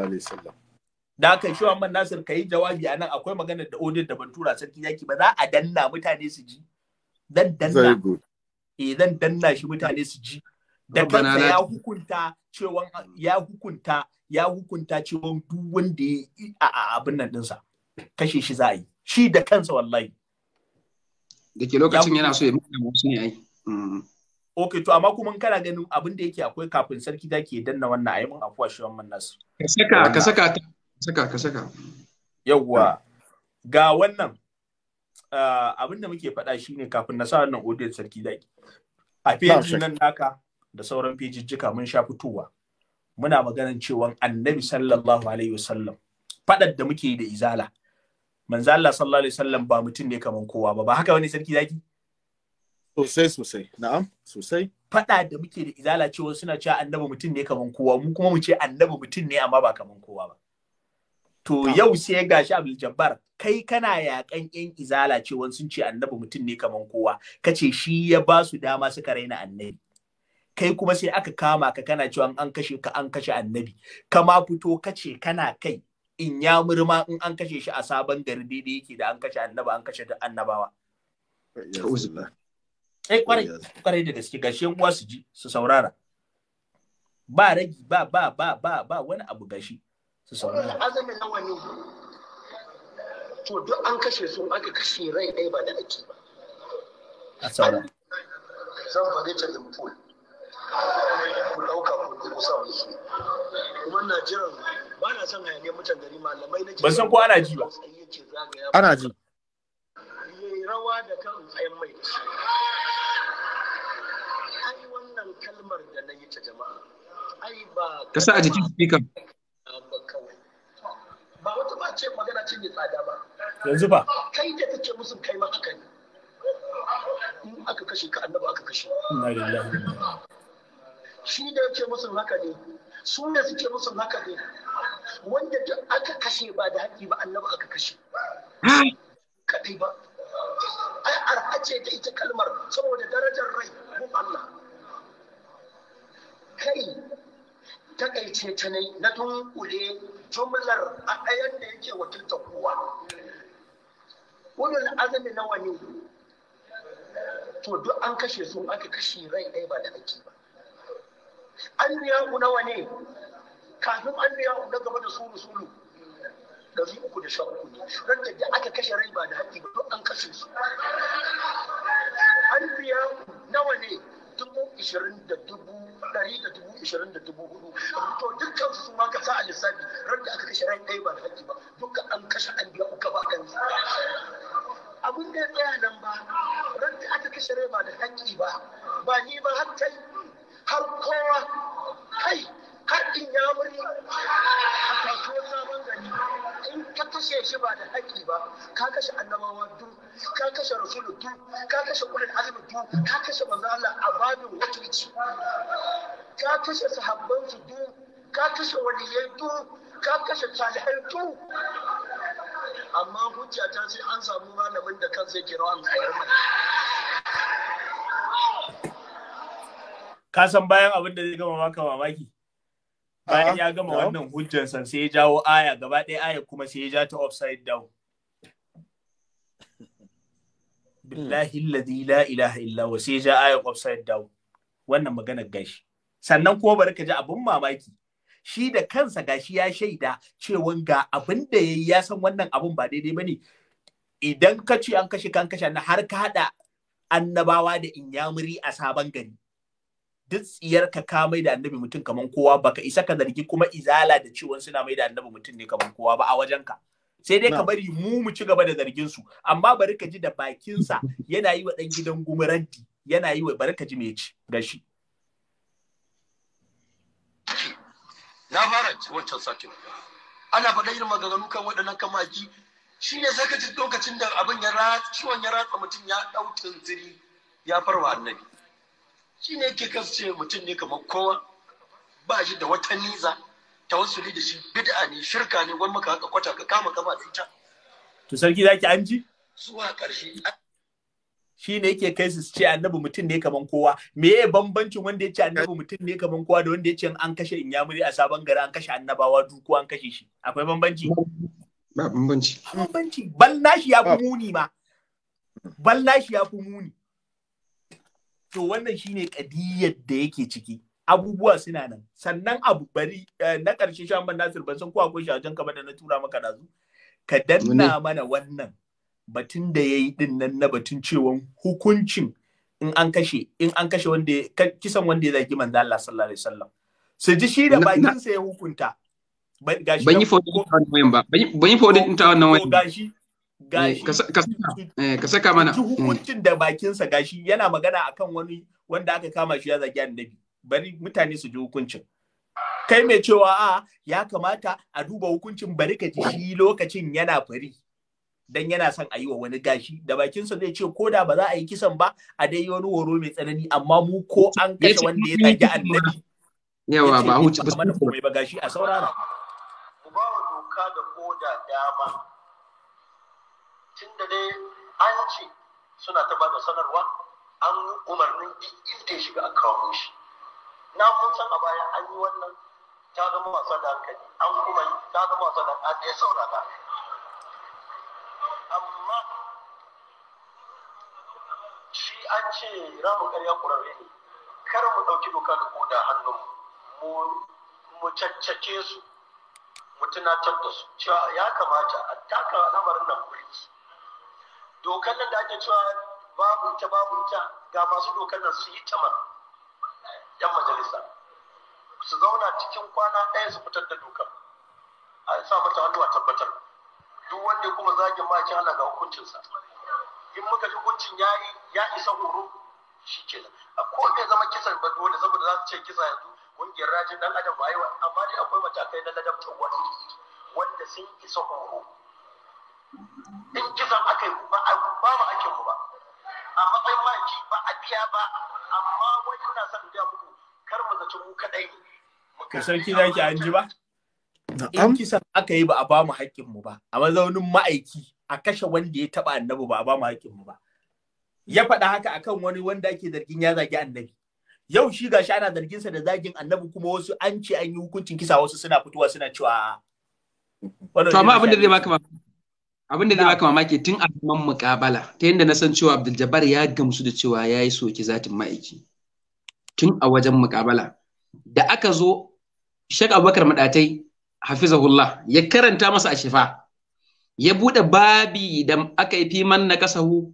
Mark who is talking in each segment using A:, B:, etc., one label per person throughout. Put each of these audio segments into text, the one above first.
A: wasallam da haka shi Muhammad Nasir kai jawabi a nan akwai magana da odin da ban tura sarki
B: yaki ba za a danna mutane su ji dan danna eh zan danna shi mutane su ji da kansa ya hukunta cewa ya hukunta ya hukunta cewa duk wanda ya a abin nan dinsa kashe shi za a yi shi da kansa wallahi da ke lokacin yana so ya
C: mutu wasu ne ai mm.
B: Ok to amma kuma kana ganin abin da yake akwai kafin sarki da ke danna wannan a yi mun afuwa shi wannan nasu. Ka saka, ka
C: saka, ka saka, ka saka.
B: Yawwa. Ga wannan ah, abin da muke faɗa ne kafin na sa wannan odiyar sarki da a fiye nan naka da sauran fejijjika mun sha fitowa. Muna maganan cewa Annabi sallallahu alaihi wasallam faɗar da muke yi da izala. Manzo Allah sallallahu alaihi wasallam ba mutum ne kamar kowa ba, ba haka wani sarki ke? Sosai sosai, na'am, sosai. Faɗa da muke da izala cewa suna cewa annabi mutum ne kaman kowa, mu kuma mu ce annabi mutum ne amma ba kaman kowa ba. To yau sai gashi Abdul Jabbar kai kana yakan yan izala cewa sun ce annabi mutum ne kaman kowa, kace shi ya ba su dama suka raina annabi. Kai kuma sai aka kama ka kana cewa an kashe ka an kashe annabi, kama fito kace kana kai in ya murma in an kashe shi a sabon gari daidai yake da an kashe annaba, an kashe annabawa. eh kwarai kwarai da gaske gashi yan uwa su ji su saurara ba ragi ba ba ba ba ba wani abu gashi su saurara azumi nawa ne to duk an kashe su aka kashe
A: rai dai ba da ake ba a saurara
B: zan faɗi ta da mutum ku dauka ku ku sa shi kuma na jiran ba na son hayaniyar mutan gari malamai na ban san ko ana ji ba ana ji rawa
A: da kan tsayin mai
B: firgita jama'a ai ba
A: ka sa a jikin speaker
B: ba wata ba ce magana ce mai tsada ba yanzu ba kai da kake musu kai ma haka ne in aka kashe ka annabi aka kashe
A: inna lillahi
B: shi da yake musu haka ne su ne suke musu haka ne wanda aka kashe ba da haƙƙi ba annabi aka kashe kadai ba ai ita kalmar saboda darajar rai Allah kai takaice ta ne na dunkule jumlar a ɗayan da yake wakilta kowa ulul azumi nawa ne to duk an kashe su aka kashe rai ɗaya ba da ake ba an biya ku nawa ne kafin an biya ku na gaba da sulu sulu ɗari uku da sha uku ne don da aka kashe rai ba da haƙƙi ba duk an kashe su an ku nawa ne dubu ishirin da dubu ɗari da dubu ishirin da dubu hudu to dukkan su ma ka sa a lissafi ran da aka kashe ran ɗaya ba da ba dukkan an kashe an biya uka ba ɗan abin da ya tsaya nan ba ran da aka kashe rai ba da haƙƙi ba ba ni ba har kai har kowa kai kaɗin ya murya, a kasuwar sabon
A: gari
B: in ka kashe shi ba da haƙi ba ka kashe annabawa duk ka kashe rasulu duk ka kashe ulul azumi duk ka kashe manzo Allah a babin wakilci ka kashe sahabban su duk ka kashe waliyai duk ka kashe salihai duk amma hujja ta sai an samu malamin da kan zai kira an ka san bayan abin da zai gama maka mamaki bayan ya gama wannan hujjansa sai ya jawo aya gaba ɗaya aya kuma sai ya ja ta offside down hmm. billahi alladhi la ilaha illa wa sai ja aya offside down wannan magana gashi sannan kuma bari ka ji abin mamaki shi da kansa gashi ya shaida cewa ga abin da yayi ya san wannan abin ba daidai bane idan ka ce an kashe kan kashe har ka hada annabawa da inyamuri a sabon gari duk tsiyarka ka mai da annabi mutum kaman kowa baka isa ka zargi kuma izala da ciwon suna mai da annabi mutum ne kaman kowa ba a wajenka sai dai ka bari mu mu ci gaba da zargin su amma bari ka ji da bakinsa yana yi wa dan gidan gumuranti yana yi wa bari ka ji me ci gashi na fara wancan satin ana faɗa irin maganganu kan waɗannan kamaki shi ne sai ka ji lokacin da abin ya ratsa ciwon ya ratsa mutum ya ɗau tunziri ya farwa annabi shi ne yake kasance mutum ne kamar kowa ba shi da wata niza tawassuli da shi bid'a ne shirka ne wani maka kwata ka kama kama da ita to sarki zaki an ji zuwa karshe shi ne yake kai su ce annabi mutum ne kaman kowa me ya bambancin wanda ya ce annabi mutum ne kaman kowa da wanda ya ce an kashe inyamuri a sabon gari an kashe annabawa duku an kashe shi akwai bambanci
D: ba bambanci
B: bambanci bal nashi ya fi muni ma bal nashi ya fi muni to wannan shine kadiyar da yake ciki abubuwa suna nan sannan abu bari eh, na ƙarshe shan ban nasir ban san ko akwai shajen kamar da na tura maka dazu ka danna mana wannan batun da yayi din nan na batun cewon hukuncin in an kashe in an kashe wanda kisan wanda ya zaki manzo Allah sallallahu alaihi wasallam su ji shi da bakin sa ya hukunta ban yi fodin ta wannan wayan ba ban yi fodin ta wannan wayan Eh, gashi ka eh, mana da bakinsa gashi yana magana akan wani wanda aka kama shi ya zagi annabi bari mutane su ji hukuncin kai mai cewa a ya kamata a duba hukuncin bari ka ji shi lokacin yana fari dan yana son a yi wa wani gashi da bakinsa zai ce ko da ba za a yi kisan ba a dai yi wani horo mai tsanani amma mu ko an kashe wanda ya zagi annabi yawa ba huce ba gashi a saurara ku ba doka da koda dama Tunda dai an ce suna ta bada sanarwa an umarnin duk inda ya shiga a kawo shi na mun san a baya an yi wannan ta zama wasa da hankali an kuma yi ta zama wasa da ya saura saurata amma shi an ce ramu ƙarya kurare ne kar mu ɗauki doka da koda hannun mu caccake su mu tunatar da su cewa ya kamata a taka lamarin nan kurki dokar nan da ake cewa babu ita babu ga masu dokar nan su yi tamar yan majalisa su zauna cikin kwana ɗaya su fitar da dokar a sa mata hannu a tabbatar duk wanda kuma zagin maki hana ga hukuncinsa in muka ji hukuncin ya yi ya isa horo shi nan a ko bai zama kisan ba dole saboda za su ce kisa yanzu kungiyar rajin dan adam ba yi amma dai akwai matakai na ladabtar wani wanda sun isa horo in kisan aka yi ba a ba mu ake mu ba a matsayin ma'aiki ba a biya ba amma wani ina son biya muku kar mu zaci mu kadai ne sarki zaki an ji ba in kisan aka yi ba a ba mu haƙƙin mu ba a mazaunin ma'aiki a kashe wanda ya taba annabi ba a ba mu haƙƙin mu ba ya faɗa haka akan wani wanda ake zargin ya zagi annabi yau shi ga shi ana zargin sa da zagin annabi kuma wasu an ce an yi hukuncin kisa wasu suna fitowa suna cewa
C: to amma abin da zai baka ba abin da zai baka mamaki tun a zaman mukabala ta yadda na san cewa Abdul ya gamsu da cewa ya yi soki zatin ma'aiki tun a wajen mukabala da aka zo shek Abubakar Madatai hafizahullah ya karanta masa a shifa ya bude babi da aka yi man na kasahu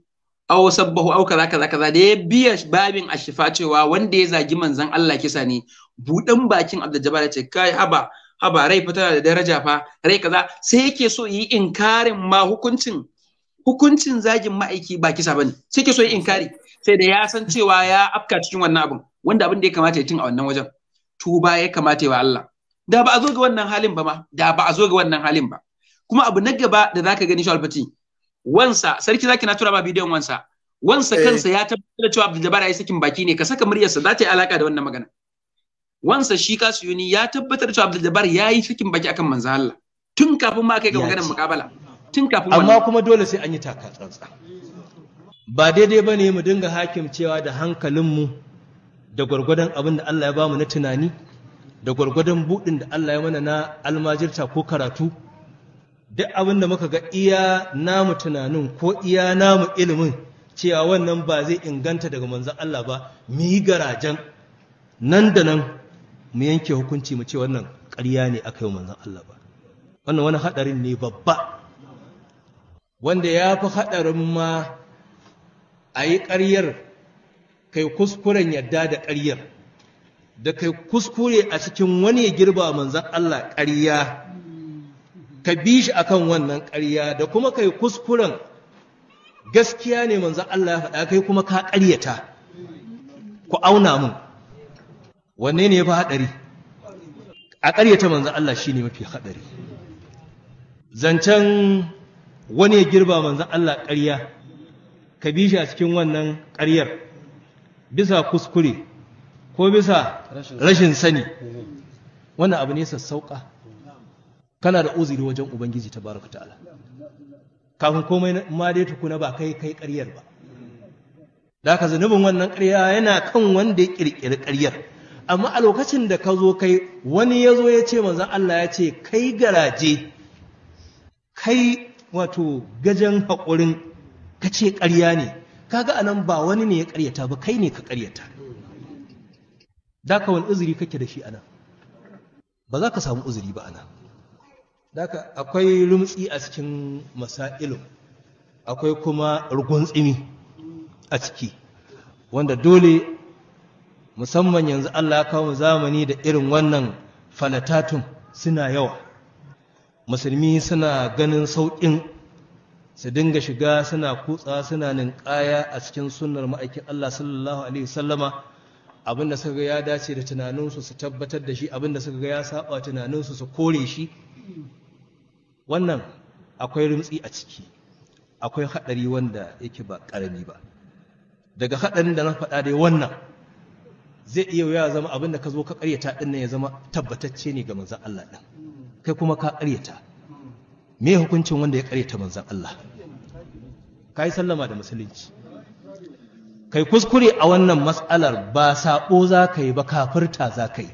C: aw sabbahu aw kaza kaza kaza da ya biya babin a shifa cewa wanda ya zagi manzon Allah kisa ne budan bakin Abdul Jabbar ya ce kai haba haba rai fa tana da daraja fa rai kaza sai yake so yi inkarin ma hukuncin hukuncin zagin ma'aiki ba kisa bane sai yake so yi inkari sai da ya san cewa ya afka cikin wannan abin wanda abin da ya kamata ya tun a wannan wajen tuba ya kamata wa Allah da ba a zo ga wannan halin ba ma da ba a zo ga wannan halin ba kuma abu na gaba da zaka gani Shawal Fati wansa sarki zaki na tura ma bidiyon wansa wansa eh. kansa ya tabbatar da cewa Abdul Jabbar ya sakin baki ne ka saka muryarsa za ta yi alaka da wannan magana wansa shi kasuyuni ya tabbatar cewa Abdul Jabbar yayi cikin baki akan manzo Allah tun kafin ma kai ga maganar muƙabala
E: tun kafin amma kuma dole sai an yi taka tsantsa ba daidai bane mu dinga hakimcewa da hankalinmu da gwargwadon abin da Allah ya bamu na tunani da gwargwadon buɗin da Allah ya mana na almajirta ko karatu duk abin da muka ga iya namu tunanin ko iya namu ilimin cewa wannan ba zai inganta daga manzon Allah ba mu yi garajen nan da nan mu yanke hukunci mu ce wannan ƙarya ne aka yi manzan Allah ba wannan wani haɗarin ne babba wanda ya fi haɗarin ma a yi ƙaryar kai kuskuren yadda da ƙaryar da kai kuskure a cikin wani ya girba manzan Allah ƙarya ka bi shi akan wannan ƙarya da kuma kai kuskuren gaskiya ne manzan Allah ya faɗa kai kuma ka ƙaryata ku auna mun wanne ne ya fi haɗari a ƙaryata manzan Allah shi ne mafi haɗari zancen wani ya girba manzan Allah ƙarya ka bi shi a cikin wannan ƙaryar bisa kuskure ko bisa
A: rashin sani
E: wannan abu ne sassauƙa kana da uziri wajen ubangiji ta baraka ta'ala kafin komai ma dai tukuna ba kai kai ƙaryar ba da haka zunubin wannan ƙarya yana kan wanda ya ƙirƙiri ƙaryar amma a lokacin da ka zo kai wani ya zo ya ce manzan Allah ya ce kai garaje kai wato gajen haƙurin ka ce ƙarya ne kaga anan ba wani ne ya ƙaryata ba kai ne ka ƙaryata ka wani uzuri kake da shi nan? ba za ka samu uzuri ba a daka akwai rumtsi a cikin masailu akwai kuma rugun tsimi a ciki wanda dole musamman yanzu Allah ya kawo zamani da irin wannan falatatun suna yawa musulmi suna ganin sauƙin su dinga shiga suna kutsa suna ninƙaya a cikin sunnar ma'aikin Allah sallallahu alaihi wasallama abinda suka ga ya dace da tunaninsu su tabbatar da shi abinda suka ga ya saba tunaninsu su kore shi wannan akwai rumtsi a ciki akwai haɗari wanda yake ba ƙarami ba daga haɗarin da na faɗa dai wannan zai iya ya zama abin da ka zo ka karyata ɗin nan ya zama tabbatacce ne ga manzan Allah ɗin kai kuma ka ƙaryata me hukuncin wanda ya karyata manzan Allah ka yi sallama da musulunci kai kuskure a wannan matsalar ba saɓo za ka yi ba kafirta za ka yi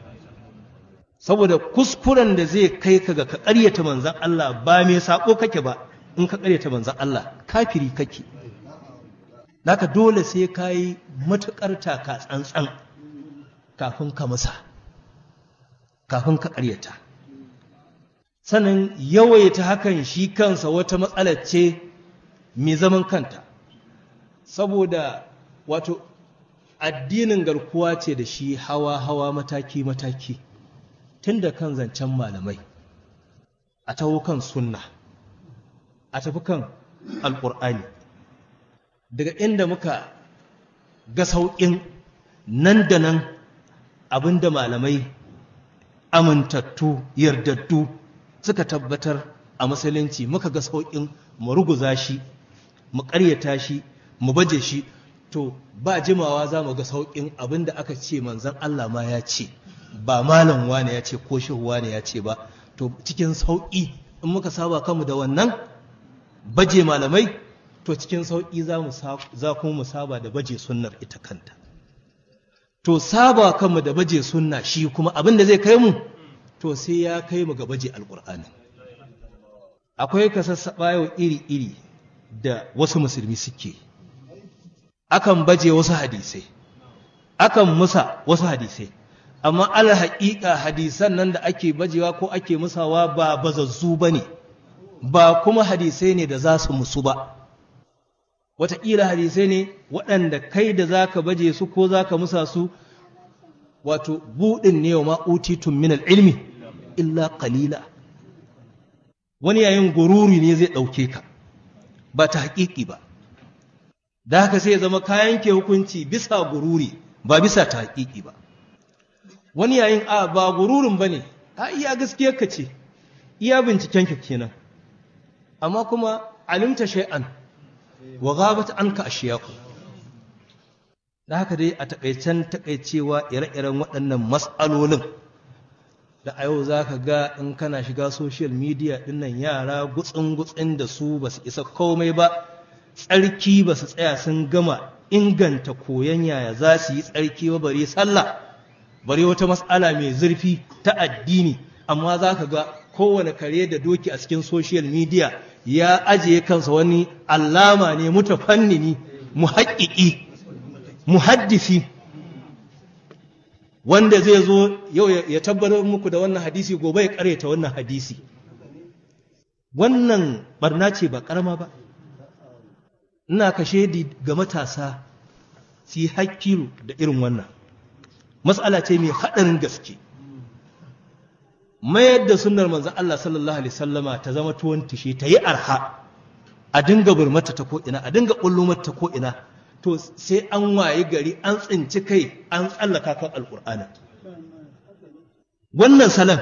E: saboda kuskuren da zai kai ka ga ka ƙaryata manzan Allah ba mai saɓo kake ba in ka karyata manzan Allah kafiri kake naka dole sai ka yi matuƙar ka tsantsan kafin ka musa kafin ka ƙaryata sannan yawaita hakan shi kansa wata matsalar ce mai zaman kanta saboda wato addinin garkuwa ce da shi hawa-hawa mataki-mataki tun da kan zancen malamai a taho kan sunna a tafi kan alƙur'ani daga inda muka ga sauƙin nan da nan da malamai amintattu yardattu suka tabbatar a musulunci muka ga sauƙin mu ruguza shi mu ƙaryata shi mu baje shi to ba jimawa za mu ga sauƙin abin da aka ce manzan Allah ma ya ce ba malam wane ya ce ko shehu wane ya ce ba to cikin sauƙi in muka saba kanmu da wannan baje malamai to cikin sauƙi za mu saba da baje sunnar ita kanta to saba kanmu da baje sunna shi kuma abin da zai kai mu to sai ya kai mu ga baje alkur'ani akwai kasassaɓa yau iri-iri da wasu musulmi suke akan baje wasu hadisai akan musa wasu hadisai amma ala hadisan nan da ake bajewa ko ake musawa ba bazazzu ba ne ba kuma hadisai ne da za su musu ba wataƙila hadisai ne waɗanda kai da za ka baje su ko za ka musa su wato buɗin ne wa tun min ilmi illa ƙalila. wani yayin gururi ne zai ɗauke ka ba ta haƙiƙi ba da haka sai zama kayan ke hukunci bisa gururi ba bisa ta haƙiƙi ba wani yayin a ba gururin ba ne a iya gaskiyar ka ce iya binciken ka kenan amma kuma alimta shay'an wa ghabat anka ashiyaku da haka dai a takaicen takaicewa ire-iren waɗannan matsalolin da a yau za ka ga in kana shiga social media dinnan yara gutsin-gutsin da su ba su isa komai ba tsarki ba su tsaya sun gama inganta koyon yaya za su yi tsarki ba bare sallah bare wata matsala mai zurfi ta addini amma za ka ga kowane kare da doki a cikin social media ya ajiye kansa wani alama ne mu muta haƙiƙi mu muhaddisi wanda zai zo yau ya tabbatar muku da wannan hadisi gobe ya ƙareta wannan hadisi wannan barna ce ba ƙarama ba ina kashe ga matasa su yi da irin wannan matsala ce mai haɗarin gaske mayar da sunnar manzan Allah sallallahu alaihi sallama ta zama tuwon tushe ta yi arha a dinga burmata ta ko'ina a dinga ƙullo ta ko'ina to sai an wayi gari an tsinci kai an tsallaka kan alƙur'ana wannan salam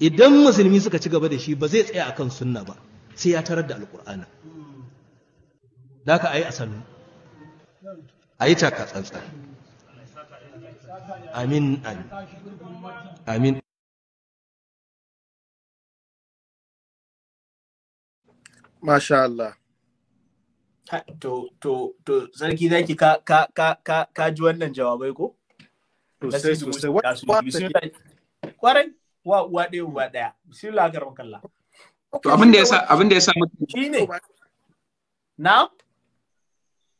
E: idan musulmi suka ci gaba da shi ba zai tsaya akan sunna ba sai ya tarar da alƙur'ana da ka ayi
A: asalu ayi taka tsantsan amin amin amin Masha Allah. To,
B: to, to, sarki zaki ka, ka, ka, ka, ka ji wannan jawabai ko? Sosai, sai, Kwarai, wa uwa ɗaya wa, ɗaya. Bismillah ga rawan
C: To, abin da ya sa, abin da ya sa mutum. Shi
B: ne. Na?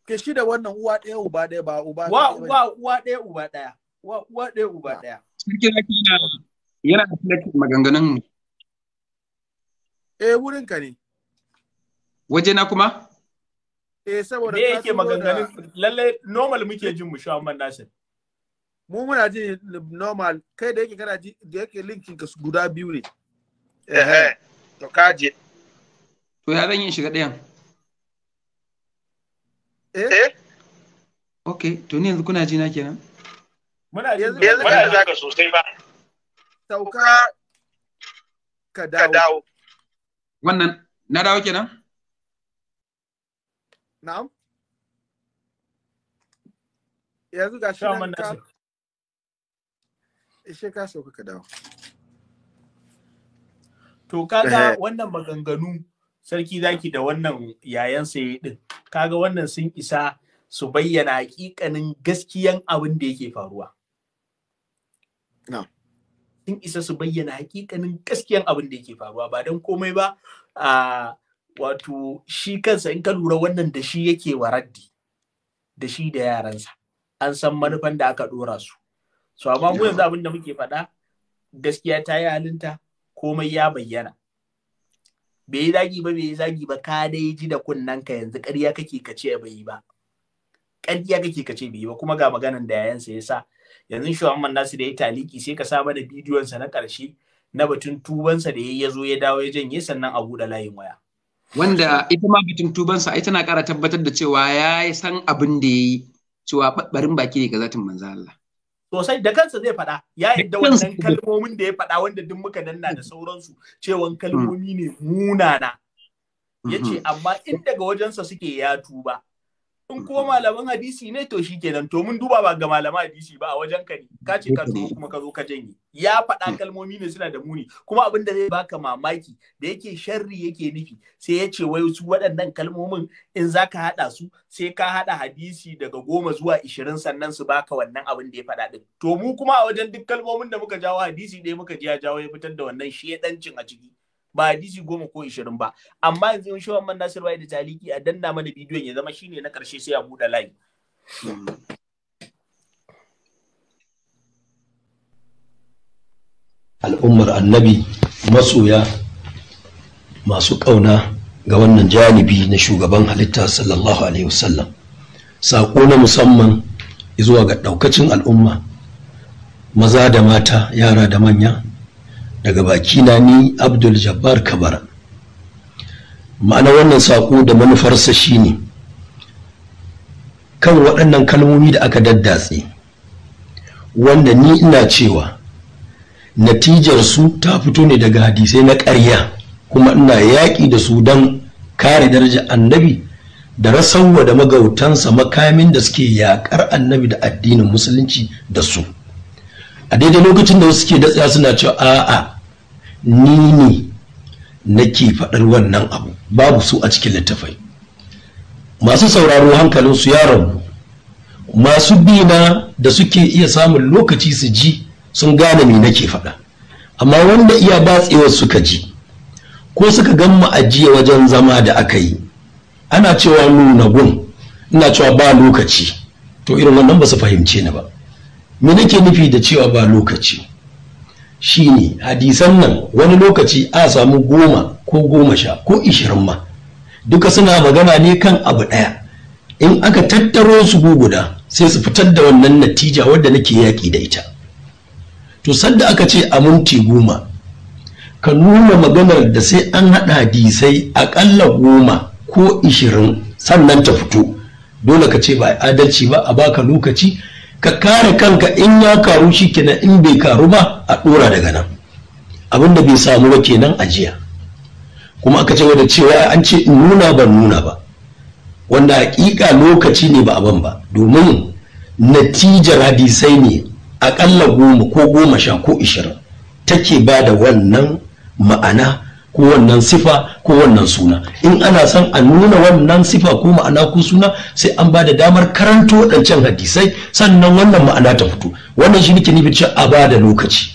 B: Ke shi da wannan uwa ɗaya uba ɗaya ba uba ɗaya. Wa, wa, uwa ɗaya uba ɗaya. Wa, uwa ɗaya uba ɗaya.
A: Sarki zaki yana, yana da maganganun mu.
B: Eh, wurin ka ne.
C: waje na kuma
B: eh saboda me yake maganganun lalle normal muke jin mu sha man nasir mu muna ji normal kai da yake kana ji da yake linkin ka guda biyu ne eh
C: to kaje to ya zan yi shiga ɗayan eh? eh ok to ni yanzu kuna ji na kenan muna yanzu ba za
B: ka sosai ba sauka ka dawo
C: wannan na dawo kenan
B: na'am yanzu ga shi nan ka ishe ka sauka ka dawo to kaga eh. wannan maganganu sarki zaki da wannan yayan sai din kaga wannan sun isa su bayyana hakikanin gaskiyan abin da yake faruwa na'am sun isa su bayyana hakikanin gaskiyan abin da yake faruwa ba don komai ba ah, wato shi kansa in ka lura wannan da shi yake wa raddi da shi da yaransa an san manufan da aka dora su so amma mu yanzu abin da muke faɗa gaskiya ta yi halinta komai ya bayyana bai yi zagi ba bai yi zagi ba ka dai ji da kunnen ka yanzu ƙarya kake ka bai yi ba ƙarya kake ka bai yi ba kuma ga maganan da yayansa ya sa yanzu shugaban nasu da ya taliki sai ka sa mana bidiyonsa na ƙarshe na batun tubansa da ya zo ya dawo
C: ya janye sannan a buɗe layin waya wanda ita ma batun tubansa ai tana kara tabbatar da cewa ya yi san abin da ya yi cewa barin baki ne ga zatin manzo Allah sosai da
B: kansa zai faɗa ya yadda wannan kalmomin da ya faɗa wanda duk muka danna da sauransu cewan mm. kalmomi ne munana ya ce mm-hmm. amma in daga wajensa suke ya tuba in kuma malaman hadisi ne to shi kenan to mun duba ba ga malaman hadisi ba a wajen ka ne ka ce ka zo kuma ka zo ka janye ya faɗa kalmomi ne suna da muni kuma abin da zai baka mamaki da yake sharri yake nufi sai ya ce wai su waɗannan kalmomin in za ka haɗa su sai ka haɗa hadisi daga goma zuwa ishirin sannan su baka wannan abin da ya faɗa ɗin to mu kuma a wajen duk kalmomin da muka jawo hadisi ɗaya muka ji ya jawo ya fitar da wannan shedancin a ciki ba hadisi goma ko ishirin ba amma yanzu in shawan man nasir bai da taliki a danna mana bidiyon ya zama shine na karshe sai a buɗe layi
E: al'ummar annabi masoya
D: masu ƙauna ga wannan janibi na shugaban halitta sallallahu alaihi
E: wasallam saƙo na musamman zuwa ga ɗaukacin al'umma maza da mata yara da manya daga bakina ni abdul jabbar kabara ma'ana wannan saƙo da manufarsa shine
B: kan waɗannan kalmomi da aka daddatse wanda ni ina cewa natijar su ta fito ne daga hadisai na ƙarya kuma ina yaƙi da su don kare darajar annabi da rasawa da magautansa makamin da suke yaƙar annabi da addinin musulunci da su a daidai lokacin da wasu ke datsaya suna cewa a'a ni ne nake faɗar wannan abu babu su a cikin littafai masu sauraro hankalinsu ya rabu masu bina da suke iya samun lokaci su ji sun gane me nake faɗa amma wanda iya batsewar suka ji ko suka gan ajiye wajen zama da aka yi ana cewa nuna gun ina cewa ba lokaci to irin wannan ba su fahimce ni ba me nake nufi da cewa ba lokaci Shi ne, hadisan nan wani lokaci a samu goma ko goma sha ko ishirin ma duka suna magana ne kan abu ɗaya in aka tattaro su guguda sai su fitar da wannan natija wadda nake yaƙi da ita to sanda aka ce a minti goma ka nuna maganar da
E: sai an haɗa hadisai aƙalla goma ko ishirin sannan ta fito dole ka ce ba adalci ba a baka lokaci ka kare kanka in ya karu
B: shi kenan in bai karu ba a ɗora daga nan abin da bai samu ba kenan a jiya kuma aka ce da cewa an ce in nuna ban nuna ba wanda hakika lokaci ne ba abin ba domin natijar hadisai ne aƙalla
E: goma ko goma sha ko ishirin take ba da wannan ma'ana ko wannan sifa ko wannan suna in ana son a nuna wannan sifa ko ma'ana ko suna sai an ba da damar karanto waɗancan hadisai sannan wannan ma'ana ta fito wannan shi nake
B: nufin a ba da lokaci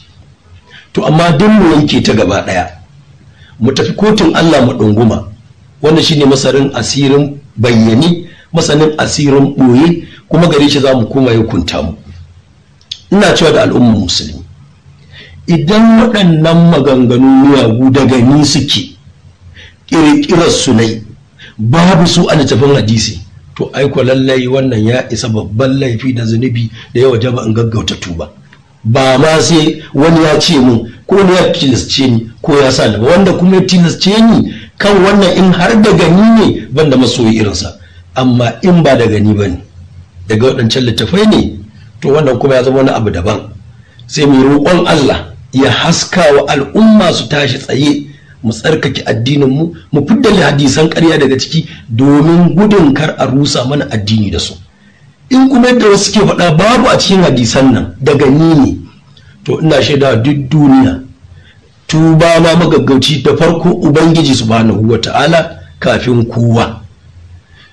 B: to amma duk mu yanke ta gaba ɗaya mu tafi kotun Allah mu ɗunguma wannan shine masarin asirin bayyani masanin asirin boye kuma gare shi za mu koma hukunta mu ina cewa da al'ummar musulmi idan waɗannan maganganu miyagu daga ni suke ƙirƙirar su ne babu su a littafin hadisi to aiko lallai wannan ya isa babban laifi da zunubi da yawa waje ba gaggauta tuba
E: ba ma sai wani ya ce min ko ya tilasce ni ko ya sa ba wanda kuma ya tilasce ni kan wannan in har da gani ne ban da masoyi irinsa amma in ba da gani ba ne daga waɗancan littafai ne to wannan kuma ya zama wani abu daban
B: sai mai roƙon Allah ya haska wa al'umma su tashi tsaye mu tsarkake addininmu mu fidda hadisan ƙarya daga ciki domin gudun kar a rusa mana addini da su in kuma yadda wasu ke faɗa babu a cikin hadisan nan daga ni ne to ina shaida duk duniya tuba na magaggauci da farko ubangiji subhanahu ta'ala kafin kowa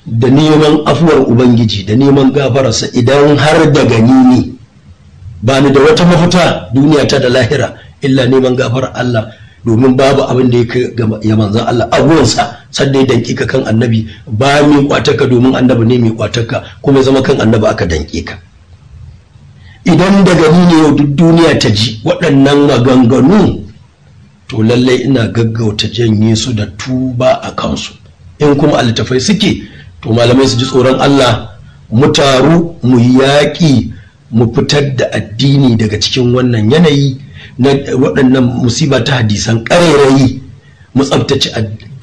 B: da neman afuwar ubangiji da neman gafararsa idan har daga ni ne ba ni da wata mafita duniya ta da lahira illa neman gafar Allah domin babu abin da yake ya manzan Allah a gurinsa sanda ya danki ka kan annabi ba mai kwataka domin annabi ne mai kwataka kuma zama kan annabi aka danki ka
A: idan daga ni ne yau
B: duk duniya ta ji waɗannan maganganu to lallai ina gaggauta janye su da tuba a kansu in kuma a suke to malamai su ji tsoron Allah mu taru mu yaƙi mu fitar da addini daga cikin wannan yanayi na waɗannan musiba ta hadisan ƙarairayi mu tsabtace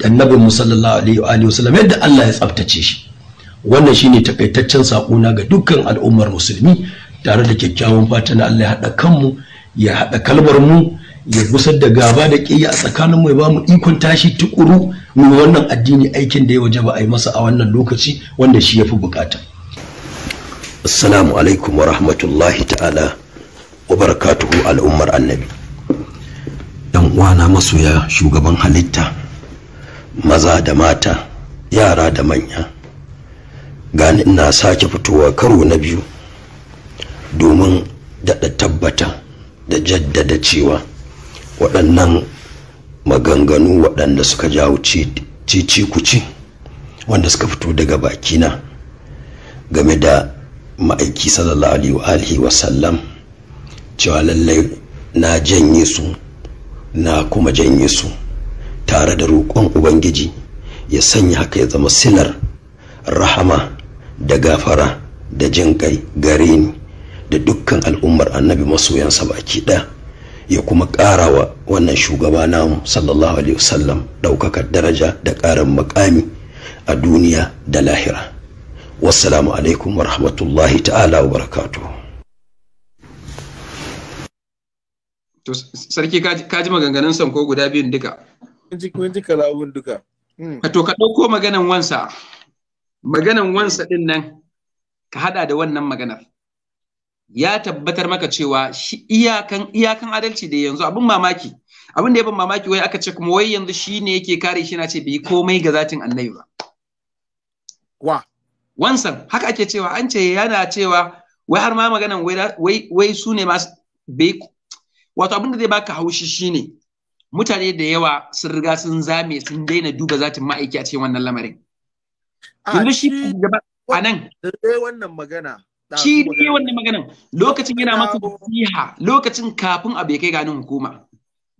B: annabin musallallahu alaihi wa sallam yadda Allah ya tsabtace shi wannan shine takaitaccen na ga dukkan al'ummar musulmi tare da kyakkyawan fata na Allah ya haɗa kanmu ya haɗa kalmar mu ya gusar da gaba da ƙiyya a tsakaninmu ya bamu ikon tashi tukuru mu wannan addini aikin da ya waje ba a yi masa a wannan lokaci wanda shi ya fi
D: bukata. assalamu alaikum wa rahmatullahi ta'ala wa barakatuhu al'ummar annabi yan uwana masoya shugaban halitta maza da mata yara da manya gani ina sake fitowa karo na biyu domin daɗa tabbata da jaddada cewa waɗannan maganganu waɗanda suka jawo cici kuci wanda suka fito daga bakina game da ma'aiki sallallahu alaihi wa wa sallam
E: cewa lallai na janye su na kuma janye su tare da roƙon ubangiji ya sanya haka ya zama silar rahama da gafara da jin kai gare ni da dukkan al'ummar annabi
D: masoyansa baki ɗaya ya kuma ƙara wa wannan shugaba namu sallallahu alaihi wasallam ɗaukakar daraja da ƙarin makami a duniya da lahira wassalamu alaikum wa rahmatullahi ta'ala wa barakatu
C: to sarki ka ji maganganun ko guda biyun duka kun ji kalabun duka hmm. to ka ɗauko maganan wansa maganan wansa ɗin nan ka haɗa da wannan maganar ya tabbatar maka cewa shi iyakan iyakan adalci da yanzu abin mamaki abin da ya ban mamaki wai aka ce kuma wai yanzu shi ne yake kare shi na ce bai komai ga zatin annabi ba wa wansan haka ake cewa an ce yana cewa wai har ma maganan wai su ne masu bai wato abinda zai baka haushi shine mutane da yawa sun riga sun zame sun daina duba zatin ma'aiki a cikin wannan lamarin shi a nan
B: wannan magana shi
C: dai wannan maganan lokacin yana masa nasiha lokacin kafin abu ya kai ganin hukuma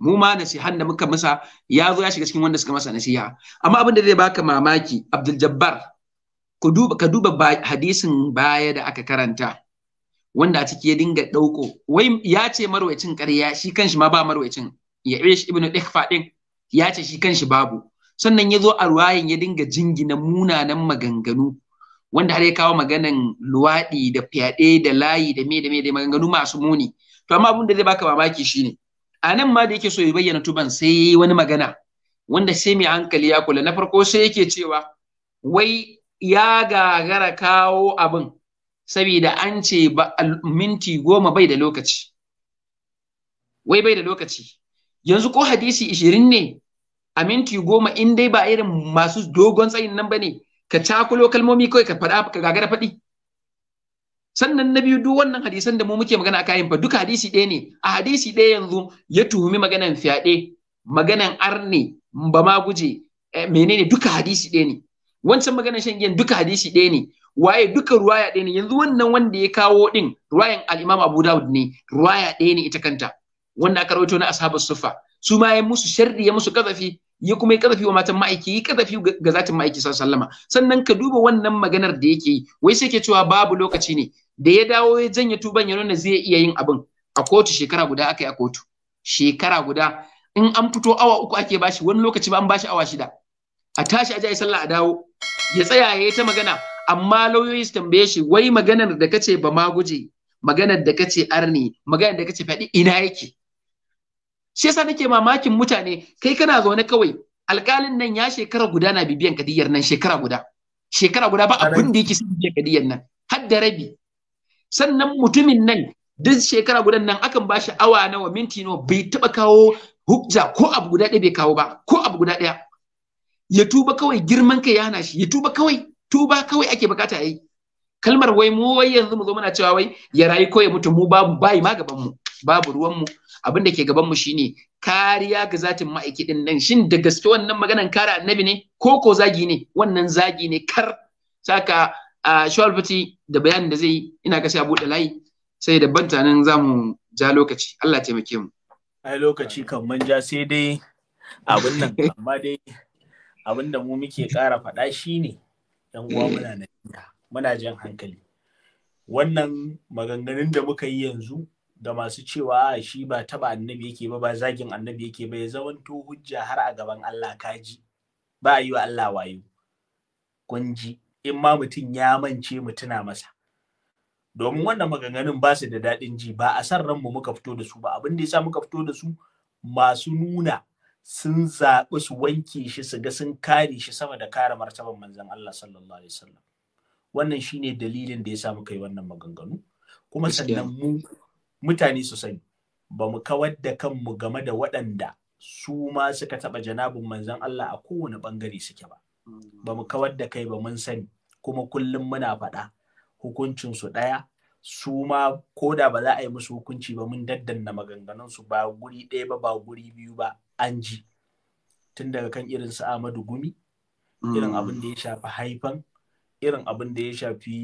C: mu ma nasihan da muka masa ya zo ya shiga cikin wanda suka masa nasiha amma abin da zai baka mamaki Abdul Jabbar ka duba hadisin baya da aka karanta wanda a ciki ya dinga ɗauko wai ya ce marwacin ƙarya shi kanshi ma ba marwacin ya dikfa ɗin ya ce shi kanshi babu sannan ya zo a ruwayin ya dinga jingina munanan maganganu wanda har ya kawo maganan luwaɗi da fyaɗe da layi da me da me da maganganu masu muni to amma abin da zai baka mamaki shi ne. a nan ma da yake so ya bayyana tuban sai wani magana wanda sai mai hankali ya kula na farko sai yake cewa wai ya gagara kawo abin sabida an ce minti goma bai da lokaci wai bai da lokaci yanzu ko hadisi ishirin ne a minti goma in dai ba irin masu dogon tsayin nan ba ne ka cakulo kalmomi kawai ka faɗa ka gagara faɗi sannan na biyu duk wannan hadisan da mu muke magana a kayan fa duka hadisi ɗaya ne a hadisi ɗaya yanzu ya tuhumi maganan fyaɗe maganan arne ba ma guje eh, menene duka hadisi ɗaya ne wancan maganar shan giyan duka hadisi ɗaya ne waye duka ruwaya ɗaya ne yanzu wannan wanda ya kawo ɗin ruwayan Alimam Abu Dawud ne ruwaya ɗaya ne ita kanta wanda aka rawaito na Ashabar sufa su ma ya musu sharri ya musu kazafi ya kuma yi kazafi wa matan ma'aiki yi kazafi ga zatin ma'aiki sallama sannan ka duba wannan maganar da yake yi wai sai ke cewa babu lokaci ne da ya dawo ya janye tuban ya nuna zai iya yin abin a kotu shekara guda aka yi a kotu shekara guda in an fito awa uku ake bashi wani lokaci ba an bashi awa shida a tashi aje sallah a dawo ya tsaya ya ta magana amma lauyoyi su tambaye shi wai maganar da kace ba ma guje maganar da kace arni maganar da kace faɗi ina yake shi yasa nake mamakin mutane kai kana zaune kawai alƙalin nan ya shekara guda na bibiyan kadiyar nan shekara guda shekara guda ba abin da yake bibiyan kadiyar nan har da rabi sannan mutumin nan duk shekara gudan nan akan ba shi awa nawa minti nawa bai taba kawo hujja ko abu guda ɗaya bai kawo ba ko abu guda ɗaya ya tuba kawai girman kai ya hana shi ya tuba kawai tuba kawai ake bukata yayi kalmar wai mu wai yanzu mu zo muna cewa wai ya rayu ko ya mutu mu babu bayi ma gaban mu babu ruwan mu abin da ke gaban mu shine kariya ga zatin ma'aiki din nan shin da gaske wannan maganan kare annabi ne ko ko zagi ne wannan zagi ne kar saka a shawalfati da bayanin da zai ina kashi Abu bude layi sai da banta nan zamu ja lokaci Allah taimake mu ai lokaci kan manja sai dai abin nan
B: amma dai abinda mu muke ƙara faɗa shine yan uwa muna nasiha muna jan hankali wannan maganganun da muka yi yanzu da masu cewa shi ba taba annabi yake ba ba zagin annabi yake ba ya zamanto hujja har a gaban Allah kaji ba a yi wa Allah wayo kunji in ma mutum ya mance mu tuna masa domin wannan maganganun ba su da daɗin ji ba a san ranmu muka fito da su ba abin da sa muka fito da su masu nuna sun zaɓi su wanke shi su ga sun kare shi sama da kare martaban manzon Allah sallallahu alaihi wasallam wannan shine dalilin da ya sa samu kai wannan maganganu kuma sannan mu mutane su sani ba mu kawar da kanmu game da waɗanda su ma suka taɓa janabin manzon Allah a kowane ɓangare suke ba ba mu kawar da kai ba mun sani kuma kullum muna faɗa hukuncin su ɗaya su ma ko da ba za a yi musu hukunci ba mun daddanna maganganun su ba guri ɗaya ba ba guri biyu ba an ji tun daga kan irin su Ahmadu Gumi mm. irin abin da ya shafi haifan irin abin da ya shafi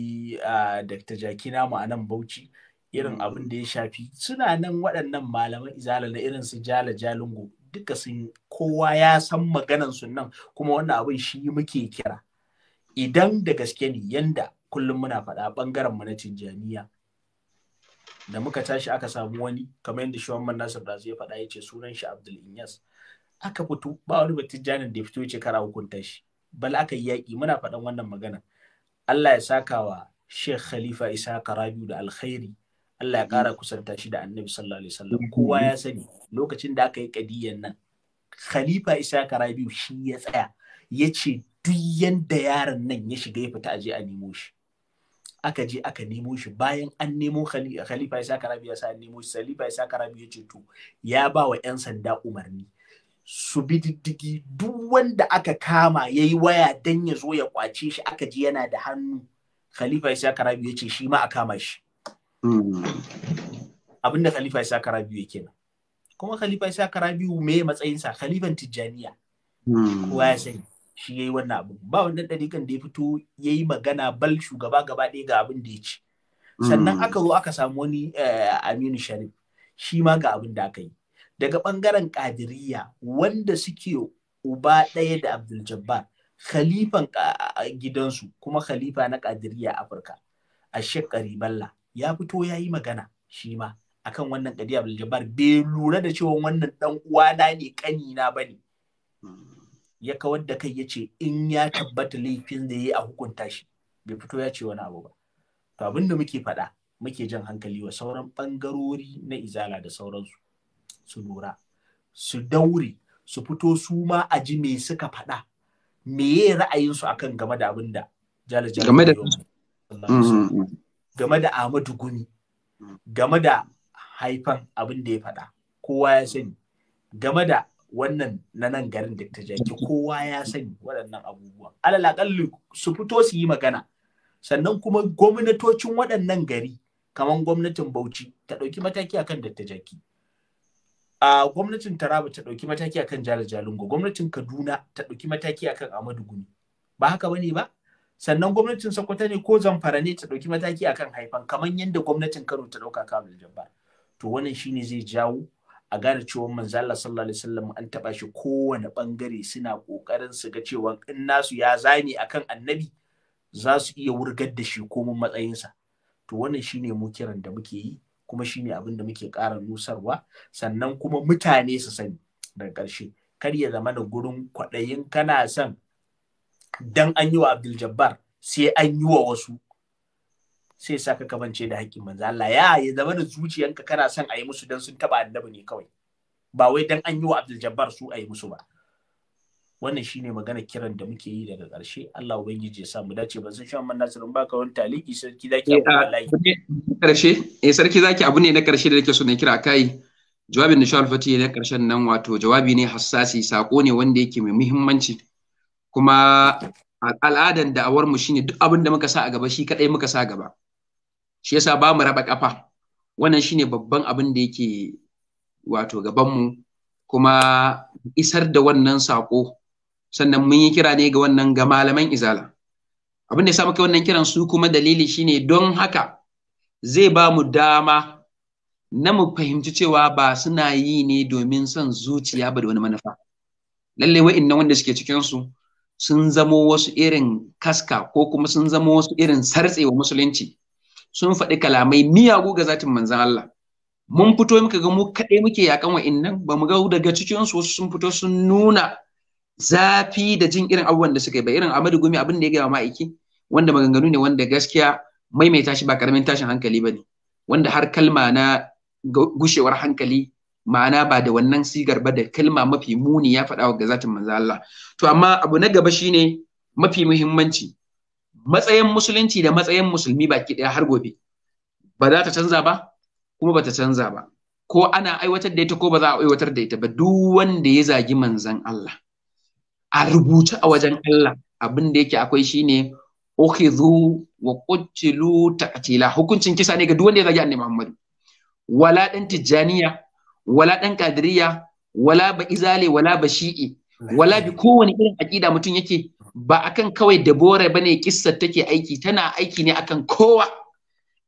B: Dr. Jakina mu a nan Bauchi irin mm. abin da ya shafi suna nan waɗannan malaman izala na irin su jala jalingo duka sun kowa ya san maganan su nan kuma wannan abin shi muke kira idan da gaske ne yanda kullum muna faɗa ɓangaren mu na Tijjaniya da muka tashi aka samu wani kamar yadda shi wannan Nasir da ya faɗa ya ce sunan shi Abdul Inyas aka fito ba wani janin da ya fito ya ce kara hukunta shi bal aka yi yaƙi muna faɗan wannan magana Allah ya saka wa Sheikh Khalifa Isa Rabi'u da alkhairi Allah ya ƙara kusanta shi da Annabi sallallahu alaihi wasallam kowa ya sani lokacin da aka yi kadiyan nan Khalifa Isa Rabi'u shi ya tsaya ya ce duk yanda yaron nan ya shiga ya fita aje a nemo shi aka je aka nemo shi bayan an nemo khalifa isa karabi ya sa an nemo shi khalifa isa karabi ya ce to ya ba wa 'yan sanda umarni su bi diddigi duk wanda aka kama ya yi waya dan ya zo ya kwace shi aka je yana da hannu khalifa isa karabi ya ce shi ma a kama shi abinda khalifa isa karabi ya kenan kuma khalifa isa karabi me matsayinsa khalifan tijjaniya kowa ya sani shi yayi wannan abin ba wannan kan da ya fito yayi magana bal shugaba gaba ɗaya ga abin da ya ci sannan aka zo aka samu wani eh, Aminu Sharif shi ma ga abin da aka yi daga ɓangaren ƙadiriya wanda suke uba ɗaya da Abdul Jabbar khalifan ah, gidansu kuma khalifa na ƙadiriya Afirka a shekari balla ya fito ya yi magana shi ma akan wannan kadi Abdul Jabbar bai lura da cewa wannan dan uwana ne kanina bane hmm. ya kawar da kai ya ce in ya tabbata laifin da ya yi a hukunta shi bai fito ya ce wani abu ba to abin da muke faɗa muke jan hankali wa sauran ɓangarori na izala da sauransu su lura su daure su fito su ma a ji me suka faɗa meye ra'ayinsu akan game da abin da jala game da
A: mm-hmm.
B: game da Ahmadu Gumi game da haifan abin da ya faɗa kowa ya sani game da wannan na nan garin da ta jaki kowa ya sani waɗannan abubuwan alal aƙalli su fito su yi magana sannan kuma gwamnatocin waɗannan gari kamar gwamnatin Bauchi ta ɗauki mataki akan da ta jaki a gwamnatin Taraba ta ɗauki mataki akan Jala Jalingo gwamnatin Kaduna ta ɗauki mataki akan Amadu Guni ba haka bane ba sannan gwamnatin Sokoto ne ko Zamfara ne ta ɗauki mataki akan Haifan kamar yadda gwamnatin Kano ta ɗauka kamar Jabbar to wannan ne zai jawo a gane cewa manzo Allah sallallahu alaihi wasallam an taba shi kowane bangare suna kokarin su ga cewa in nasu ya zame akan annabi za su iya wurgar da shi komin matsayinsa to wannan shine mu kiran da muke yi kuma shine abin da muke ƙara nusarwa sannan kuma mutane su sani daga ƙarshe kar ya zama da gurin kwaɗayin kana son dan an yi wa Abdul Jabbar sai an yi wa wasu sai sa ka kabance da haƙƙin manzo Allah ya ya zama da zuciyanka kana son a yi musu dan sun taba annabi ne kawai ba wai dan an yi wa Abdul Jabbar su a yi musu ba wannan shine magana kiran da muke yi daga ƙarshe Allah ubangiji ya sa mu dace ba sun sha man nasirin baka wani taliki sarki
C: zaki abu eh, wallahi ƙarshe eh sarki zaki abu ne na ƙarshe da nake so na kira kai jawabin da Shawal Fati na ƙarshen nan wato jawabi ne hassasi sako ne wanda yake mai muhimmanci kuma al'adan awar mu shine duk abin da muka sa a gaba shi kadai muka sa gaba shi yasa ba mu raba kafa wannan shine babban abin da yake wato gabanmu kuma isar da wannan sako sannan mun yi kira ne ga wannan ga malaman izala abin da ya sa muka wannan kiran su kuma dalili shine don haka zai ba mu dama na mu fahimci cewa ba suna yi ne domin son zuciya ba da wani manufa lalle inna wanda suke cikin su sun zamo wasu irin kaska ko kuma sun zamo wasu irin wa musulunci sun faɗi kalamai miyagu ga zatin manzan Allah mun fito muka ga mu kaɗai muke yakan wa'innan ba mu ga daga cikin su sun fito sun nuna zafi da jin irin abubuwan da suka yi ba irin Amadu Gumi abin da ya gaya ma'aiki wanda maganganu ne wanda gaskiya maimaita shi ba karamin tashin hankali ba ne wanda har kalma na gushewar hankali ma'ana ba da wannan sigar ba da kalma mafi muni ya faɗa wa gazatin manzan Allah to amma abu na gaba shine mafi muhimmanci matsayin musulunci da matsayin musulmi baki ɗaya har gobe ba za ta canza ba kuma ba ta canza ba ko ana aiwatar da ita ko ba za a aiwatar da ita ba duk wanda ya zagi manzan Allah a rubuta a wajen Allah abin da yake akwai shine ukhidhu wa qutilu taqtila hukuncin kisa ne ga duk wanda ya zagi annabi Muhammad wala dan tijaniya wala dan kadiriya wala ba izale wala ba shi'i wala bi kowane irin aqida mutum yake ba akan kawai dabora bane kissar take aiki tana aiki ne akan kowa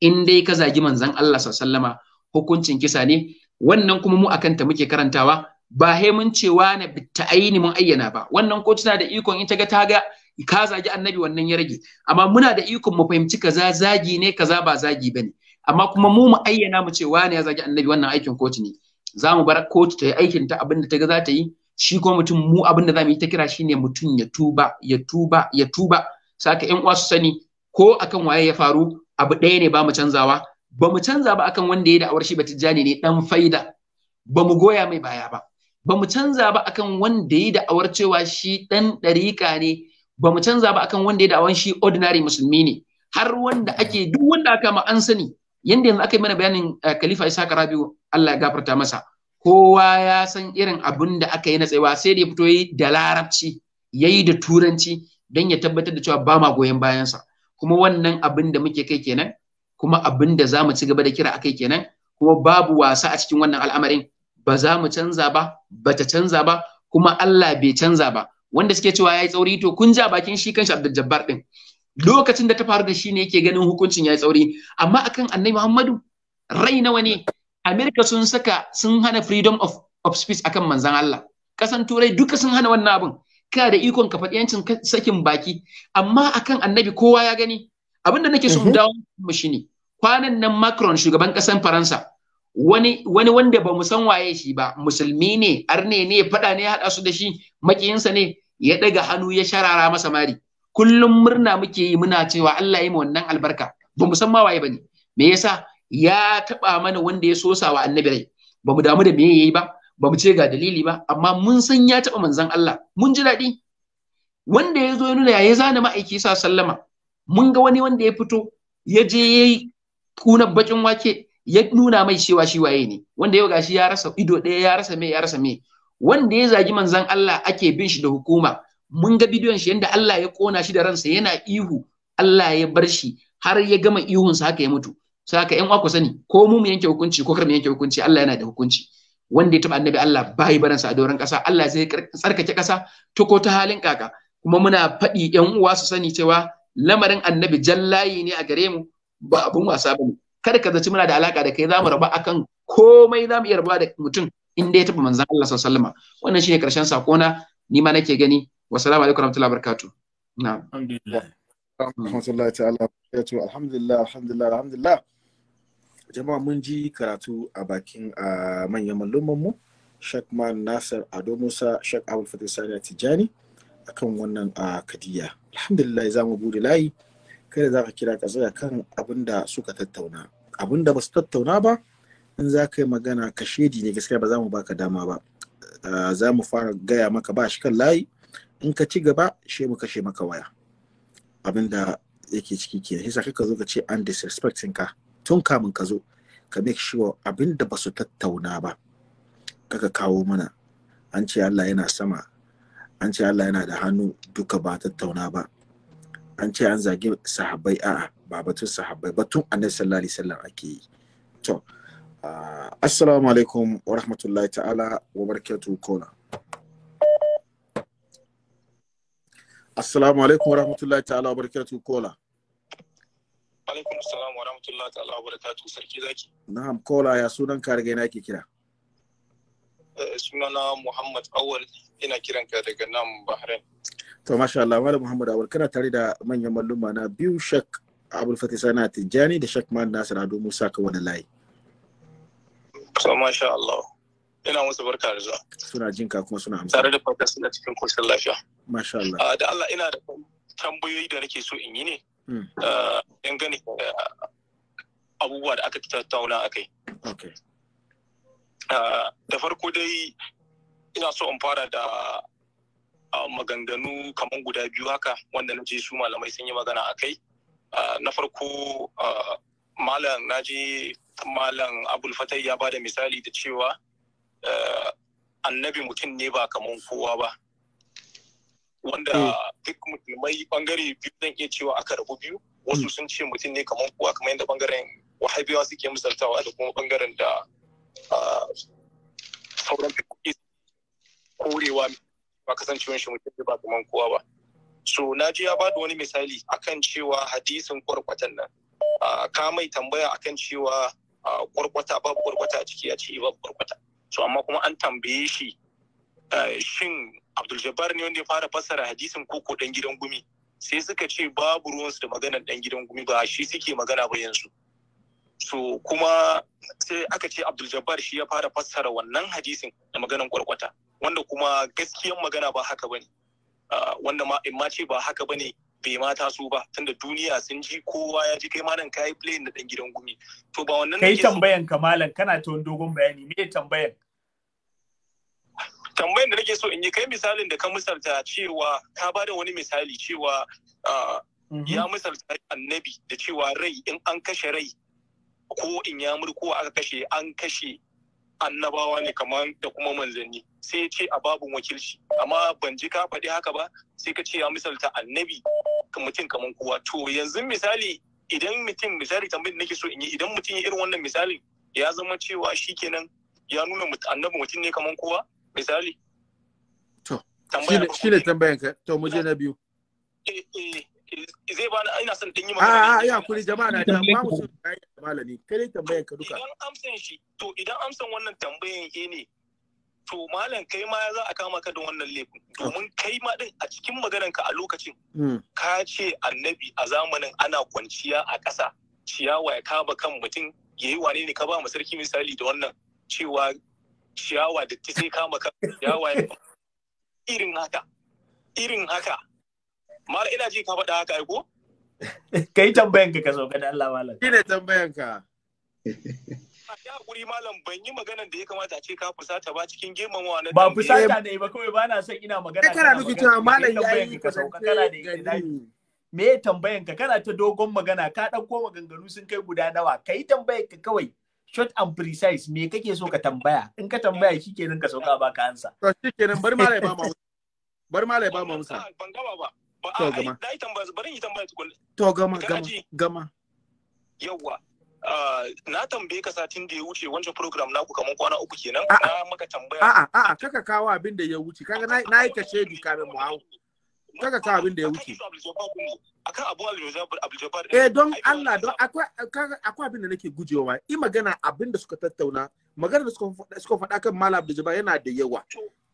C: in dai ka zagi manzon Allah sallama hukuncin kisa ne wannan kuma mu akan ta muke karantawa ba he mun cewa na aini mun ayyana ba wannan ko tana da ikon in ta ga ta ga ka zagi annabi wannan ya rage amma muna da ikon mu fahimci kaza zagi ne kaza ba zagi bane amma kuma mu mu ayyana mu cewa ne ya zagi annabi wannan aikin kotu ne za mu bar kotu ta yi aikin ta abinda ta ga za ta yi shi kuma mutum mu abin da zamu yi ta kira shine mutum ya tuba ya tuba ya tuba saka ƴan uwa su sani ko akan waye ya faru abu ɗaya ne ba mu canzawa ba mu canza ba akan wanda ya da'awar shi ba tijjani ne dan faida ba mu goya mai baya ba ba mu canza ba akan wanda ya da'awar cewa shi dan ɗariƙa ne ba mu canza ba akan wanda ya da'awar shi ordinary musulmi ne har wanda ake duk wanda aka ma an sani yanda yanzu aka yi mana bayanin eh, khalifa isa rabiu Allah ya gafarta masa kowa ya san irin abin da aka yi na tsayawa sai da ya fito yi da larabci ya yi da turanci don ya tabbatar da cewa ba ma goyon bayansa kuma wannan abin da muke kai kenan kuma abin da za mu ci gaba da kira akai kenan kuma babu wasa a cikin wannan al'amarin ba za mu canza ba ba ta canza ba kuma Allah bai canza ba wanda suke cewa ya yi tsauri to kun ja bakin shi kanshi Abdul Jabbar din lokacin da ta faru da shi ne yake ganin hukuncin ya yi tsauri amma akan Annabi Muhammadu rai nawa ne Amerika sun saka sun hana freedom of, of speech akan manzan Allah. Kasan Turai duka sun hana wannan abin. Ka da ikon ka faɗi yancin sakin baki, amma akan annabi kowa ya gani. Abin da nake son mhm. dawo mu shine kwanan nan Macron shugaban ƙasan Faransa wani wani wanda ba mu san waye shi ba musulmi ne arne ne faɗa ne ya haɗa su da shi makiyinsa ne ya ɗaga hannu ya sharara masa mari kullum murna muke yi muna cewa Allah ya yi wannan albarka ba mu san ma waye ba ne. me yasa ya taba mana wanda ya sosa wa annabi rai ba mu damu da me yayi ba ba mu ce ga dalili ba amma mun san ya taba manzon Allah mun ji daɗi wanda ya zo ya nuna ya zana ma'aiki sa sallama mun ga wani wanda ya fito ya je ya yi kunan bakin wake ya nuna mai cewa shi waye ne wanda yau gashi ya rasa ido ɗaya ya rasa mai, ya rasa mai. wanda ya zagi manzon Allah ake bin shi da hukuma mun ga bidiyon shi yanda Allah ya kona shi da ransa yana ihu Allah ya bar shi har ya gama ihunsa haka ya mutu sai ka ƴan ku sani ko mu mu yanke hukunci ko kar mu yanke hukunci Allah yana da hukunci wanda ya taba annabi Allah bai baransa a doron ƙasa Allah zai tsarkake kasa to ko ta halin kaka kuma muna faɗi ƴan uwa su sani cewa lamarin annabi jallayi ne a gare mu ba abun wasa bane kada ka zaci muna da alaka da kai za mu raba akan komai za mu iya rabuwa da mutum in dai ya taɓa manzan Allah sallallahu alaihi wasallam wannan shine karshen sako na ni ma nake gani Wa wassalamu alaikum warahmatullahi wabarakatuh na'am
B: alhamdulillah alhamdulillah alhamdulillah alhamdulillah jama'a mun ji karatu a bakin manyan malumanmu shakman nasir ado musa shak abul fatih sani tijani kan wannan a kadiya alhamdulillah za mu bude layi kada za ka kira ka tsaya kan abin da suka tattauna abin da ba su tattauna ba in za ka yi magana ka shedi ne gaskiya ba za mu baka dama ba za mu fara gaya maka ba shi kan layi in ka ci gaba she mu kashe maka waya abin da yake ciki kenan shi sa kaka zo ka ce an disrespecting ka tun kamun ka zo ka make sure abin da ba su tattauna ba kaka kawo mana an ce Allah yana sama an ce Allah yana da hannu duka ba tattauna ba an ce an zagi sahabbai a'a ba batun sahabbai batun annabi sallallahu alaihi wasallam ake yi to uh, assalamu alaikum wa rahmatullahi ta'ala wa barakatuhu kona assalamu alaikum wa rahmatullahi ta'ala wa barakatuhu kola alaikum salam wa rahmatullahi ta'ala wa barakatuh sarki zaki na'am kola ya sunan ka riga nake kira eh, sunana muhammad awal ina kiran ka daga nan bahrain to masha Allah malam muhammad awal kana tare da manyan malluma na biyu shak abul fatih sana tijjani da shak man nasir adu musa ka wani layi
F: to masha Allah ina musu barka da zuwa.
B: Suna jin ka kuma suna amsa. Tare
F: da fata suna cikin koshin lafiya.
B: Masha Allah. Ah, da Allah ina da tambayoyi da nake so in yi ne. Hmm. Eh,
F: dangane da abubuwa da aka tattauna a kai. Eh, da farko dai ina so in fara da ah,
B: maganganu kamar guda biyu haka wanda na je su malamai sun yi magana a kai. Eh, na farko malam na je malam abul fatai ya ba da misali da cewa annabi mutum ne ba kamar kowa ba. wanda eh. duk musulmai bangare biyu zan iya cewa aka rabu biyu wasu hmm. sun ce mutum ne kamar kuwa kamar yadda bangaren wahabiyawa suke misaltawa da kuma bangaren da sauran fikuki korewa ba kasancewar shi mutum ba kamar kuwa ba so na ji ya bada wani misali akan cewa hadisin kwarkwatan nan ka mai tambaya akan cewa kwarkwata babu kwarkwata a ciki a ciki babu kwarkwata so amma kuma an tambaye shi shin Abdul Jabbar ne wanda ya fara fassara hadisin koko dan gidan gumi sai suka ce babu ruwansu da maganar dan gidan gumi ba shi suke magana ba yanzu so kuma sai aka ce Abdul Jabbar shi ya fara fassara wannan hadisin da maganar kwarkwata wanda kuma gaskiyan magana ba haka bane ah, wanda ma in ma ce ba haka bane bai ma taso ba tunda duniya sun ji kowa ya ji kai ma nan kai play da dan gidan gumi to ba wannan kai tambayan kamalan kana ta dogon bayani me tambayan Tambayin da nake so in yi kai misalin da ka misalta cewa ka ba da wani misali cewa mhm. ya misalta annabi da cewa rai in an kashe rai ko in ya ko aka kashe an kashe annabawa ne kamar da kuma manzanni sai ce a babin wakilci amma ban ji ka faɗi haka ba sai ka ce ya misalta annabi mutum kamar kowa to yanzu misali idan mutum misali tambayar nake so in yi idan mutum ya irin wannan misalin
F: ya zama cewa shikenan ya nuna annabi mutum ne kamar kowa misali
B: to shi ne tambayan to mu je na biyu
F: eh, eh, eh, zai bani ina son tun yi magana a ya kuri jama'a na ta ba
B: mu son kai malami kai tambayan ka duka idan
F: amsan shi to idan amsan wannan
B: tambayan ke ne to malam kai ma za a kama ka da wannan laifin domin kai ma din a cikin maganar ka a lokacin hmm. ka ce annabi a zamanin ana kwanciya a ƙasa ciyawa ya kaba kan mutum yayi wane ne ka ba mu sarki misali da wannan cewa ciyawa da ta sai kama kan ciyawa irin haka irin haka mal ina ji ka faɗa haka aiko kai tambayan ka ka so kada Allah malam shine tambayan ka ya guri malam ban yi maganan da ya kamata a ce ka fusata ba cikin girmamawa na ba fusata ne ba kawai ba na son ina magana kana nufi cewa malam yi ka sauka kana da me tambayan ka kana ta dogon magana ka ɗauko maganganu sun kai guda nawa ka yi tambayan ka kawai short and precise me kake so ka tambaya in ka tambaya shi kenan ka sauka baka ansa to shi kenan bari malai ba mu bari malai ba mu musa ban gaba ba to gama dai tambaya bari yi tambaya tukun to gama gama gama yawa ah, na tambaye ka satin da ya wuce wancan program naku kaman kwana uku kenan na maka tambaya a a a kaka kawo abin da ya wuce kaga na yi kashe duka mu hawo kaka ka abin da ya wuce eh don Allah don akwai akwai abin da nake gujewa i magana abin da suka tattauna magana da suka suka faɗa kan malam Abdul Jabbar yana da yawa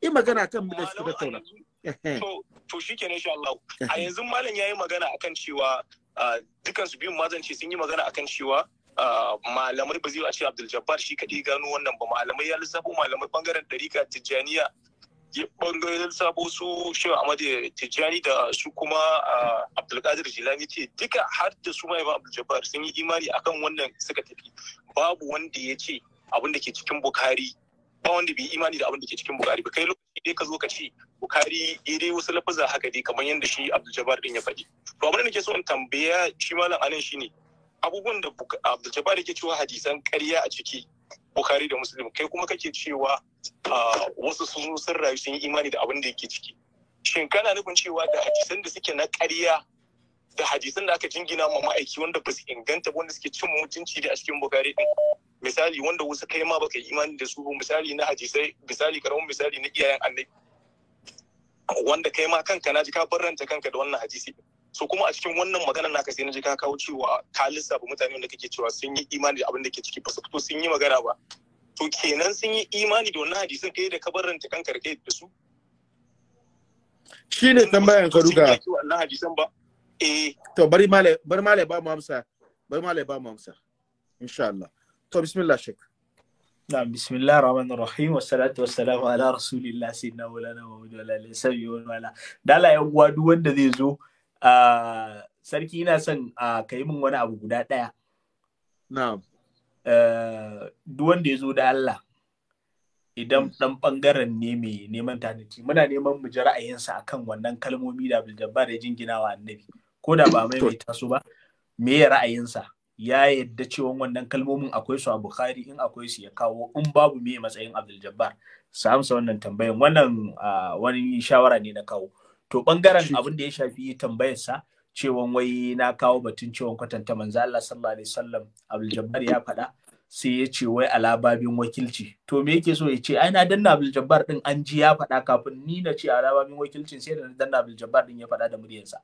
B: i magana kan da suka tattauna
F: to shikenan insha Allah a yanzu malam yayi magana akan cewa ah, dukan su biyun mazanci
B: sun yi magana akan cewa ah, malamai ba zai a ce Abdul Jabbar shi kadai gano wannan ba malamai ya lissafo malamai bangaren dariƙa Tijjaniya bangarorin sabo su shi amadu tijjani da su kuma abdulkadir jilani ce duka har da su ma imam abdul sun yi imani akan wannan suka tafi babu wanda ya ce abin da ke cikin bukari ba wanda bai imani da abin da ke cikin bukari ba kai lokaci dai ka zo ka ce bukari dai wasu lafaza haka dai kamar yadda shi abdul din ya faɗi to abin da nake so in tambaya shi malam anan ne abubuwan da abdul jabbar yake cewa hadisan ƙarya a ciki bukari da muslim kai kuma kake cewa wasu sun sun rayu sun yi imani da abin da yake ciki shin kana nufin cewa da hadisan da suke na ƙarya da hadisan da aka jingina ma ma'aiki wanda ba su inganta wanda suke cin mutunci da a cikin bukari din misali wanda wasu kai ma baka yi imani da su ba misali na hadisai misali karamin misali na iyayen annabi wanda kai ma kanka na ji ka barranta kanka da wannan hadisi so kuma a cikin wannan magana naka sai na ji ka kawo cewa ka lissafa mutane wanda kake cewa sun yi imani da abin da ke ciki ba su fito sun yi magana ba to kenan sun yi imani da wannan hadisin kai da kabarin ta kankar kai da su shi ne tambayan ka duka wannan eh. to bari male bari male ba mu amsa bari male ba mu amsa insha Allah to bismillah shek نعم بسم الله الرحمن الرحيم والصلاة والسلام على رسول الله سيدنا مولانا محمد وعلى آله وصحبه وعلى دالا يا duk wanda zai zo ah, sarki ina son ah, ka yi min wani abu guda daya Eh, duk wanda ya zo da Allah idan hmm. ɗan ɓangaren ne mai neman taniti muna neman mu ji ra'ayinsa akan wannan kalmomi da Abdul Jabbar ya jingina wa Annabi ko da ba mai mai taso ba me ya ra'ayinsa ya yadda cewa wannan kalmomin akwai su a Bukhari in akwai su ya kawo in babu me matsayin Abdul Jabbar sa amsa wannan tambayan wannan ah, wani shawara ne na kawo to bangaren abin da ya shafi tambayar sa cewan wai na kawo batun cewan kwatanta manzo Allah sallallahu alaihi wasallam Abdul Jabbar ya faɗa sai ya ce wai alababin wakilci to me yake so ya ce ai na danna Abdul Jabbar din an ji ya faɗa kafin ni na ce alababin wakilcin sai da danna Abdul Jabbar din ya faɗa da muryarsa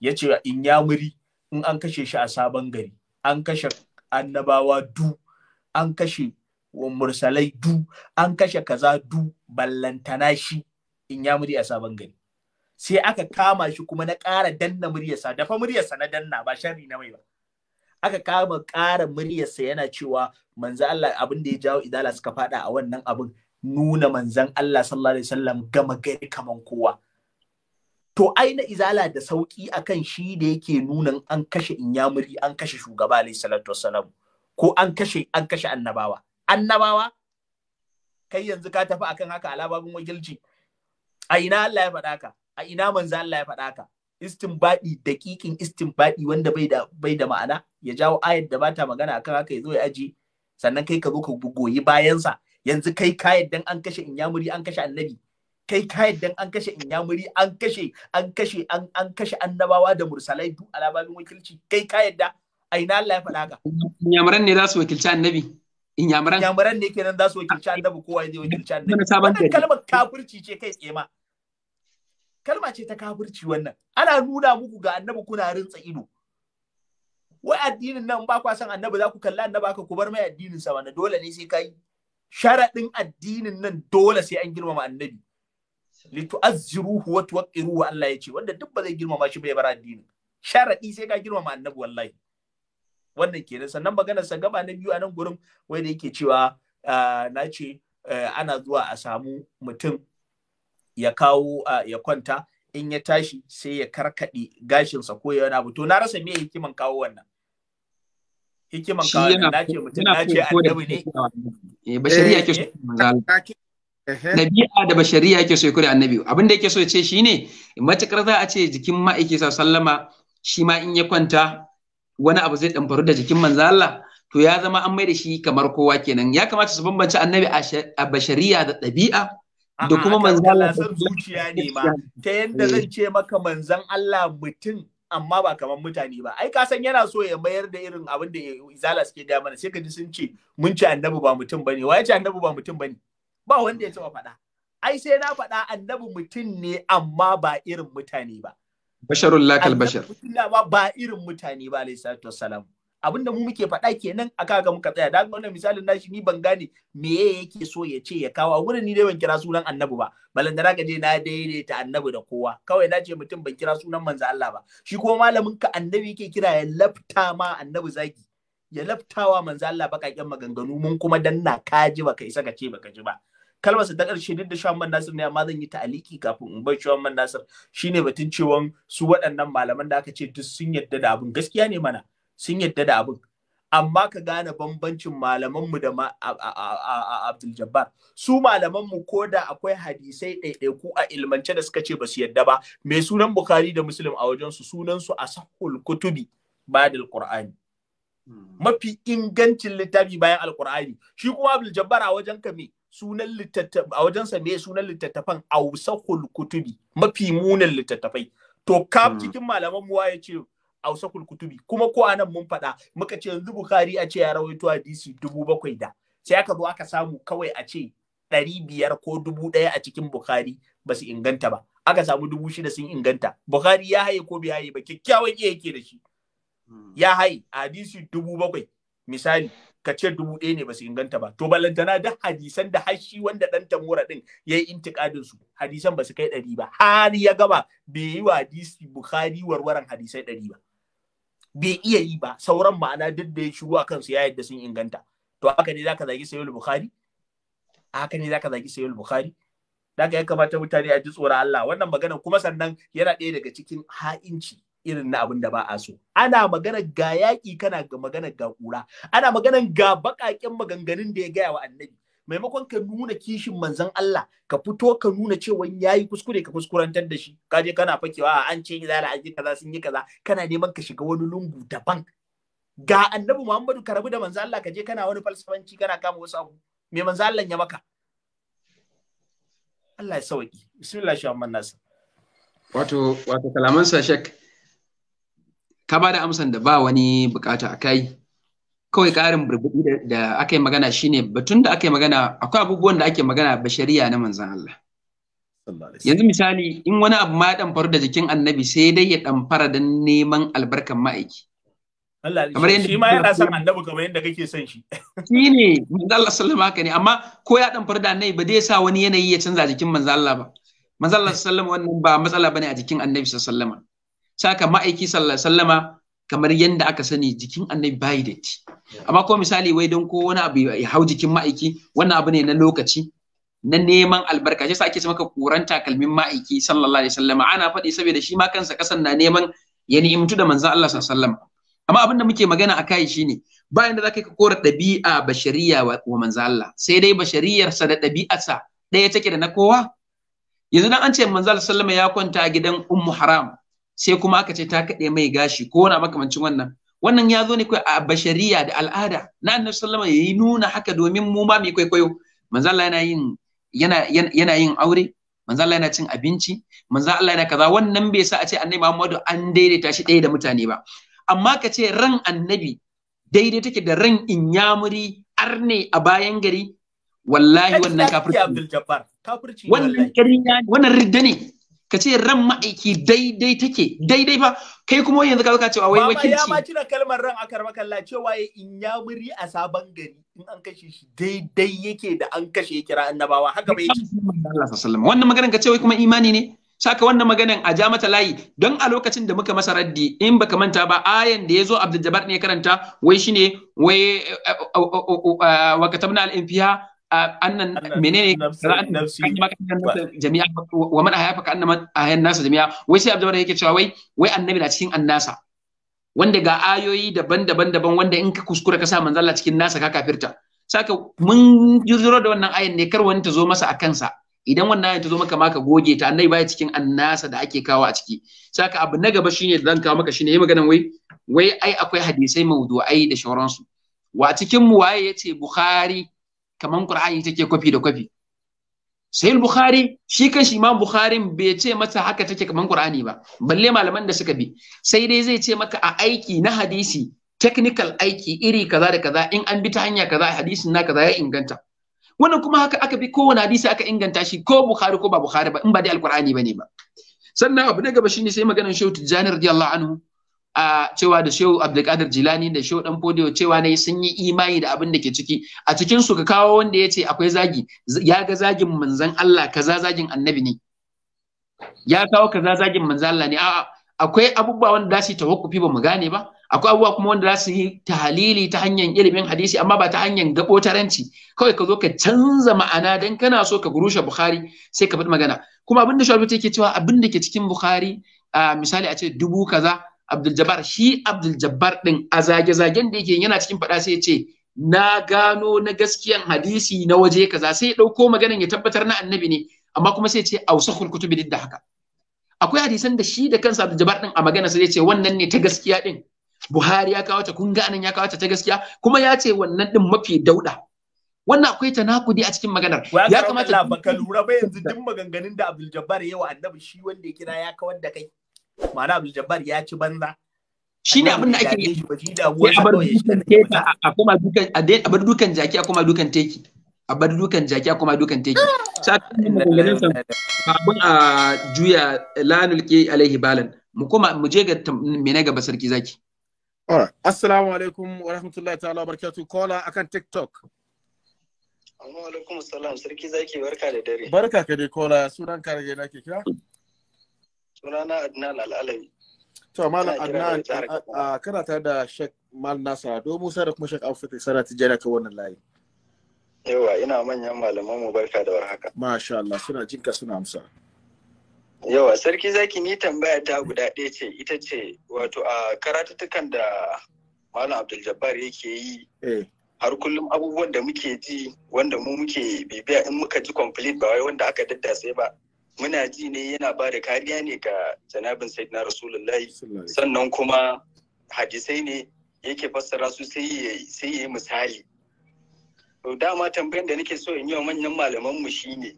B: ya ce in ya muri in an kashe shi a sabon gari an kashe annabawa du an kashe mursalai du an kashe kaza du ballantana shi in ya muri a sabon gari sai aka kama shi kuma na ƙara danna muryarsa Dafa muryarsa na danna ba sharri na mai ba aka kama ƙara muryarsa yana cewa manzo Allah abin da ya jawo idala suka faɗa a wannan abin nuna manzan Allah sallallahu alaihi wasallam gama gari kaman kowa to ai na izala da sauki akan shi da yake nuna an kashe inyamuri an kashe shugaba alaihi salatu wasallam ko an kashe an kashe annabawa annabawa kai yanzu ka tafi akan haka alababin wakilci a ina Allah ya faɗa ka a ina manzo Allah ya faɗa haka istinbadi daƙiƙin istinbadi wanda bai da bai da ma'ana ya jawo ayat da bata magana akan haka ya zo ya aji sannan kai ka zo ka goyi bayansa yanzu kai ka yaddan an kashe inyamuri an kashe annabi kai ka yaddan an kashe inyamuri an kashe an kashe an an kashe annabawa da mursalai duk alababin wakilci kai ka yadda a ina Allah ya faɗa haka
C: inyamuran ne za su wakilci annabi inyamuran
B: inyamuran ne kenan za su wakilci annabi kowa ya wakilci annabi wannan kalmar kafirci ce kai tsema. kalma ce ta kafirci wannan ana nuna muku ga annabi kuna rintsa ido wai addinin nan ba kwa san annabi za ku kalli annabi aka ku bar mai addinin sa wannan dole ne sai kai sharadin addinin nan dole sai an girmama annabi tu'azziruhu wa tuqiruhu Allah ya ce wanda duk ba zai girmama shi bai bar addini. sharadi sai ka girmama annabi wallahi wannan kenan sannan maganar sa gaba na biyu a nan gurin wai da yake cewa ah, na ce eh, ana zuwa a samu mutum ya kawo ya kwanta in ya tashi sai ya karkaɗe gashinsa ko ya wani abu to na rasa me hikiman kawo wannan
C: hikiman kawo wannan na ce mutum na ce annabi ne eh bashariya ke so eh,
D: eh, eh, Nabi'a
C: da bashariya yake so ya kure annabi abin da yake so ya ce shine matukar za a ce jikin ma'aiki sa sallama shi ma in ya kwanta wani abu zai dan faru da jikin manzo Allah to ya zama an mai da shi kamar kowa kenan ya kamata su bambance annabi a bashariya da ɗabi'a da kuma manzan Allah san zuciya ne ma
B: ta yadda zan eh. ce maka manzan Allah mutum amma ba kamar mutane ba ai ka san yana so ya mayar da irin abin da izala suke ga mana sai ka ji sun ce mun ce annabi ba mutum bane wa ya ce annabi ba mutum bane ba wanda ya taba faɗa ai sai na faɗa annabi mutum ne amma ba irin mutane ba
C: basharul lakal bashar
B: ba irin mutane ba alayhi salatu wassalam abinda mu muke faɗa kenan a kaga muka tsaya da wannan misalin nashi ni ban gane me yake so ya ce ya kawo gurin ni dai ban kira sunan annabi ba balan da gaje na daidaita annabi da kowa kawai na ce mutum ban kira sunan manzo Allah ba shi kuma malamin ka annabi yake kira ya lafta ma annabi Zaki? ya laftawa manzo Allah bakakken maganganu mun kuma danna kaji ba isa ka ce baka ji ba kalmar ta ƙarshe duk da Shuwan Nasir ne amma zan yi ta'aliki kafin in bar Shuwan Nasir shine batun cewa su waɗannan malaman da aka ce duk sun yadda da abun gaskiya ne mana sun yadda da abin amma ka gane bambancin malamanmu da Abdul Jabbar su malamanmu ko da akwai hadisai ɗaiɗaiku a ilmance da suka ce ba su yadda ba mai sunan Bukhari da Muslim a wajensu sunansu a sahul kutubi bayan alqur'ani mafi ingancin littafi bayan Alkur'ani. shi kuma Abdul Jabbar a wajen ka me sunan littattafan a wajensa me sunan littattafan ausahul kutubi mafi munin littattafai to kaf hmm. cikin malamanmu mu ya ce Ausa Kulkutubi. kuma ko anan mun faɗa muka ce yanzu bukhari a ce ya rawaito hadisi dubu bakwai da sai aka zo aka samu kawai a ce ɗari biyar ko dubu ɗaya a cikin bukhari ba su inganta ba aka samu dubu shida sun inganta bukhari ya haye ko bai haye ba kyakkyawan iya yake da shi hmm. ya haye hadisi dubu bakwai misali ka ce dubu ɗaya ne ba su inganta ba to balantana da hadisan da shi wanda ɗan tamura ɗin ya yi intiƙadin su hadisan ba su kai ɗari ba har ya gaba bai yi wa hadisi bukhari warwaran hadisai ɗari ba bai iya yi ba sauran ma'ana duk da ya shigo a kansu ya yadda sun inganta to haka ne zaka zagi sayyid bukhari haka ne zaka zagi sayyid bukhari daga ya kamata mutane a ji tsoron Allah wannan magana kuma sannan yana ɗaya daga cikin ha'inci irin na abin da ba a so ana magana ga yaƙi kana ga magana ga kura ana magana ga baƙaƙen maganganun da ya gaya wa annabi maimakon ka nuna kishin manzon Allah ka fito ka nuna cewa yayi kuskure ka kuskurantar da shi ka je kana fakewa an ce zala an yi kaza sun yi kaza kana neman ka shiga wani lungu daban ga annabi Muhammadu ka rabu da manzon Allah ka je kana wani falsafanci kana kama wasu abu me manzon Allah ya maka Allah ya sauki bismillah shi amman nasa
C: wato wato kalaman sa shek ka ba da amsan da ba wani bukata a kai kawai ƙarin burbuɗi da aka yi magana shine batun da aka yi magana akwai abubuwan da ake magana bashariya na manzan Allah yanzu misali in wani abu ma ya ɗan faru da jikin annabi sai dai ya ɗan fara don neman albarkan ma'aiki
B: kamar shi ma yana son
C: annabi kamar yadda kake son shi shi ne manzo Allah sallallahu alaihi ne amma ko ya ɗan faru da annabi ba zai sa wani yanayi ya canza jikin manzo Allah ba manzo Allah sallallahu alaihi wannan ba matsala bane a jikin annabi sallama. alaihi saka ma'aiki sallallahu alaihi kamar yadda aka sani jikin annabi bayi datti amma ko misali wai don ko wani abu ya hau jikin ma'aiki wannan abu ne na lokaci na neman albarka shi ake maka kuranta takalmin ma'aiki sallallahu alaihi wasallam ana faɗi saboda shi ma kansa kasan na neman ya ni'imtu da manzon Allah sallallahu alaihi wasallam amma abin da muke magana akai shine bayan da zaka ka kora ɗabi'a bashariya wa manzon Allah sai dai bashariyarsa da ɗabi'arsa ɗaya take da na kowa yanzu dan an ce manzon Allah sallallahu alaihi wasallam ya kwanta gidan ummu haram sai kuma aka ce ta kaɗe mai gashi ko wani makamancin wannan wannan ya zo ne kai a bashariya da al'ada na annabi sallama yi nuna haka domin mu ma mai kwaikwayo manzo Allah yana yin yana yana yin aure manzo Allah yana cin abinci manzo Allah yana kaza wannan bai sa a ce annabi Muhammadu an daidaita shi ɗaya da mutane ba amma ka ce ran annabi daidai take da ran inyamuri arne a bayan gari wallahi wannan kafirci wannan wannan ridda ne ka ce ran ma'aiki daidai take daidai ba kai kuma yanzu ka cewa wai wakilci ya ma
B: cire kalmar ran akar makalla cewa ya in ya muri a sabon gari in an kashe shi
C: daidai yake da an kashe kira annabawa haka bai yi. wannan maganar ka ce wai kuma imani ne saka wannan maganan a ja mata layi don a lokacin da muka masa raddi in baka manta ba ayan da ya zo Jabbar ne karanta wai shine wai eh, eh, oh, oh, oh, ah, wa katabna al-infiha annan menene jami'a wa man ahaya ka annama ahayan nasa jami'a wai sai abdul yake cewa wai wai annabi na cikin annasa wanda ga ayoyi daban-daban daban wanda in ka kuskura ka sa manzalla cikin nasa ka kafirta saka mun jirgiro da wannan ayan ne kar wani ta zo masa a kansa idan wannan ayan ta zo maka maka goge ta annabi baya cikin annasa da ake kawo a ciki saka abu na gaba shine da zan kawo maka shine yayi maganan wai wai ai akwai hadisai mawdu'ai da shauransu wa cikin mu waye yace bukhari kaman Qur'ani take kwafi da kwafi sai Bukhari shi shi Imam Bukhari bai ce mata haka take kaman Qur'ani ba balle malaman da suka bi sai dai zai ce maka a aiki na hadisi technical aiki iri kaza da kaza in an bi ta hanya kaza hadisin na kaza ya inganta wannan kuma haka aka bi kowane hadisi aka inganta shi ko Bukhari ko ba Bukhari ba in ba dai al bane ba sannan abu na gaba shine sai maganar Shehu Tijjani radiyallahu anhu a cewa da shehu abdulkadir jilani da shehu dan fodiyo cewa ne sun yi imani da abin da ke ciki a cikin su ka kawo wanda ya ce akwai zagi ya ga zagin manzan Allah kaza zagin annabi ne ya kawo kaza zagin manzan Allah ne a'a akwai abubuwa wanda za su yi tawakkufi ba mu gane ba akwai abubuwa kuma wanda za su yi tahalili ta hanyar ilimin hadisi amma ba ta hanyar gabo taranci kawai ka zo ka canza ma'ana dan kana so ka gurushe bukhari sai ka faɗi magana kuma abin da ta ke cewa abin da ke cikin bukhari misali a ce dubu kaza Abdul Jabbar shi Abdul Jabbar din a zage-zagen da yake yana cikin faɗa sai ya ce na gano na gaskiyan hadisi na waje kaza sai ya ɗauko maganan ya tabbatar na annabi ne amma kuma sai ya ce ausahul kutubi didda da haka akwai hadisan da shi da kansa Abdul Jabbar din a magana sai ya ce wannan ne ta gaskiya din Buhari ya kawo ta kun ga anan ya kawo ta ta gaskiya kuma ya ce wannan din mafi dauda wannan akwai tanakudi a cikin maganar
B: ya kamata ba lura ba yanzu duk maganganun da Abdul Jabbar yawa annabi shi wanda ya kira ya kawar da
C: kai ma'ana Abdul Jabbar ya ci banza
B: shi ne abin da ake yi
C: a dukan dukan jaki a kuma dukan teki a bar dukan jaki a kuma dukan teki abin a juya lanul ke alaihi balan mu kuma mu je ga mene gaba sarki zaki assalamu alaikum
B: wa rahmatullahi ta'ala wa barakatu.
C: kola akan tiktok
F: alaikum salam sarki zaki barka da dare barka
B: ka dai kola sunan kare rage nake kira
F: sunana Adnan Al'alari.
B: To, Malam Adnan, kana tare da Sheikh Mal Nasara, do Musa da kuma Sheikh Alfati Sara Tijjani ta wannan layi.
D: Yawa, ina manyan malaman mu barka da warhaka.
B: Masha Allah, suna jinka suna amsa.
D: Yawa, sarki zaki ni tambaya ta guda ɗaya ce, ita ce, wato a karatuttukan da Malam Abdul Jabbar yake yi. Eh. har kullum abubuwan da muke ji wanda mu muke bibiya in muka ji complete ba wai wanda aka daddase ba muna ji ne yana ba da kariya ne ga
F: janabin na
A: rasulullahi sannan kuma hadisai ne yake fassara su sai ya yi misali to dama tambayan da nake so in yi wa manyan
D: malaman mu shine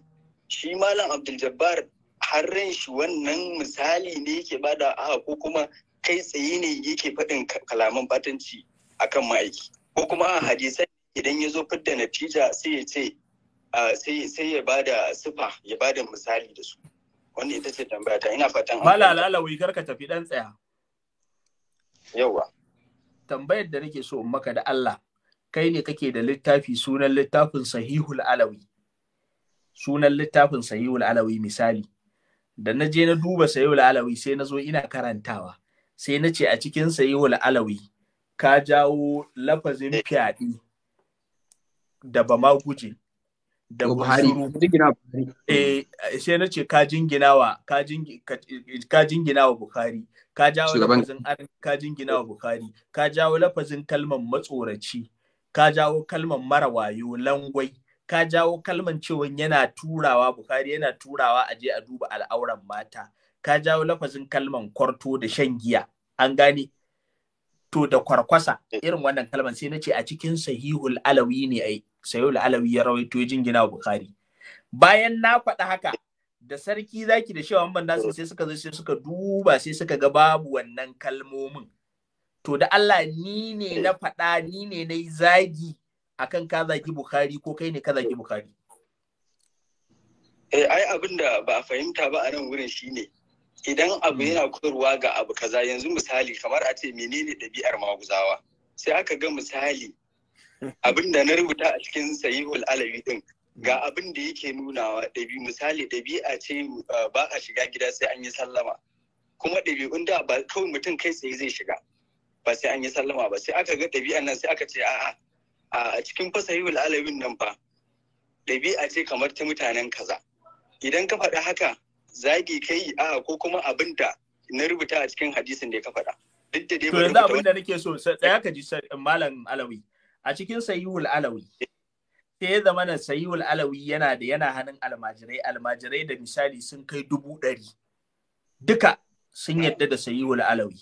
D: shi malam abdul jabbar har ran shi wannan misali ne yake da aha ko kuma kai tsaye ne yake faɗin kalaman batanci akan ma'aiki ko kuma a hadisai idan ya zo fidda natija sai ya ce
B: sai ya bada sufa ya bada misali da su wanda ita ce tambaya ta ina fatan mala lalawi kar ka tafi dan tsaya yawa tambayar da nake so in maka da Allah kai ne kake da littafi sunan littafin sahihul alawi sunan littafin sahihul alawi misali da na je na duba sahihul alawi sai na zo ina karantawa sai na ce a cikin sahihul alawi ka jawo lafazin fyaɗe da ba ma guje da Buhari eh sai na ce ka wa ka wa Buhari ka jawo lafazin ka wa Buhari ka jawo lafazin kalmar matsoraci ka jawo kalmar mara wayo langwai ka jawo kalman cewa yana turawa Bukhari yana turawa a je a duba al'auran mata ka jawo lafazin kalman kwarto da shan giya an gane to da kwarkwasa eh. irin wannan kalman sai na ce a cikin sahihul alawi ne ai sayul alawi ya rawaito jingina wa bukhari bayan na faɗa haka da sarki zaki da shewan ban nasu sai suka zo sai suka duba sai suka ga babu wannan kalmomin to da Allah ni ne na faɗa ni ne na yi zagi akan ka zagi bukhari ko kai ne ka zagi bukhari
D: eh ai abin da ba a fahimta ba a nan wurin shine idan
F: abu yana koyarwa ga abu kaza yanzu misali kamar a ce menene ɗabi'ar maguzawa sai aka ga misali abin da na rubuta a cikin sahihul alawi din ga abin da yake nunawa ɗabi misali ɗabi'a ce uh, ba a shiga gida sai an yi sallama kuma ɗabi'un da ba kawai mutum kai tsaye zai shiga ba sai an yi sallama ba sai aka ga ɗabi'an nan sai aka ce a'a a cikin fasahihul alawin nan fa ɗabi'a ce kamar ta mutanen kaza idan ka faɗa haka zagi kai a ko kuma abin da na rubuta a cikin hadisin da ka faɗa duk da dai ba abin da
B: nake so sai ka ji malam alawi a cikin sayiwul alawi sai ya zama na alawi yana da yana hannun almajirai almajirai da misali sun kai dubu ɗari duka sun yadda da sayiwul alawi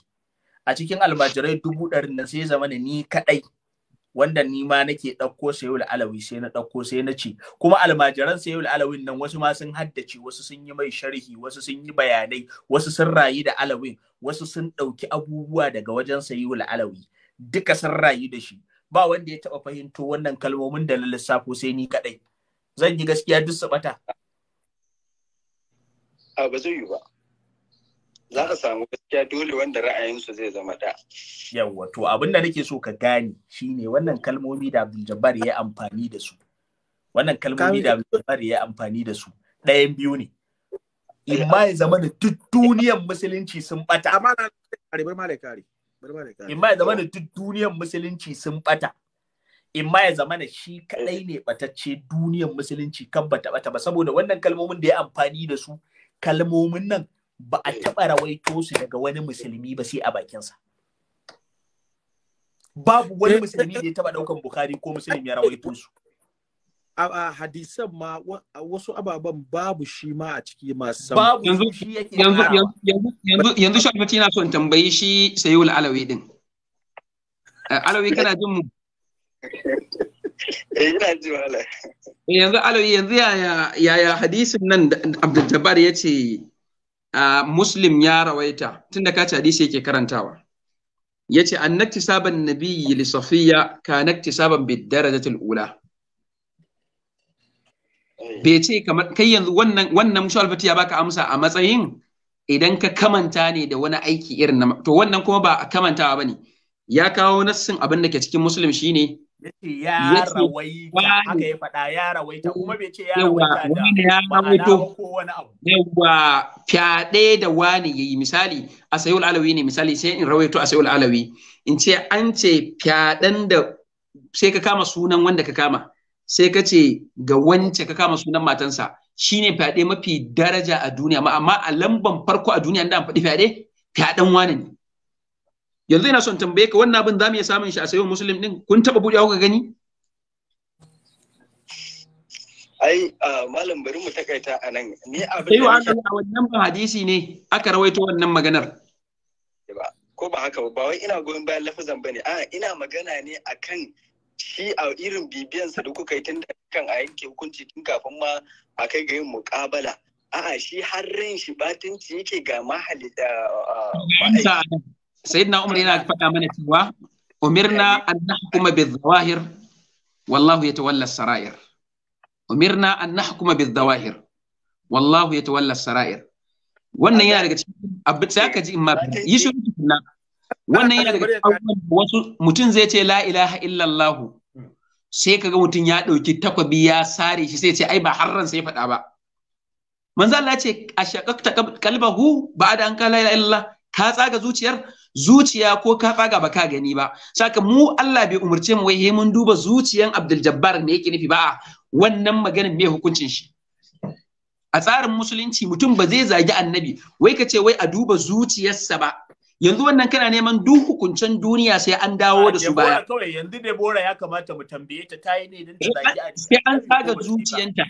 B: a cikin almajirai dubu ɗarin nan sai ya zama ni kaɗai wanda ni ma nake ɗauko sayiwul alawi sai na ɗauko sai na ce kuma almajiran sayiwul alawin nan wasu ma sun haddace wasu sun yi mai sharhi wasu sun yi bayanai wasu sun rayu da alawin wasu sun ɗauki abubuwa daga wajen sayiwul alawi duka sun rayu da shi ba wanda ya taɓa fahimto wannan kalmomin da na lissafo sai ni kaɗai. Zan yi gaskiya duk su bata.
F: A ba zai yi ba. Za ka samu gaskiya dole wanda ra'ayinsu zai zama da.
B: Yawwa, to abin da nake so ka gane shine wannan kalmomi da Abdul Jabbar ya amfani da su. Wannan kalmomi da Abdul Jabbar ya amfani da su ɗayan biyu ne. In ma ya zama da duk duniyar musulunci sun ɓata. Amma na kare bar kare.
A: in ma ya zama da
B: duk duniyar musulunci sun bata in ma ya zama da shi kadai ne batacce duniyar musulunci kan bata bata ba saboda wannan kalmomin da ya amfani da su kalmomin nan ba a taɓa rawaito su daga wani musulmi ba sai a bakinsa. Babu wani eh, musulmi da ya taɓa ɗaukan Bukhari ko musulmi ya rawaito su. A hadisan ma wasu ababen babu shi ma a ciki masu babu yanzu yanzu
A: yanzu
C: yanzu shafati yana son tambayi shi sayul alawi din eh, alawi kana jin mu
A: eh, ina ji eh,
C: yanzu alawi yanzu yaya hadisin nan abdul jabbar yace ah, muslim ya rawaita tunda ka ci hadisi yake karantawa yace annaktisaban nabiyyi li safiya ka naktisaban bid darajatil ula Eh. bai ce kamar kai yanzu wannan wannan alfati ya baka amsa a matsayin idan ka kamanta ne da wani aiki irin na to wannan kuma ba a kamantawa bane ya kawo nassin abin da ke cikin muslim shine
B: yace ya rawaita aka yi fada ya rawaita kuma bai ce ya rawaita
C: da ya rawaito yawa fyaɗe da wani yayi misali a sayul alawi ne misali sai in rawaito a sayul alawi in ce an ce fyaɗen da sai ka kama sunan wanda ka kama sai ka ce ga wance ka kama sunan matansa shine fyaɗe mafi daraja a duniya ma amma a lamban farko a duniya da an faɗi fyaɗe fyaɗen wane ne yanzu ina son tambaye ka wannan abin za mu iya samun shi a sayo musulun din kun taɓa buɗe ka gani ai
D: malam bari mu takaita a nan ni abin da
C: wannan ba hadisi ne aka rawaito wannan maganar
D: ko ba haka ba wai ina goyon bayan lafazan bane a ina magana ne akan shi a irin bibiyansa da kuka yi tun da kan a yanke hukunci tun kafin ma a kai ga yin mukabala a'a shi har ran shi batunci yake ga mahalita ah,
C: ah, na umar yana faɗa mana cewa umirna an nahkuma zawahir wallahu yatawalla sarair umirna an nahkuma zawahir wallahu yatawalla sarair wannan yana daga cikin abin sai aka ji in ma yi shiru na wannan yana daga cikin wasu mutum zai ce la ilaha illallah hmm. sai kaga mutum ya dauki takwabi ya sare shi sai ce ai ba ran sai faɗa ba manzo Allah ce ashaqaqta qalbahu ba'da an la ilaha illallah ka tsaga zuciyar zuciya ko ka tsaga baka gani ba saka mu Allah bai umurce mu wai mun duba zuciyan Abdul Jabbar ne yake nufi ba wannan maganin me hukuncin shi a tsarin musulunci mutum ba zai zagi annabi wai ka ce wai a duba zuciyarsa ba yanzu wannan kana neman duk hukuncen duniya sai an dawo da su baya
B: kawai yanzu Debora ya kamata mu tambaye ta tayi ne dan ta
C: sai an tsaga zuciyanta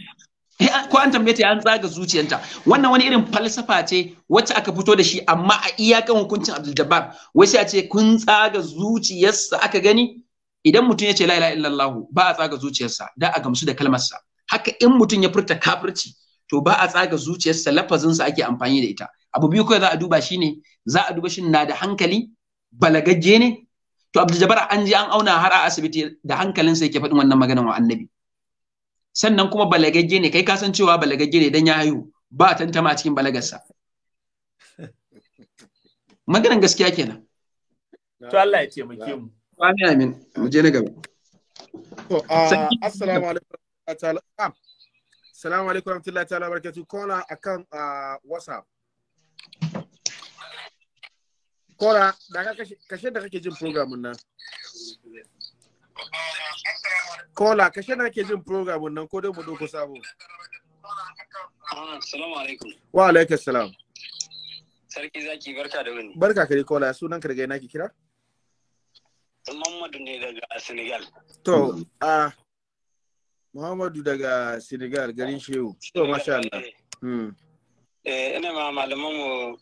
C: ko an tambaye ta an tsaga zuciyanta wannan wani irin falsafa ce wacce aka fito da shi amma a iyakan hukuncin Abdul Jabbar wai sai a ce kun tsaga zuciyarsa aka gani idan mutum ya ce la ilaha ba a tsaga zuciyarsa da a gamsu da kalmarsa haka in mutum ya furta kafirci to ba a tsaga zuciyarsa lafazinsa ake amfani da ita abu biyu kawai za a duba shine za a duba shin na da hankali balagajje ne to abdul jabbar an je an auna har a asibiti da hankalin sa yake faɗin wannan maganar wa annabi sannan kuma balagajje ne kai ka san cewa balagajje ne dan ya haihu ba tantama a cikin balagarsa maganar gaskiya kenan to Allah ya taimake mu amin amin mu je na gaba to
B: assalamu alaikum assalamu alaikum rahmatullahi wa barakatuh kona akan uh, whatsapp Kora, daga kashe da kake jin programin nan. Kola, kashe da kake jin programin nan ko dai mu doko sabo.
F: Assalamu alaikum.
B: Wa alaikum salam.
F: Sarki zaki barka da wani.
B: Barka kare kola, sunan ka daga ki kira?
F: Muhammadu ne daga Senegal.
B: To, a Muhammadu daga Senegal garin Shehu. To, masha Allah. Eh,
F: hmm. Eh, ina ma malamanmu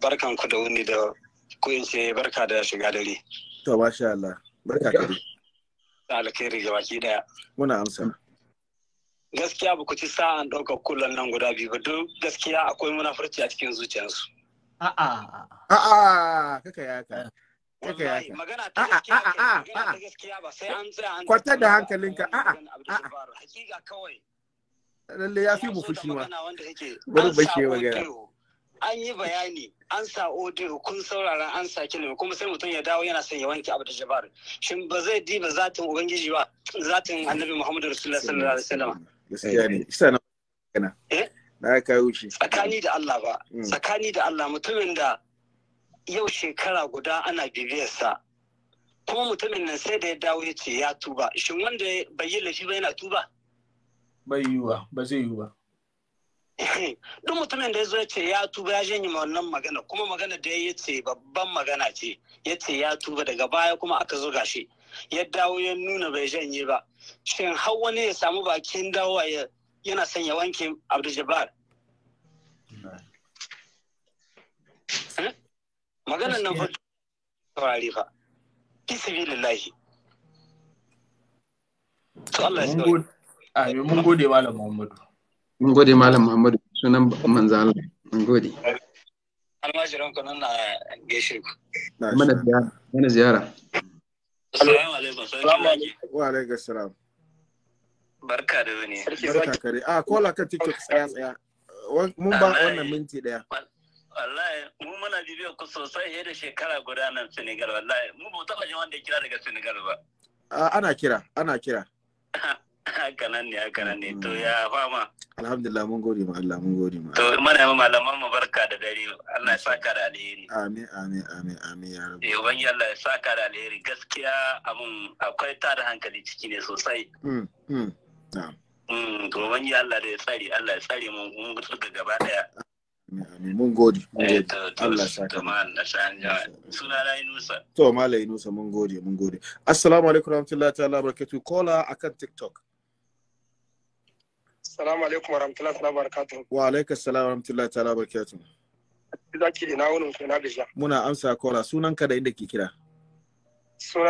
F: barkan ku da wuni da ku ce barka da shiga dare.
B: To sha Allah,
A: barka ka dai. Da alkhairi ga baki daya. Muna amsa. Gaskiya ba ku ci
B: sa'an ɗaukar kullum nan guda biyu ba don gaskiya akwai munafurci a cikin zuciyarsu. A'a. A'a, kaka ya ka.
F: Kaka ya ka. Magana ta gaskiya ba sai an tsaya an. Kwata da hankalinka. A'a. A'a. Hakika kawai.
B: lalle ya fi mu fushi ma bari bashi magana
F: an yi bayani an sa audio kun saurara an sa kilimi kuma sai mutum ya dawo yana son ya wanke abu da jabar shin ba zai diba zatin ubangiji ba zatin annabi muhammadu rasulullahi sallallahu alaihi wasallam
A: gaskiya ne isa na
B: magana eh? na kai shi tsakani
F: da Allah ba mm. tsakani da Allah mutumin da yau shekara guda ana bibiyarsa kuma mutumin nan sai da ya dawo ya ce ya tuba shin wanda bai yi laifi ba yana tuba
B: bai yiwuwa ba zai
A: yiwu ba
F: duk mutumin da ya zo ya ce ya tuba ya je janye wannan magana kuma magana da ya ce babban magana ce ya ce ya tuba daga baya kuma aka zo gashi ya dawo ya nuna bai janye ba shin har wani ya samu bakin dawowa yana son ya wanke abdul eh? maganan nan fa saurari fa fi sabilillahi
C: to Allah ya Amin mun gode Malam Muhammadu. Mun gode Malam Muhammadu sunan manzo Allah. Mun gode. Almajiran
F: ku nan na geshe. ku.
C: Mana ziyara. Mana ziyara. Assalamu
B: alaikum. Wa alaikum assalam.
F: Barka da wani. Barka kare. Ah kola
B: kan TikTok tsaya tsaya. Mun ba wannan minti daya.
F: wallahi mu muna bibiya ku sosai ya da shekara guda nan Senegal wallahi mu ba taɓa jin wanda ya kira daga Senegal ba.
B: Ah, ana kira, ana kira.
F: hakanan ne hakanan ne to mm. ya fama
B: alhamdulillah mun gode ma Allah mun gode ma
F: to mana yi malaman mu barka da dare Allah ya saka da
A: alheri amin amin amin amin ya rabu
F: eh wani Allah ya saka da alheri gaskiya abun akwai tada hankali ciki ne sosai
A: mm mm na'am
F: mm to ubangi Allah da ya tsare Allah ya tsare mu mun ga gaba daya
B: mun gode eh, Allah saka la Inusa to mala Inusa mun gode mun gode assalamu alaikum warahmatullahi ta'ala barakatuh kola akan tiktok Assalamu alaikum warahmatullahi ta'ala barakatuh. Wa alaikum assalam warahmatullahi ta'ala barakatuh. Zaki ina wani kai na gajiya. Muna amsa kora sunan ka da inda ke kira.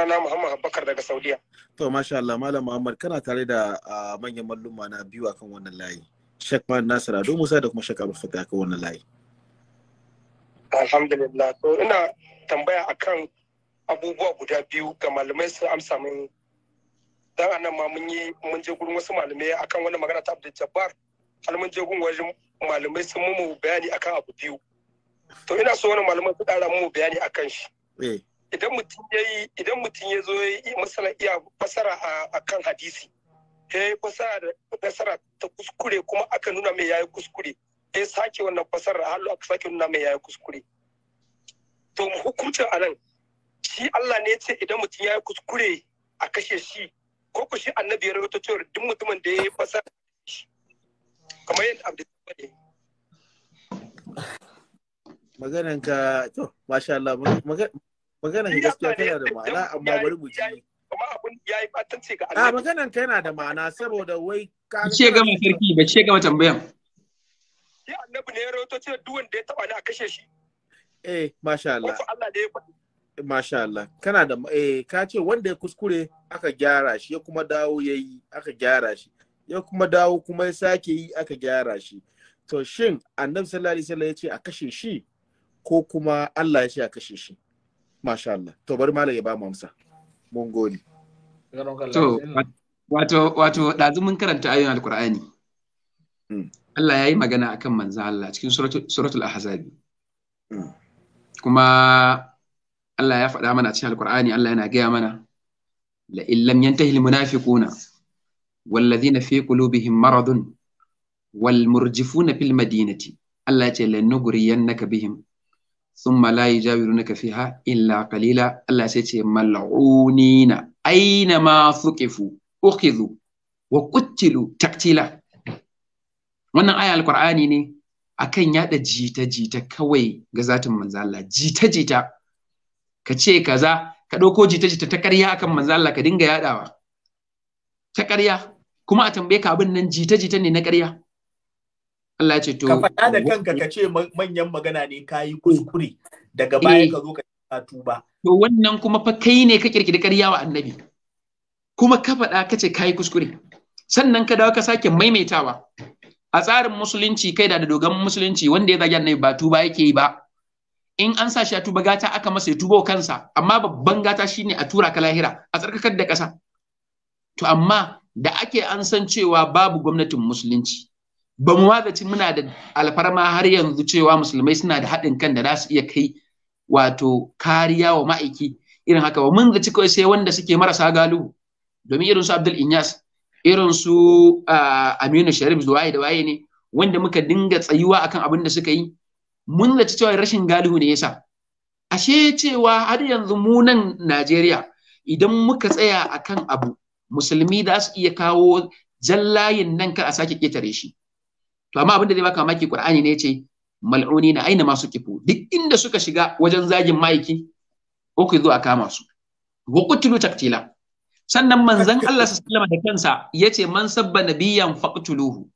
B: na Muhammad Abubakar daga Saudiya. To masha Allah Malam Muhammad kana tare da manyan malluma na biyu akan wannan layi. Sheikh Man Nasir Ado Musa da kuma Sheikh Abdul Fatah akan wannan layi. Alhamdulillah. To ina tambaya akan abubuwa guda biyu ga malamai su amsa min dan anan ma mun yi mun je gurin wasu malamai akan wannan magana ta Abdul Jabbar har mun je gurin wajen malamai sun mu bayani akan abu biyu to ina so wani malamai su ƙara mu bayani akan shi eh. idan mutum ya yi idan mutum ya zo yi masala iya fasara akan hadisi eh fasara da fasara ta kuskure kuma aka nuna mai yayi kuskure eh sake wannan fasara halu aka sake nuna mai yayi kuskure
F: to hukuncin anan shi Allah ne ya ce idan mutum ya yi kuskure a kashe shi ko ku shi annabi ya rubuta cewa duk mutumin da ya yi fasa kamar yadda abdu ne
B: maganan ka to masha Allah maganan gaskiya tana da ma'ana amma bari mu ji kuma abun ya yayi fatanci ga Allah maganan ka yana da ma'ana saboda wai ka ce ga mai sarki ba
A: ce
C: ga tambayan sai annabi ne ya rawaito
B: cewa duk wanda ya taba ni a kashe shi eh masha Allah ko Allah da ya faɗi masha Allah kana da eh ka ce wanda ya kuskure aka gyara shi ya kuma dawo ya yi aka gyara shi ya kuma dawo kuma ya sake yi aka gyara shi to shin annabi sallallahu alaihi wasallam ya ce a kashe shi ko kuma
C: Allah ya ce a kashe shi masha Allah to bari malam ya ba mu amsa mun gode to wato wato dazu mun karanta ayoyin alqur'ani mm. Allah ya yi magana akan manzo Allah cikin suratul ahzabi mm. kuma Allah ya faɗa mana a cikin Alƙur'ani Allah yana gaya mana la illam yantahi wal ladhina fi qulubihim maradun wal murjifuna fil madinati Allah ya ce lanughriyannaka bihim thumma la yujawirunaka fiha illa qalila Allah sai ce mal'unina aina ma thuqifu ukhidhu wa qutilu taktila wannan aya al-Qur'ani ne akan yada jita jita kawai ga zatin manzo Allah jita jita ka ce kaza ka ɗauko jita-jita ta ƙarya akan manzo Allah ka dinga yaɗawa ta ƙarya kuma a tambaye ka abin nan jita-jita ne na ƙarya
B: Allah ya ce to ka faɗa da kanka ka ce manyan magana ne ka yi kuskure daga baya eh. ka
C: zo ka tuba to wannan kuma fa kai ne ka kirkiri ƙarya wa annabi kuma ka faɗa ka ce ka yi kuskure sannan ka dawo ka sake maimaitawa a tsarin musulunci kai da dogon musulunci wanda ya zagi annabi ba tuba yake yi ba in an sa shi a tuba gata aka masa ya tubo kansa amma babban gata shine a tura ka lahira a tsarkakar da kasa to amma da ake an san cewa babu gwamnatin musulunci ba mu magaci muna da alfarma har yanzu cewa musulmai suna da haɗin kan da za su iya kai wato kariya wa ma'aiki irin haka ba mun zaci kawai sai wanda suke marasa galu domin irin su Abdul Inyas irin su ah, Aminu Sharif da waye da waye ne wanda muka dinga tsayuwa akan abin da suka yi mun zaci cewa rashin galihu ne yasa ashe cewa har yanzu mu nan Najeriya idan muka tsaya akan abu musulmi za su iya kawo jallayin nan kar a sake ketare shi to amma abin da zai baka maki Qur'ani ne ce mal'uni na aina masu kifo duk inda suka shiga wajen zagin maiki ko ku zo a kama su wa qutilu taqtila sannan manzon Allah sallallahu alaihi da kansa yace man sabba nabiyyan faqtuluhu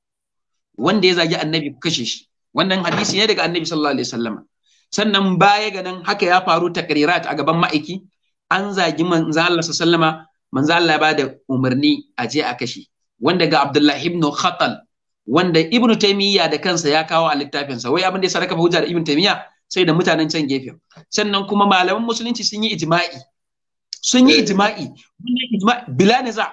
C: wanda ya zagi annabi ku kashe shi wannan hadisi ne daga annabi sallallahu alaihi wasallam sannan baya ga nan haka ya faru takrirat a gaban ma'aiki an zagi manzo Allah sallama manzo Allah ya bada umarni a je a kashe wanda ga Abdullah ibn Khatal wanda Ibn Taymiyya da kansa ya kawo a littafinsa wai abin da ya saraka hujjar da Ibn Taymiyya sai da mutanen can gefen sannan kuma malaman musulunci sun yi ijma'i sun yi eh. ijma'i wannan ijma'i bila niza'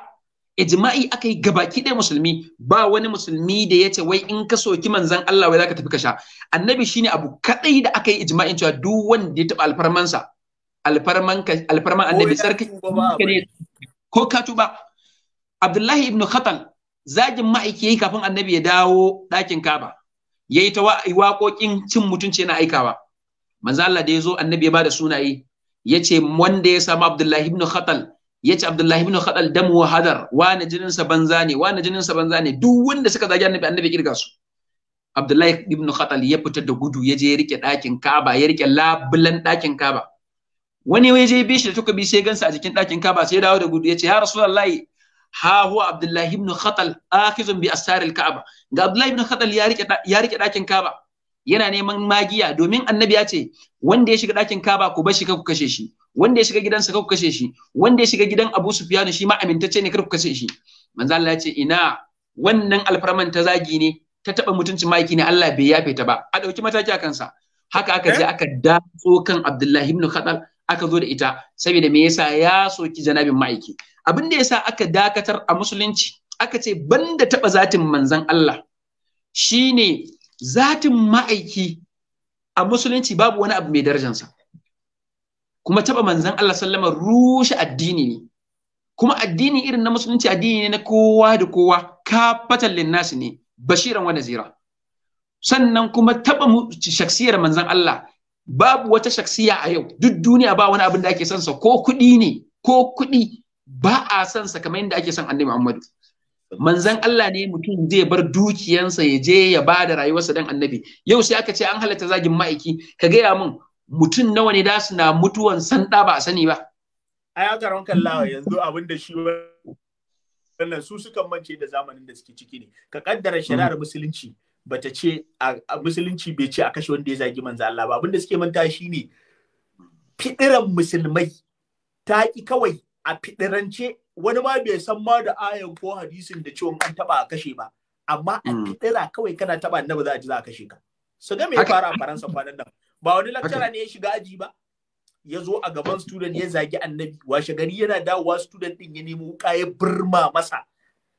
C: ijma'i aka yi gabaki ɗaya musulmi ba wani musulmi da ya ce wai in ka soki manzan Allah wai zaka tafi ka sha annabi shine abu kadai da aka yi ijma'in cewa duk wanda ya taɓa alfarmansa alfarman alfarman annabi sarki ko ka tuba Abdullahi ibn Khatan zagin ma'aiki yayi kafin annabi ya dawo ɗakin Kaaba yayi ta waƙoƙin cin mutunci yana aikawa manzan Allah da ya zo annabi ya bada sunaye yace wanda ya samu Abdullahi ibn Khatal yace Abdullahi ibn Khadal damu wa hadar wani jinin sa banza ne wani jinin sa banza ne duk wanda suka zagi annabi annabi kirga su Abdullahi ibn Khadal ya fita da gudu ya je ya rike ɗakin Kaaba ya rike labulan ɗakin Kaaba wani ya je bi shi da tuka bi sai gansa a jikin ɗakin Kaaba sai ya dawo da gudu yace ya Rasulullahi ha huwa Abdullahi ibn Khadal akhizun bi asaril Kaaba ga Abdullahi ibn Khadal ya rike ya rike ɗakin Kaaba yana neman magiya domin annabi ya ce wanda ya shiga ɗakin Kaaba ku bar shi ka ku kashe shi wanda ya shiga gidansa kar ku kashe shi wanda ya shiga gidan Abu Sufyan shi ma amintacce ne kar ku kashe shi manzo Allah ya ce ina wannan alfarman ta zagi ne ta taba mutuncin maiki ne Allah bai yafe ta ba a dauki mataki a kansa haka aka je eh? aka datso kan Abdullahi ibn Khadal aka zo da ita saboda me yasa ya soki janabin ma'aiki abin da yasa aka dakatar a musulunci aka ce banda taba zatin manzon Allah shine zatin ma'aiki a musulunci babu wani abu mai sa kuma taba manzan Allah sallama rushe addini ne kuma addini irin na musulunci addini ne na kowa da kowa kafatan linnasi ne bashiran wa nazira sannan kuma taba shaksiyar manzan Allah babu wata shaksiya a yau duk duniya ba wani abin da ake son sa ko kuɗi ne ko kuɗi ba a son sa kamar yadda ake son annabi Muhammadu manzan Allah ne mutum zai bar dukiyansa ya je ya ba da rayuwarsa dan annabi yau sai aka ce an halatta zagin ma'aiki ka gaya min mutum nawa ne da su na mutuwan sanda ba sani ba
B: ai aka ran kallawa yanzu abin da shi wannan su suka mance da zamanin da suke ciki ne ka kaddara shari'ar musulunci bata ce a musulunci bai ce a kashe wanda ya zagi manzo Allah ba abin da suke manta shi ne, fidiran musulmai ta ki kawai a fidirance wani ma bai san ma da ayan ko hadisin da cewa an taba a kashe ba amma a mm. fidira kawai kana taba annabi za a ji za a kashe ka su ga me fara a faransa kwanan nan ba wani lecturer ne ya shiga aji ba ya zo a gaban student ya zagi annabi washe gari yana dawowa student din ya nemo wuka ya birma masa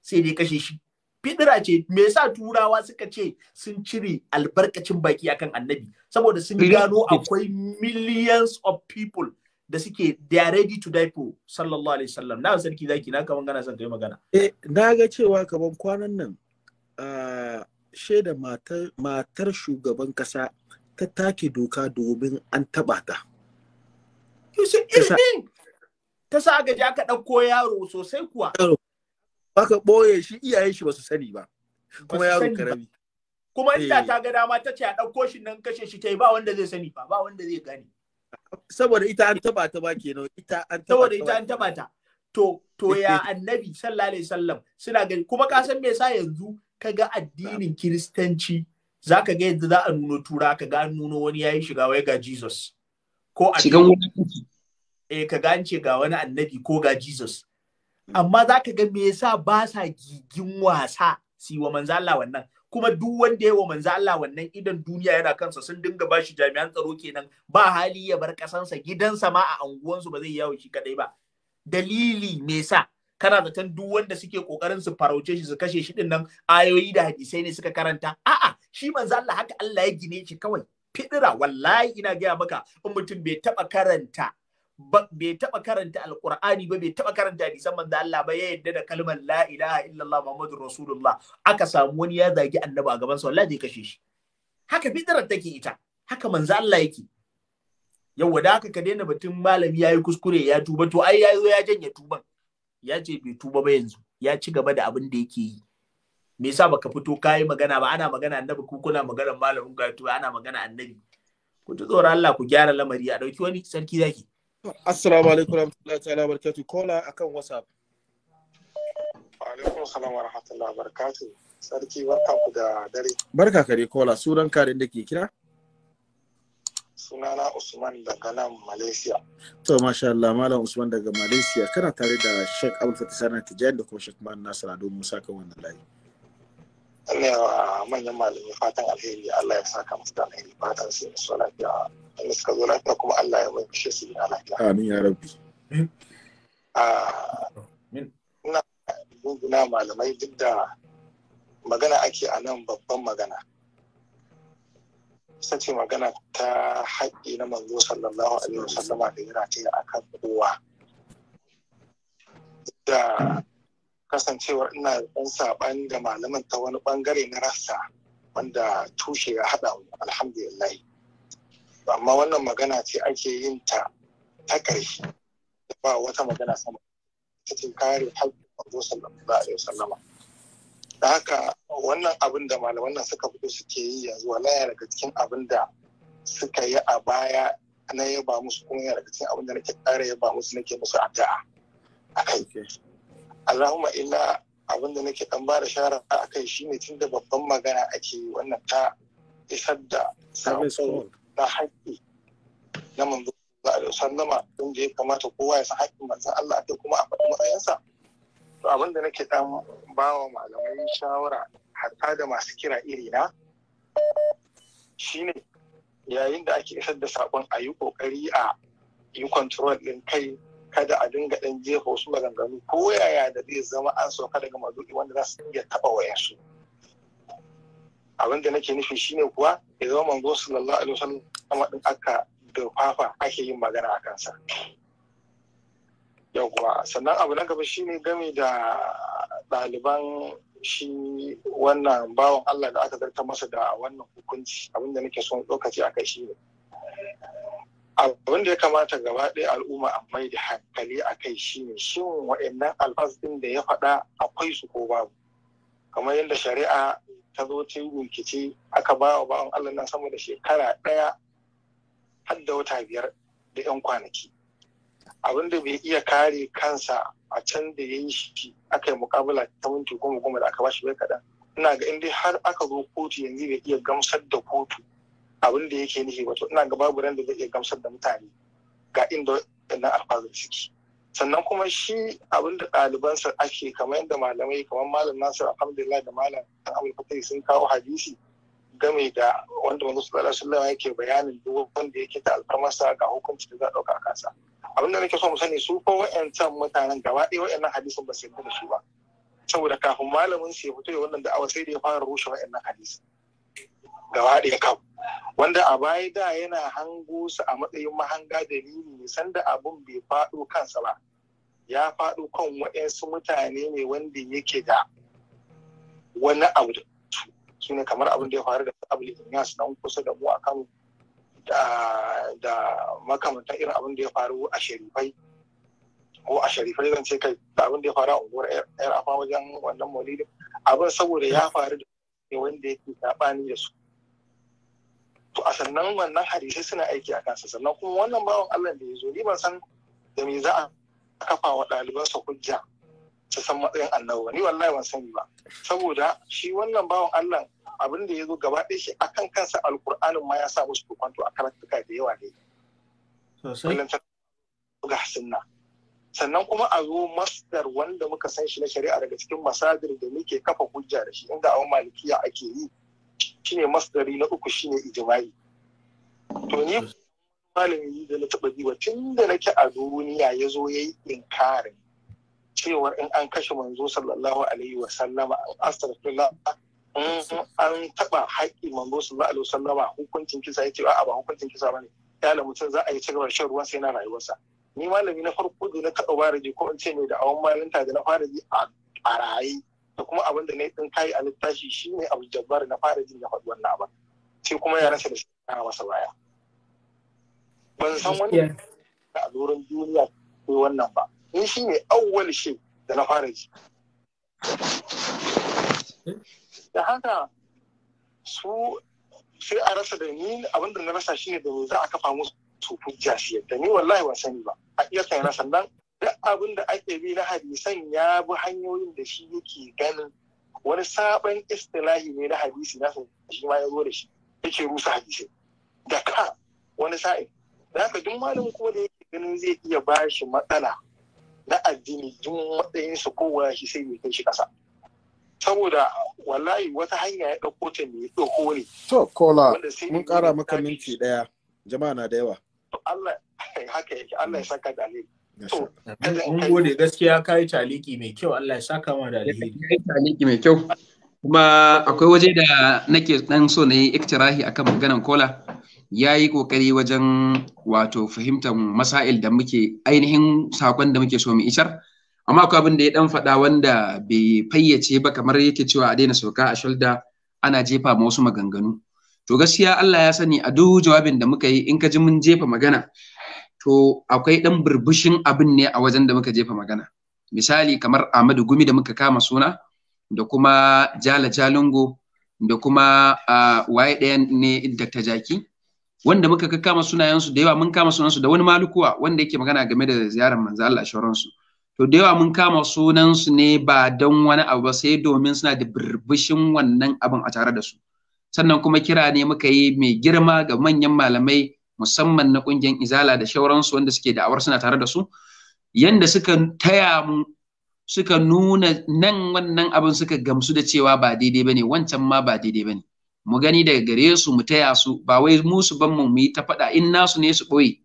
B: sai dai kashe shi fidira ce me yasa turawa suka ce sun cire albarkacin baki akan annabi saboda sun gano akwai millions of people da suke they are ready to die for sallallahu alaihi wasallam na sarki zaki na kaman gana san kai magana eh na ga cewa kaman kwanan nan uh, shaida matar matar shugaban kasa ta take doka domin an taɓa ta. Ta sa aka ɗauko yaro sosai kuwa. Baka ɓoye shi iyayen shi ba su sani ba. Kuma yaro karami. Kuma inda eh. ta ga dama ta ce a ɗauko shi nan kashe shi ta yi ba wanda zai sani ba, ba wanda zai gane. Saboda ita an taɓa ta ba kenan, ita an taɓa Saboda ita an taɓa ta. To, to ya eh, eh. annabi sallallahu alaihi wasallam suna gani kuma ka san me yasa yanzu kaga addinin kiristanci za ka ga yadda za a nuno tura ka ga nuno wani ya yi shiga wai ga Jesus ko a shigan eh ka ga ce ga wani annabi ko ga Jesus amma za ka ga me yasa ba sa gigin wasa si wa manzo Allah wannan kuma duk wanda ya wa manzo Allah wannan idan duniya yana kansa sun dinga bashi jami'an tsaro kenan ba hali ya bar kasansa gidansa ma a anguwansu ba zai yawo shi kadai ba dalili me yasa kana zaton duk wanda suke kokarin su farauce shi su kashe shi din nan ayoyi da hadisai ne suka karanta a'a shi manzo Allah haka Allah ya gine shi kawai fidira wallahi ina gaya maka in mutum bai taba karanta bai taba karanta alqur'ani ba bai taba karanta hadisan manzo Allah ba ya yadda da kalmar la ilaha illallah muhammadur rasulullah aka samu wani ya zagi annabi a gaban sa wallahi zai kashe shi haka fidira take ita haka manzo Allah yake yau da haka ka daina batun malami ya yi kuskure ya tuba to ai ya ya janye tuban ya ce bai tuba ba yanzu ya ci gaba da abin da yake yi me yasa baka fito kayi magana ba ana magana annabi ku kuna magana malamin gatu ana magana annabi ku ji tsoron Allah ku gyara lamari a dauki wani sarki zaki assalamu alaikum warahmatullahi ta'ala barakatuh kola akan whatsapp wa alaikum salam warahmatullahi rahmatullahi sarki barka ku da dare barka kare kola sunan karin da ke kira sunana Usman daga nan Malaysia. To masha Allah Malam Usman daga Malaysia kana tare da Sheikh abul Fatih Sanar Tijani da kuma Sheikh Man Nasir Ado Musa kan wannan layi.
F: Allah ah, manyan malami fatan alheri Allah ya saka musu da alheri fatan su su lafiya In suka zo
B: lafiya kuma Allah ya bace su da lafiya
A: amin ya rabbi
B: ah, ina guguna malamai duk da magana ake a nan babban magana ita ce magana ta haƙƙi na manzo sallallahu alaihi sallama da yana a kan kowa da kasancewar ina ɗan saɓani da malamin ta wani ɓangare na rasa wanda tushe ya haɗa mu alhamdulillah amma wannan magana ce ake yin ta ta ƙarshe ba wata magana sama ta ce kare haƙƙin manzo sallallahu alaihi sallama. da haka wannan abin da malaman nan suka fito suke yi yanzu wallahi daga cikin abin da suka yi a baya na yaba musu kuma daga cikin abin da nake ƙara yaba musu nake musu addu'a akai Allahumma ina abin da nake dan ba shara a kai shine da babban magana ake wannan ta isar da na haƙƙi na manzo da don inda ya kamata kowa ya san haƙƙin manzo Allah akai kuma a faɗi matsayinsa to abin da nake dan bawa malamai shawara hatta da masu kira iri na Shi shine yayin da ake isar da saƙon a yi ƙoƙari a yi kontrol ɗin kai kada a dinga dan jefa wasu maganganu ko yaya da zai zama an sauka daga maduɗi wanda za su iya taɓa wayansu abin da nake nufi shine kuwa ya zama manzo sallallahu alaihi wasallam din aka da ake yin magana a kansa yawwa sannan abu na gaba shine game da ɗaliban shi wannan bawan Allah da aka zarta masa da wannan hukunci abinda nake son lokaci a kai shi ne abin da ya kamata gaba ɗaya al'umma a mai da hankali a kai shi ne shin wa'annan alfas ɗin da ya faɗa akwai su ko babu kamar yadda shari'a ta zo ta yi rikici aka ba wa ba'an Allah nan sama da shekara ɗaya har da wata biyar da 'yan kwanaki abin da bai iya kare kansa a can da ya yi shi aka yi mukabala ta minti goma goma da aka ba shi bai kaɗan ina ga in har aka zo kotu yanzu bai iya gamsar da kotu abin da yake nufi wato ina ga babu ran da zai iya gamsar da mutane ga inda na alfazar suke sannan kuma shi abin da ɗalibansa ake kamar yadda malamai kamar malam nasir alhamdulillah da malam ta sun kawo hadisi game da wanda wani sallallahu alaihi yake bayanin duk wanda yake ta alfarmarsa ga hukunci da za a ɗauka a kasa abin da nake so mu sani su ko wa'yancan mutanen gaba ɗaya wa'yannan hadisin ba su yarda da su ba saboda kafin malamin su ya fito ya wannan da'awa sai da ya fara rushe wa'yannan hadisin gaba ɗaya kam wanda a baya da yana hango su a matsayin mahanga dalili ne sanda abun bai faɗo kansa ba ya faɗo kan waɗansu mutane ne wanda yake da wani abu da su ne kamar abin da ya faru da abu ya su kusa da mu akan da da irin abin da ya faru a sharifai ko a sharifai zan ce kai da abin da ya faru a unguwar yar afa wajen wannan maulidin abin saboda ya faru da wanda yake saɓani da su to a sannan wannan hadisai suna aiki a kansa sannan kuma wannan bawan Allah da ya zo ni ban san da me za a kafa wa ɗalibansa hujja su san matsayin ba ni wallahi ban sani ba saboda shi wannan bawan Allah abin da ya zo gaba ɗaya shi akan kansa alƙur'anin ma ya sa musu kwanto a karantuka da yawa ne sannan kuma a zo masdar wanda muka san shi na shari'a daga cikin masadir da muke kafa hujja da shi inda awon malikiya ake yi shine masdari na uku shine ijma'i to ni malami da na taba jiwa tun da nake a duniya ya zo ya yi inkarin cewar in an kashe manzo sallallahu alaihi wa sallama an astagfirullah an taba haƙƙi manzo sallallahu alaihi wa sallama hukuncin kisa ya ce a'a ba hukuncin kisa bane ya mutum za a yi cigaba da shan ruwan sai na rayuwarsa ni malami na farko da na taɓa fara ji ko in ce mai awon malinta da na fara ji a raye da kuma abin da na yi kai a littafi shi ne abu jabbar na fara jin ya faɗi wannan abin sai kuma ya rasa da shi a masa baya ban san wani da doron duniya ko wannan ba ni shi ne awwal shi da na fara ji da haka su sai a rasa da ni abin da na rasa shi ne da za a kafa musu su hujja shi yadda ni wallahi ban sani ba a iya kai na sannan duk abin da ake bi na hadisan ya bi hanyoyin da shi yake ganin wani sabon istilahi ne na hadisi na shi ma ya zo da shi yake rusa hadisi da ka wani sa'in da haka duk malamin kuma da yake ganin zai iya ba shi matsala na addini duk matsayin matsayinsa kowa shi sai mai kai shi kasa saboda wallahi wata hanya ya ɗauko ta
F: mai ɗauko ne.
B: To, Kola, mun ƙara maka minti ɗaya, jama'a na da yawa.
F: Allah, haka yake, Allah ya saka da
B: Mun gode gaskiya ka yi taliki mai kyau Allah ya saka ma da alheri. Ka yi
C: taliki mai kyau. Kuma akwai waje da nake dan so na yi iktirahi akan maganan kola. Ya yi kokari wajen wato fahimtar masail da muke ainihin sakon da muke so mu ishar. Amma akwai abin da ya dan faɗa wanda bai fayyace ba kamar yake cewa a daina sauka a shulda ana jefa ma wasu maganganu. To gaskiya Allah ya sani a duk jawabin da muka yi in ka ji mun jefa magana to akwai ɗan burbushin abin ne a wajen da muka jefa magana misali kamar Ahmadu Gumi da muka kama suna da kuma Jala Jalingo da kuma waye ɗayan ne Dr. Jaki wanda muka kama sunayensu da yawa mun kama sunansu da wani malukuwa wanda yake magana game da ziyarar manzo Allah shauransu to da yawa mun kama sunansu ne ba don wani abu ba sai domin suna da burbushin wannan abin a tare da su sannan kuma kira ne muka yi mai girma ga manyan malamai musamman na kungiyar izala da shauransu wanda suke da'awar suna tare da su yanda suka taya mu suka nuna nan wannan abin suka gamsu da cewa ba daidai bane wancan ma ba daidai bane mu gani daga gare su mu taya su ba wai mu su ban mu yi ta faɗa in nasu ne su ɓoye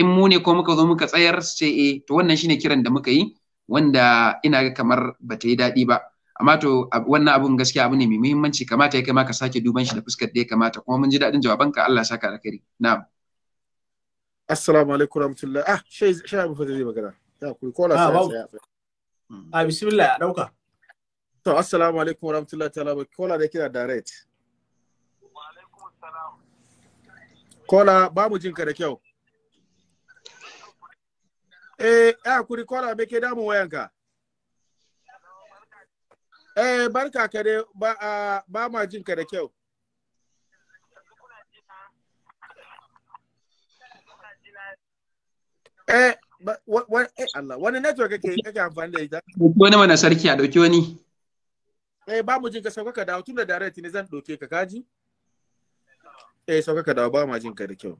C: in mu ne ko muka zo muka tsayar su ce eh to wannan shine kiran da muka yi wanda ina ga kamar ba ta yi daɗi ba amma to wannan abun gaskiya abu ne mai muhimmanci kamata ya kai ma ka sake duban shi da fuskar da ya kamata kuma mun ji daɗin jawabanka Allah ya saka alkhairi na'am
B: assalamu alaikum rahmatullah ah shai shai abu fata zai magana ya kuri kola ah, sai ya a hmm. ah, bismillah a dauka to assalamu alaikum rahmatullah ta'ala ba kola da kira direct kola ba mu jinka da kyau eh ya kuri kola me ke damu wayanka eh barka ka dai ba ah, ma jinka da kyau Eh, wani eh, Allah, wani network kake kake amfani da ita?
C: Wani mana sarki a dauki wani.
B: Eh, ba mu jin ka sauka ka dawo tun da direct ne zan ɗauke ka kaji? Eh, sauka ka dawo ba mu jin ka da kyau.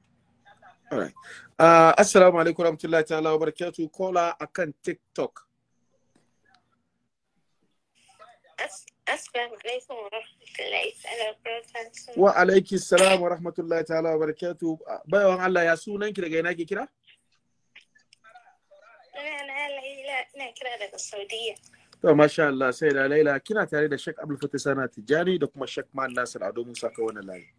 B: Alright. Uh, ah, assalamu alaikum warahmatullahi ta'ala wa barakatuh. Kola akan TikTok.
F: Wa alaikis
B: salam wa rahmatullahi ta'ala wa barakatuh. Ah, Bayawan Allah ya sunan ki daga ina ke kira?
F: Sunana Laila ina kira daga Saudiya.
B: To masha Allah sai da Laila kina tare da Sheikh Abdul Fatih Sana Tijani da kuma Sheikh Man Nasir Ado Musa ka wannan layi.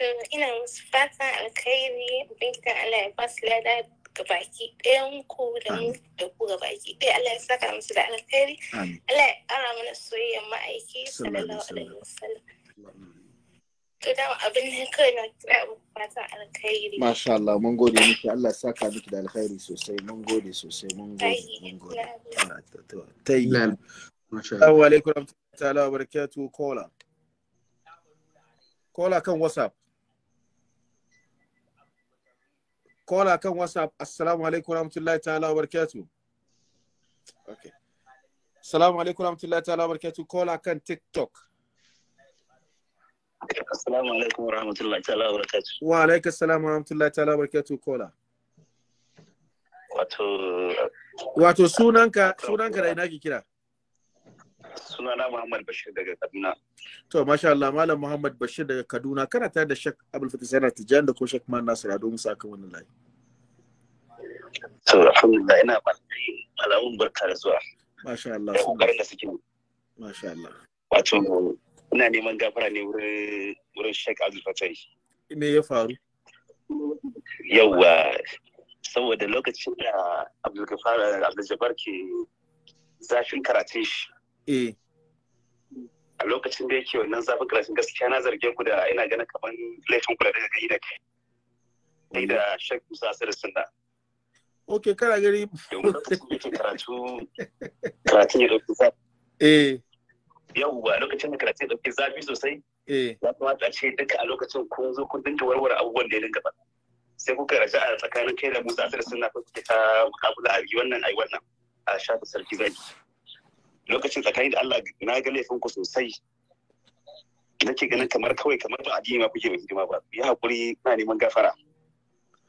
A: Eh, ina musu fatan alkhairi
D: ubangiji Allah ya basu lada gabaki ɗayan ku da mu da ku gabaki ɗaya Allah ya saka musu da alkhairi. Allah ya ƙara mana soyayyar ma'aiki
A: sallallahu alaihi
F: wasallam. To abin kai na kira alkhairi. Masha
B: Allah, mun gode miki. Allah sa ka miki da alkhairi sosai. Mun gode sosai. Mun gode. Mun gode. Ta yi. Assalamu alaikum warahmatullahi ta'ala wa barakatuh. Kola. Kola kan WhatsApp. Kola kan WhatsApp. Assalamu alaikum warahmatullahi ta'ala wa barakatuh. Okay. Assalamu alaikum warahmatullahi ta'ala wa barakatuh. Kola kan TikTok.
F: Assalamu alaikum wa rahmatullahi ta'ala wa barakatuh.
B: Wa alaikum wa rahmatullahi ta'ala wa kola. Wato Wato sunanka sunanka da ina ki kira? Sunana Muhammad Bashir daga Kaduna. To masha Allah Malam Muhammad Bashir daga Kaduna kana tare da Sheikh Abdul Fatih Sayyid Tijan da ko Sheikh Man Nasir Ado Musa kan layi. To alhamdulillah ina barka da zuwa. Masha Allah. Da kokarin da suke. Masha Allah. Wato
F: ina neman gafara ne wurin shek Sheikh Abdul
B: ya faru yawa saboda lokacin da Abdul Jabbar ke zafin karatun shi eh. a lokacin da yake
F: wannan zafin karatun gaskiya na zarge ku da ina ganin kamar laifin kula daga gani da kai kai da Sheikh Musa asirin Sunna
B: Ok, kara gari. Domin lokacin da ke karatu, karatun ya ɗauki zafi. Eh. yawwa lokacin da karatu ya dauke zafi sosai eh. ya kamata a ce duka a
A: lokacin kun zo kun dinka warware abubuwan da ya dinka faɗa sai kuka raja a tsakanin kai da Musa asirin suna fa kuka mukabula a wannan yi wannan a
B: shafi sarki zaki lokacin tsakanin da Allah na ga laifin ku sosai nake ganin kamar kawai kamar ba addini ma kuke mai hidima ba ya hakuri na neman gafara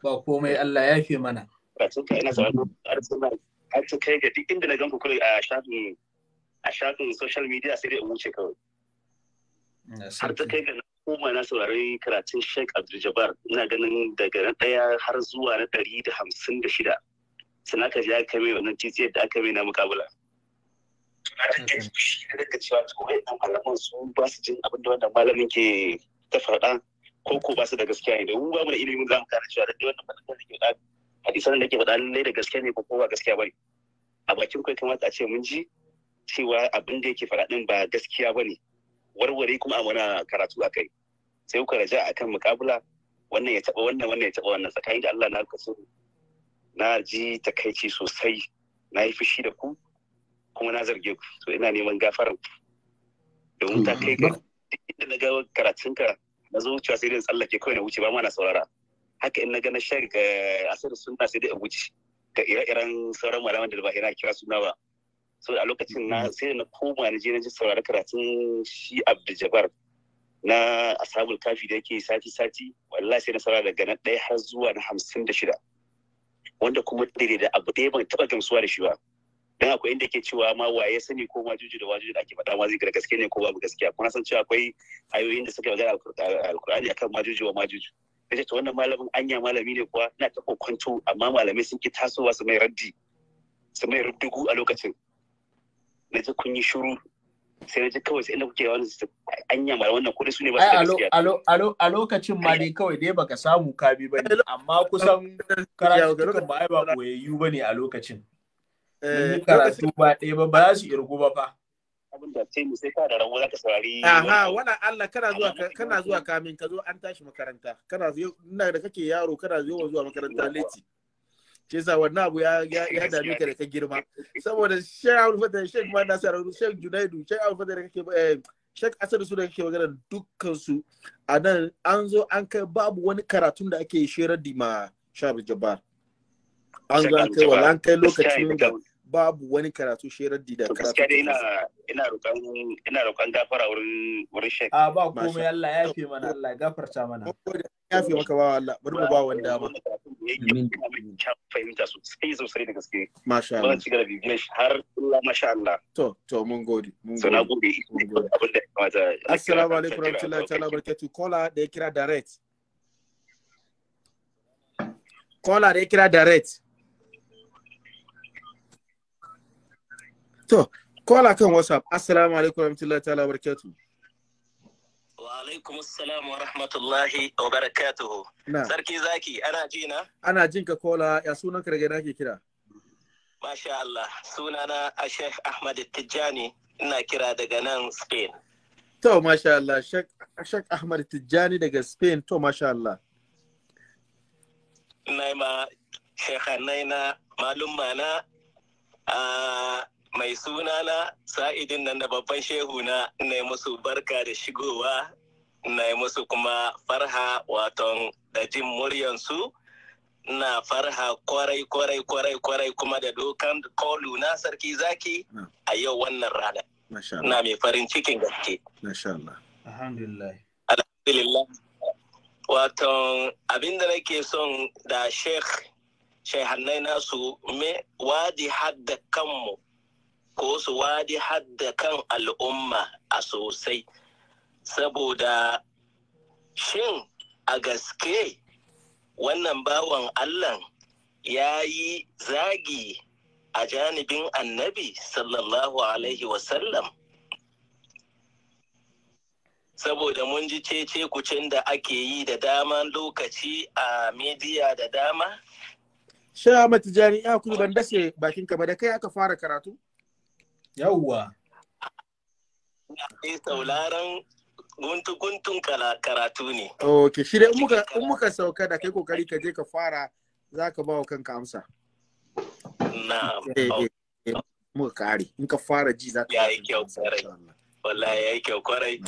B: ba komai Allah ya fi mana ba tun kai ina zaune a cikin kai ga duk inda na gan ku a shafin a shafin social media sai dai in wuce kawai har ta kai ga koma na saurari karatun Sheikh Abdul Jabbar ina ganin daga na ɗaya har zuwa na ɗari da hamsin da shida sana ka ji aka mai wannan titi yadda aka mai na mukabula. Na ta ke shi da daga cewa to wai nan malaman su ba su jin abin da wannan malamin ke ta faɗa ko ko ba su da gaskiya ne domin ba mu da ilimin za mu kare cewa da wannan malamin da ke faɗa hadisan da ke faɗa lallai da gaskiya ne ko ko ba gaskiya ba ne. A bakin kai kamata a ce mun ji cewa abin da yake faɗa ɗin ba gaskiya ba ne warware kuma a mana karatu a kai sai kuka raja a kan mukabula wannan ya taɓa wannan wannan ya taɓa
F: wannan tsakanin da Allah na kaso na ji takaici sosai na yi fushi da ku kuma na zarge ku to ina neman gafaran ku domin ta kai mm-hmm. duk inda na ga karatunka na zo wucewa sai dai tsallake kawai na wuce ba ma na saurara haka in na ga na shari ga asirin suna sai dai a wuce ga ire-iren sauran malaman da ba ina kira suna ba so a lokacin na mm-hmm. sai na koma na je na ji saurari karatun shi abdul
B: jabbar na asabul kafi da yake sati sati wallahi sai na saurara daga na ɗaya har zuwa na hamsin da shida wanda kuma daidai da abu ɗaya ban taɓa gamsuwa da shi ba dan akwai inda ke cewa ma waye sani ko ma juju da wajuju da ake faɗa ma zikira gaske ne ko babu gaskiya kuma san cewa akwai ayoyin da suka magana alkur'ani akan majuju wa majuju kace to wannan malamin anya malami ne kuwa ina ta kokonto amma malamai sun ki tasowa su mai raddi su mai rubdugu
F: a lokacin na ji kun yi shiru sai na ji kawai sai na kuke yawan anya mara wannan kuɗi su ne ba su gaskiya
B: a lokacin ma ne kawai dai baka samu kabi ba ne amma kusan karatu ba ai ba koyayyu ba ne a lokacin eh, mun karatu ba ɗaya ba ba za su irgu ba fa
A: abin da sai mu sai ka da za ka saurari aha
B: wannan Allah kana zuwa kana zuwa kamin ka zo an tashi makaranta kana ina da kake yaro kana zuwa zuwa makaranta leti shi wannan abu ya ya dame ka da ka girma saboda shek alfata shek ma nasar shek junaidu shek alfata da kake eh, shek asar su da kake magana dukkan su a nan an zo an kai babu wani karatun da ake shirar di ma shabu jabbar an zo an kai wala an kai lokacin da babu wani karatu shi da karatu. ina ina roƙon ina roƙon gafara wurin shek. A ba komai Allah ya fi mana Allah gafarta mana. Ya fi maka ba Allah bari mu ba wani dama. fahimta Masha Allah. har Allah masha Allah. To to mun gode. Mun gode. Sana Kola da kira direct. Kola da ya kira direct. To, kola kan WhatsApp. Assalamu alaikum warahmatullahi ta'ala barakatu.
F: Wa alaikum assalam wa rahmatullahi wa barakatu. Sarki zaki ana ji na?
B: Ana jin ka kola ya sunan ka na ke kira.
F: Masha Allah, sunana a Sheikh Ahmad Tijjani ina kira daga nan Spain.
B: To, masha Allah, Sheikh Ahmad Tijjani daga Spain, to, masha Allah. Ina yi ma shekhanai na malumma na ah, mai suna na sa'idin nan da babban shehu na na yi musu barka da shigowa na yi musu kuma farha waton da jin muryansu na farha kwarai kwarai kwarai kwarai kuma da dokan kolu na sarki zaki a yau wannan rana na mai farin cikin gaske alhamdulillah waton abinda nake son da sheikh shehannai nasu me wadi hadda kanmu ko su wadi hadda kan al'umma a sosai saboda shin a gaske wannan bawan allah ya yi zagi a janibin annabi sallallahu alaihi wasallam saboda mun ji cece kucin da ake yi da dama lokaci a midiya da dama? Sha matijani ya kudu ban dace bakin ka ba da kai aka fara karatu? Yawwa. Ina sauraron guntun karatu ne. Ok, shi dai in muka sauka da kai kokari ka je ka fara za ka ba wa kanka amsa. Na. Eh, eh, eh, muka kare, in ka fara ji za ka Ya kyau kwarai. Wallahi ya yi kyau kwarai.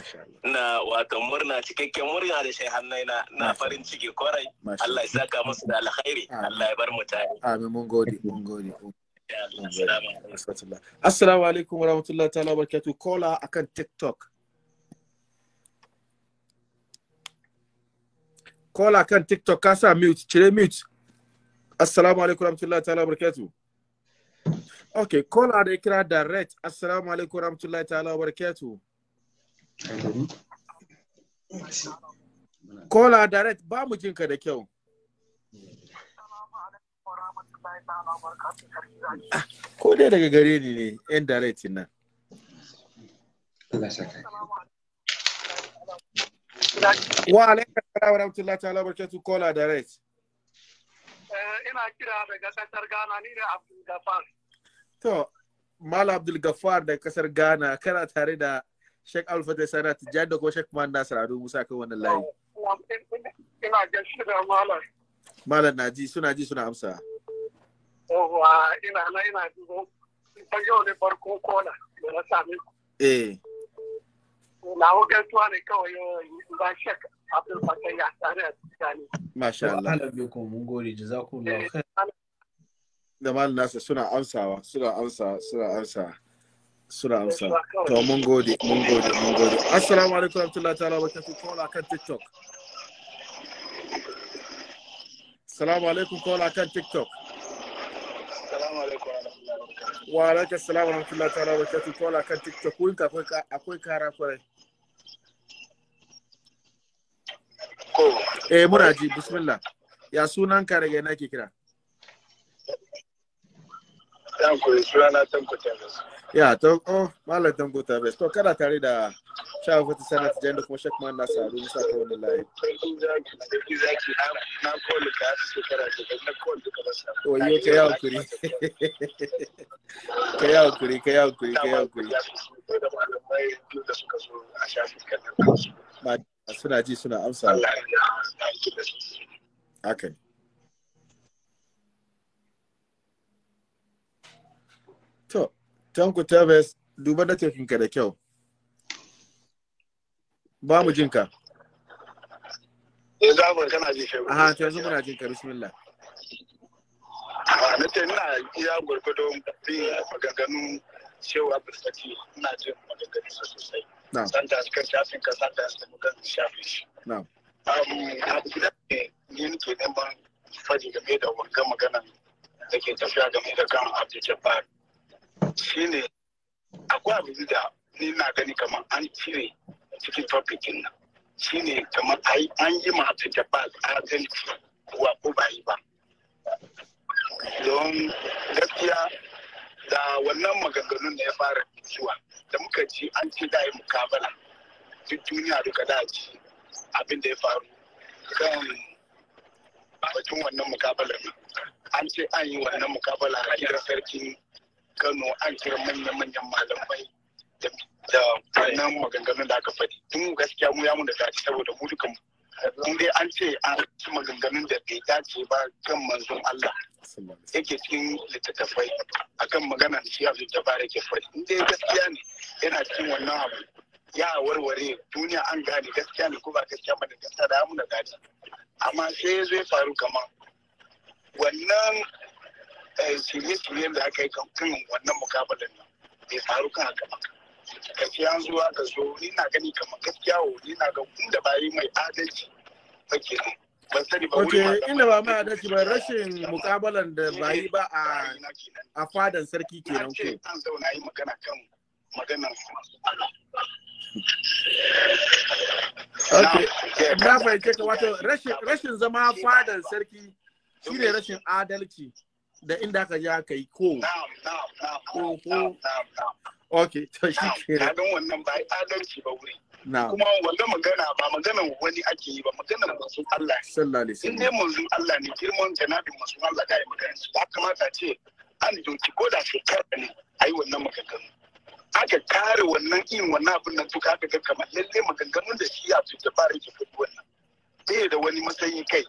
B: Na wato murna cikakken murna da shai hannai na na farin ciki kwarai. Allah ya saka
A: musu da alkhairi. Allah ya bar mu tare.
B: Amin mun gode, mun gode. Assalamu alaikum wa rahmatullah ta'ala wa barakatuh. Kola akan TikTok. Kola akan TikTok ka sa mute, cire mute. Assalamu alaikum wa rahmatullah ta'ala wa barakatuh. kola da kira direct. Assalamu alaikum wa rahmatullah ta'ala wa barakatuh. Kola direct ba mu jinka da kyau. Ko dai daga gare ni ne, yan direct nan. Wa alaikar kara wa lati ta'ala barkatu kola direct.
F: Eh, ina kira daga kasar Ghana ni ne Abdul Gafar.
B: To, Mala Abdul Gafar da kasar Ghana kana tare da Sheikh Alfata Sana jan da kuma Sheikh Man Nasir Ado Musa kan wannan layi. Ina gaishe da Malam. Malam na ji suna ji suna amsa. yawwa ina na ina dubo ban yau ne farko kola da na same ku eh. na hu gaisuwa
F: ne kawai eh, ba shek abin fatan ya tare a tsakani
B: masha Allah Allah bai ku mun gode jazakumullahu eh, khair da mal nasa suna amsawa suna amsa suna amsa suna amsa to mun gode mun gode mun gode assalamu alaikum warahmatullahi ta'ala barakatuh kola kan tiktok Salamu alaikum kola kan TikTok.
F: wa alaikum warahmatullahi wabarakatuh.
B: Wa alaikum ta'ala wa ta'ala wabarakatuh. Kola kan TikTok kun ka akwai kara kwarai. Ko. Eh muna ji bismillah. Ya sunan ka daga ina ke kira?
A: Tanko na Tanko Tabes.
B: Ya Tanko oh, Malam Tanko Tabes. To kada tare da sha fata sana ta janda kuma shek ma na saru sa ta wani layi
A: sarki zaki ka shekara da o yo ka yi
B: kuri ka yi kuri ka yi kuri ka yawo kuri suna ji suna amsa haka to tanku tabes duba da tekinka da kyau ba mu jin ka eh za mu kana ji shi aha to yanzu muna jin ka bismillah ah, na ce ina iya gwargwado bin
F: maganganu cewa birtaki ina jin maganganu sosai sanda ta kan shafin ka ta su maganganu shafin shi abu guda ne ni nake neman faɗi game da wanga maganan da ke tafiya game da kan abu jabbar
B: ne. akwai abu da ni na gani kamar an cire cikin topikin nan shine kamar an yi mata da ba adalci kuwa ko ba yi ba don gaskiya da wannan maganganun da ya fara zuwa da muka ci an ce da yi mukabala duk duniya duka da ci abin da ya faru kan batun wannan mukabala nan an ce an yi wannan mukabala a gidan sarkin kano an kira manya-manyan malamai da wannan maganganun da aka faɗi tun gaskiya mu ya mu da dace saboda mu dukan in dai an ce an ci maganganun da bai dace ba kan manzon Allah yake cikin littattafai a akan maganan shi Abdul Jabbar ke faɗi in dai gaskiya ne yana cikin wannan abu ya warware duniya an gane gaskiya ne ko ba gaskiya ba da gaskiya da mu da dace amma sai ya zo ya faru kamar wannan eh, shirye-shiryen da aka yi kan wannan mukabalan nan bai faru kan haka ba gaskiya zuwa ga so ni na gani kamar gaskiya wo ni na ga inda ba yi mai adalci ba ke ban sani ba wuri inda ba mai adalci ba rashin mukabalan da ba eh, yi ba a a fadan sarki kenan ko ce
A: zauna yi magana kan maganar
B: Na fahimce ka wato rashin zama fadan sarki shi ne rashin adalci da inda aka ja kai yi ko. ok to shi ke kagan
F: wannan ba adalci ba wuri Na. kuma wanda magana ba maganan wani ake yi ba maganan masu Allah
B: ne in dai manzon
F: Allah ne girman janabin masu Allah da ya magana su ba kamata ce an doki ko da shekara ne
B: a yi wannan maganganu aka kare wannan yin wannan abin nan duka aka ga kamar lalle maganganun da shi ya fita fara yake fito wannan bai da wani matsayin kai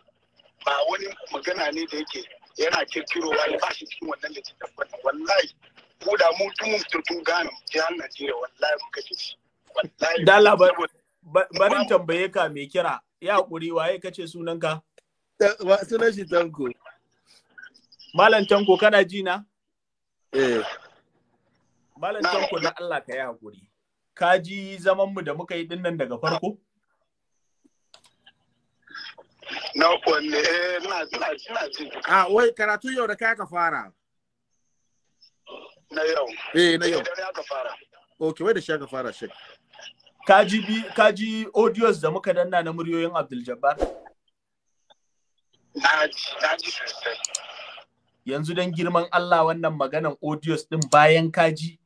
B: ba wani magana ne da yake yana kirkirowa ya shi cikin wannan da ke tabbata wallahi da mu tun mun fito gano jihar Najeriya wallahi muka ce shi. bari barin tambaye ka me kira ya haƙuri waye ka ce ka? Sunan shi Tanko. Malam Tanko kana ji na? Eh. Malam Tanko na Allah ka yi hakuri. Ka ji zamanmu da muka yi dinnan daga farko?
A: Na kwanne, eh, na ji, na ji.
B: Ah, wai karatu yau da kai ka fara. na yau eh na yau da aka fara okay wai da shi aka fara shi. kaji bi kaji audios da muka danna na muryoyin Abdul Jabbar sosai yanzu dan girman Allah wannan maganan audios din bayan kaji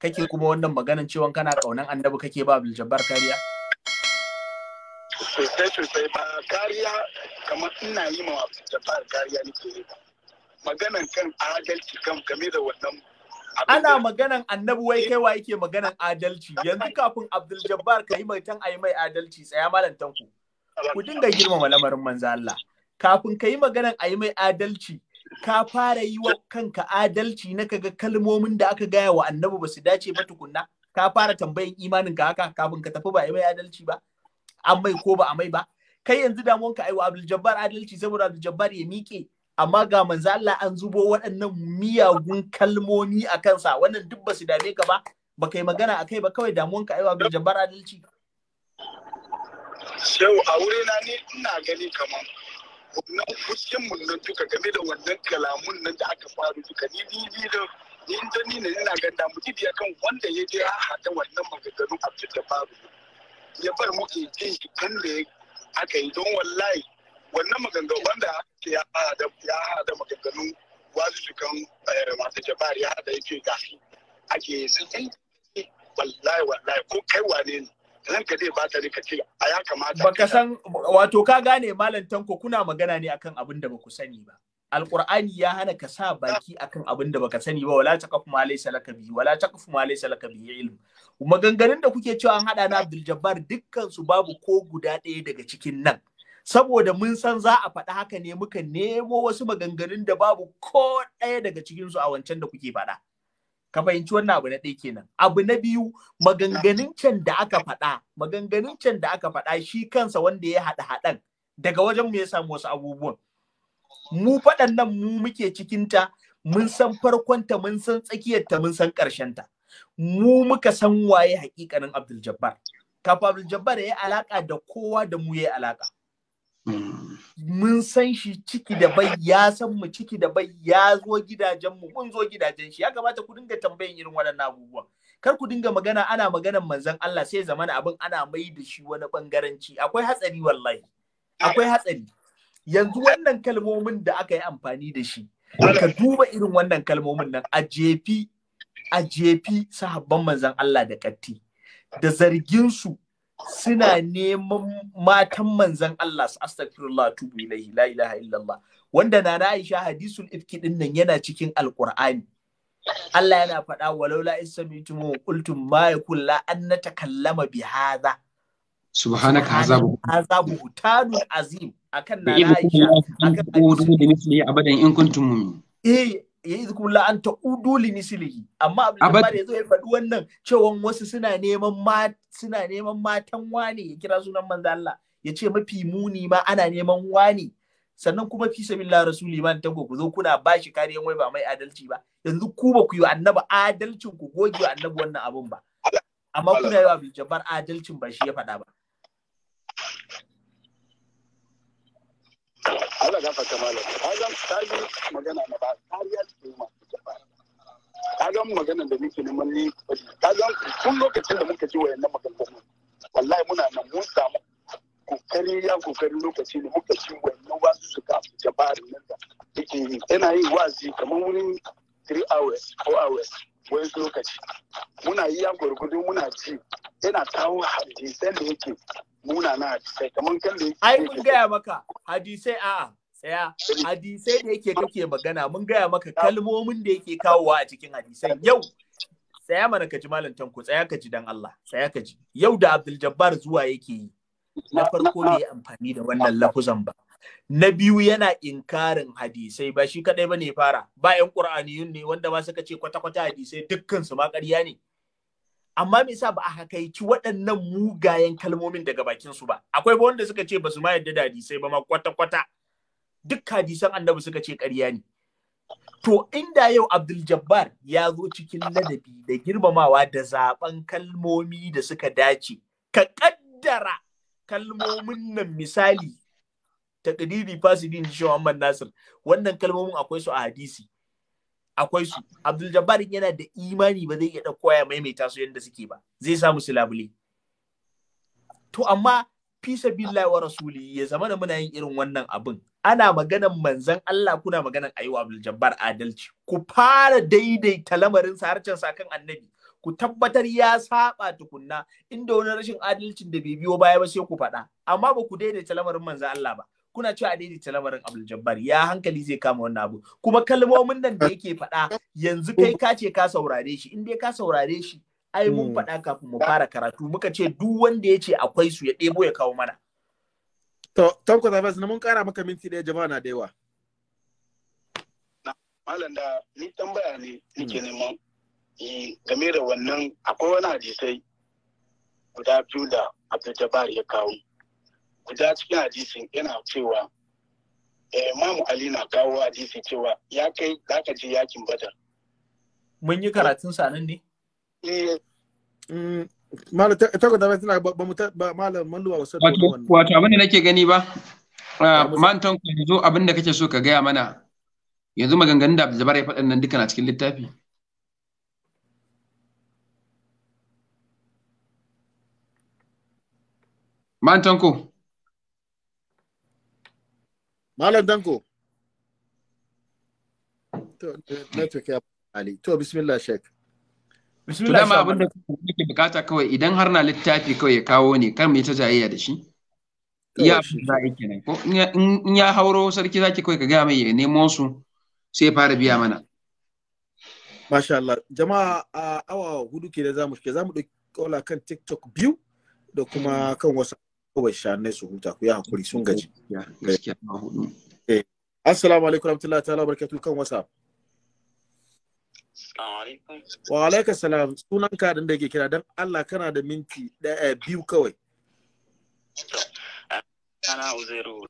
B: kake kuma wannan maganan cewa kana kaunan annabi kake ba Abdul Jabbar kariya
F: sosai sosai ba kariya kamar ina yi ma Abdul Jabbar
B: kariya nake yi maganan kan adalci kam game da wannan ana maganan annabi wai kai wa yake maganan adalci yanzu kafin Abdul Jabbar yi mai tan ayi mai adalci tsaya malam tanku ku dinga girmama lamarin manzo Allah kafin kai maganan ayi mai adalci ka fara yi wa kanka adalci na kaga kalmomin da aka gaya wa annabi ba su dace ba tukunna ka fara tambayin imanin ka haka kafin ka tafi ba ayi mai adalci ba an mai ko ba a mai ba kai yanzu damuwanka ayi wa Abdul Jabbar adalci saboda Abdul Jabbar ya miƙe amma ga manzo Allah an zubo waɗannan miyagun kalmomi a kansa wannan duk ba su dame ka ba ba kai magana a kai ba kawai damuwan ka aiwa bai jabar adalci yau a wurina ne ina gani kaman. wannan fuskin mun nan duka game da wannan kalamun nan da aka faru duka ni ni ni da ni da ni ne ina ganda mu ji kan wanda ya je a hada wannan maganganun cikin babu ya bar muke jin kan da aka yi don wallahi wannan maganganu wanda ya hada maganganu wazuzukan eh, masu jabar ya hada yake gashi ake sun wallahi wallahi ko kai wane ne ka zai bata ne ka ce a ya kamata baka san wato ka gane malam tanko kuna magana ne akan abin da baku sani ba Al-Qur'ani ya hana ka sa baki akan abin da baka sani ba wala taqafu ma laysa laka bihi wala taqafu ma laysa laka bihi ilm maganganun da kuke cewa an hada na Abdul Jabbar dukkan su babu ko guda ɗaya daga cikin nan saboda mun san za a faɗi haka ne muka nemo wasu maganganun da babu ko ɗaya daga cikinsu a wancan da kuke faɗa. Ka fahimci wannan abu na ɗaya kenan. Abu na biyu maganganun can da aka faɗa, maganganun can da aka faɗa shi kansa wanda ya haɗa haɗan daga wajen mu ya samu wasu abubuwan. Mu faɗan nan mu muke cikinta, mun san farkonta, mun san tsakiyarta, mun san ta, Mu muka san waye hakikanin Abdul Jabbar. Kafa Abdul Jabbar ya yi alaƙa da kowa da mu ya yi alaƙa. mun san shi ciki da bai ya san mu ciki da bai ya zo gidajen mu mun zo gidajen shi ya kamata ku dinga tambayin irin waɗannan abubuwan kar ku dinga magana ana maganan manzon Allah sai zamana abin ana mai da shi wani bangaranci akwai hatsari wallahi akwai hatsari yanzu wannan kalmomin da aka yi amfani da shi ka duba irin wannan kalmomin nan a jefi a jefi sahabban manzon Allah da katti da zargin su suna neman matan manzan Allah su astagfirullah tubu ilaihi la ilaha illallah wanda na Aisha hadisul ifki din yana cikin alqur'ani Allah yana faɗa walau la isamitu qultum ma yakul la an natakallama bi hadha
C: subhanaka hazabu
B: hazabu tanun azim akan na Aisha akan
C: abadan in kuntum mu'min
B: eh, ya yi kula an ta uduli silihi amma abin da ya yazo ya faɗi wannan cewa wasu suna neman ma suna neman matan wani. ya kira sunan manzo Allah ya ce mafi muni ma ana neman wani. sannan kuma fi sabilillah rasuli man tango ku zo kuna ba shi kariyan wai ba mai adalci ba yanzu ku ba ku yi annabi adalcin ku goge annabi wannan abun ba amma kuna yi wa jabbar adalcin ba shi ya faɗa ba Allah ga fata malam kagan kaji magana na ba kariya ce kagan magana da nake neman ni kagan tun lokacin da muka ji wayannan maganganu wallahi muna nan mun samu kokari ya kokari lokaci da muka ci wannan wasu su ka jabarin nan da yake yi yana yin wazi kamar wurin 3 hours 4 hours wani lokaci muna yi ya gwargwado muna ci yana kawo hadisai da yake munana hadisai kamar kan da ai mun gaya maka hadisai a'a tsaya hadisai da yake kake magana mun gaya maka kalmomin da yake kawowa a cikin hadisai yau tsaya mana ka ji malam tanko tsaya ka ji dan Allah tsaya ka ji yau da Abdul Jabbar zuwa yake yi na farko ne amfani da wannan lafuzan ba na biyu yana inkarin hadisai ba shi kadai bane fara ba yan qur'aniyun ne wanda ma suka ce kwata kwata hadisai dukkan su ma ƙarya ne amma me yasa ba a hakaici waɗannan mugayen kalmomin daga bakin su ba akwai ba wanda suka ce ba su ma yadda da hadisai ba ma kwata kwata duk hadisan annabi suka ce ƙarya ne to inda yau Abdul Jabbar ya zo cikin ladabi da girmamawa da zaben kalmomi da suka dace ka kaddara kalmomin nan misali takdiri fasidin shi Muhammad Nasir wannan kalmomin akwai su a hadisi akwai su Abdul Jabbar yana da imani ba zai iya dauko ya maimaita su yanda suke ba zai sa musu labule to amma fisa sabilillahi wa rasuli ya zama da muna yin irin wannan abin ana maganan manzan Allah kuna maganan ayi wa Abdul Jabbar adalci ku fara daidaita lamarin sa harcen sa kan annabi ku tabbatar ya saba tukunna inda wani rashin adalcin da bai biyo baya ba sai ku faɗa amma ba ku daidaita lamarin manzan Allah ba kuna cewa a ta lamarin Abdul Jabbar ya hankali zai kama wannan abu kuma kalmomin nan da yake faɗa yanzu kai ka ce ka saurare shi in dai ka saurare shi ai mun hmm. faɗa kafin mu fara karatu muka ce duk wanda ya ce akwai su ya ɗebo ya kawo mana. To, Tanko Zafes, na mun kara maka minti ɗaya jama'a na da yawa. Malam da ni tambaya ne hmm. nike neman game da wannan akwai wani hadisai guda biyu da Abdul Jabbar ya kawo. guda cikin hadisin yana cewa eh, Imam Ali na kawo hadisi cewa ya kai za ka je yakin badar. Mun yi karatun sanin ne? Eh. Mm, malam ta guda tana ba mu ba malam malluwa wasu wannan. Wato abin da
C: nake gani ba. Ah, man Tanko yanzu abin da kake so ka gaya mana yanzu maganganun da Abdul ya faɗin nan duka na cikin littafi.
B: Man Tanko. Malam Danko. To, network ya Ali. To, bismillah, Sheikh.
C: Bismillah, ma abin da kake bukata kawai idan har na littafi kawai ya kawo ne kan mai ta jayayya da shi. Ya za a yi ko in ya hauro sarki zaki kawai ka gaya mai ya nemo su sai fara biya mana. Masha Allah.
B: Jama'a a awa hudu ke da zamu za zamu ɗauki kola kan TikTok biyu da kuma kan wasu kawai shanai su huta ku yi hakuri sun gaji eh, assalamu alaikum rahmatullahi ta'ala barkatu kan wasa. wa alaikum salam sunan ka da ke kira dan Allah kana da minti ɗaya eh, biyu kawai
F: ana uzairu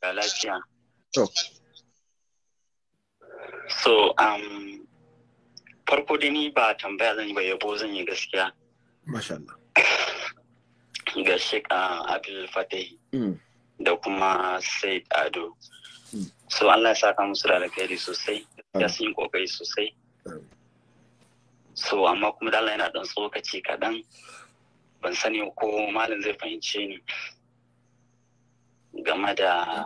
F: da lafiya so um farko dini ni ba tambaya zan yi ba yabo zan yi gaskiya masha Allah ga Sheikh ah, Abdul Fatih mm. da kuma Said Ado. Mm. So Allah ya saka musu da alkhairi sosai, ya sun yi kokari sosai. So amma kuma da Allah yana dan tsokaci kaɗan ban sani ko malam zai fahimce ni game da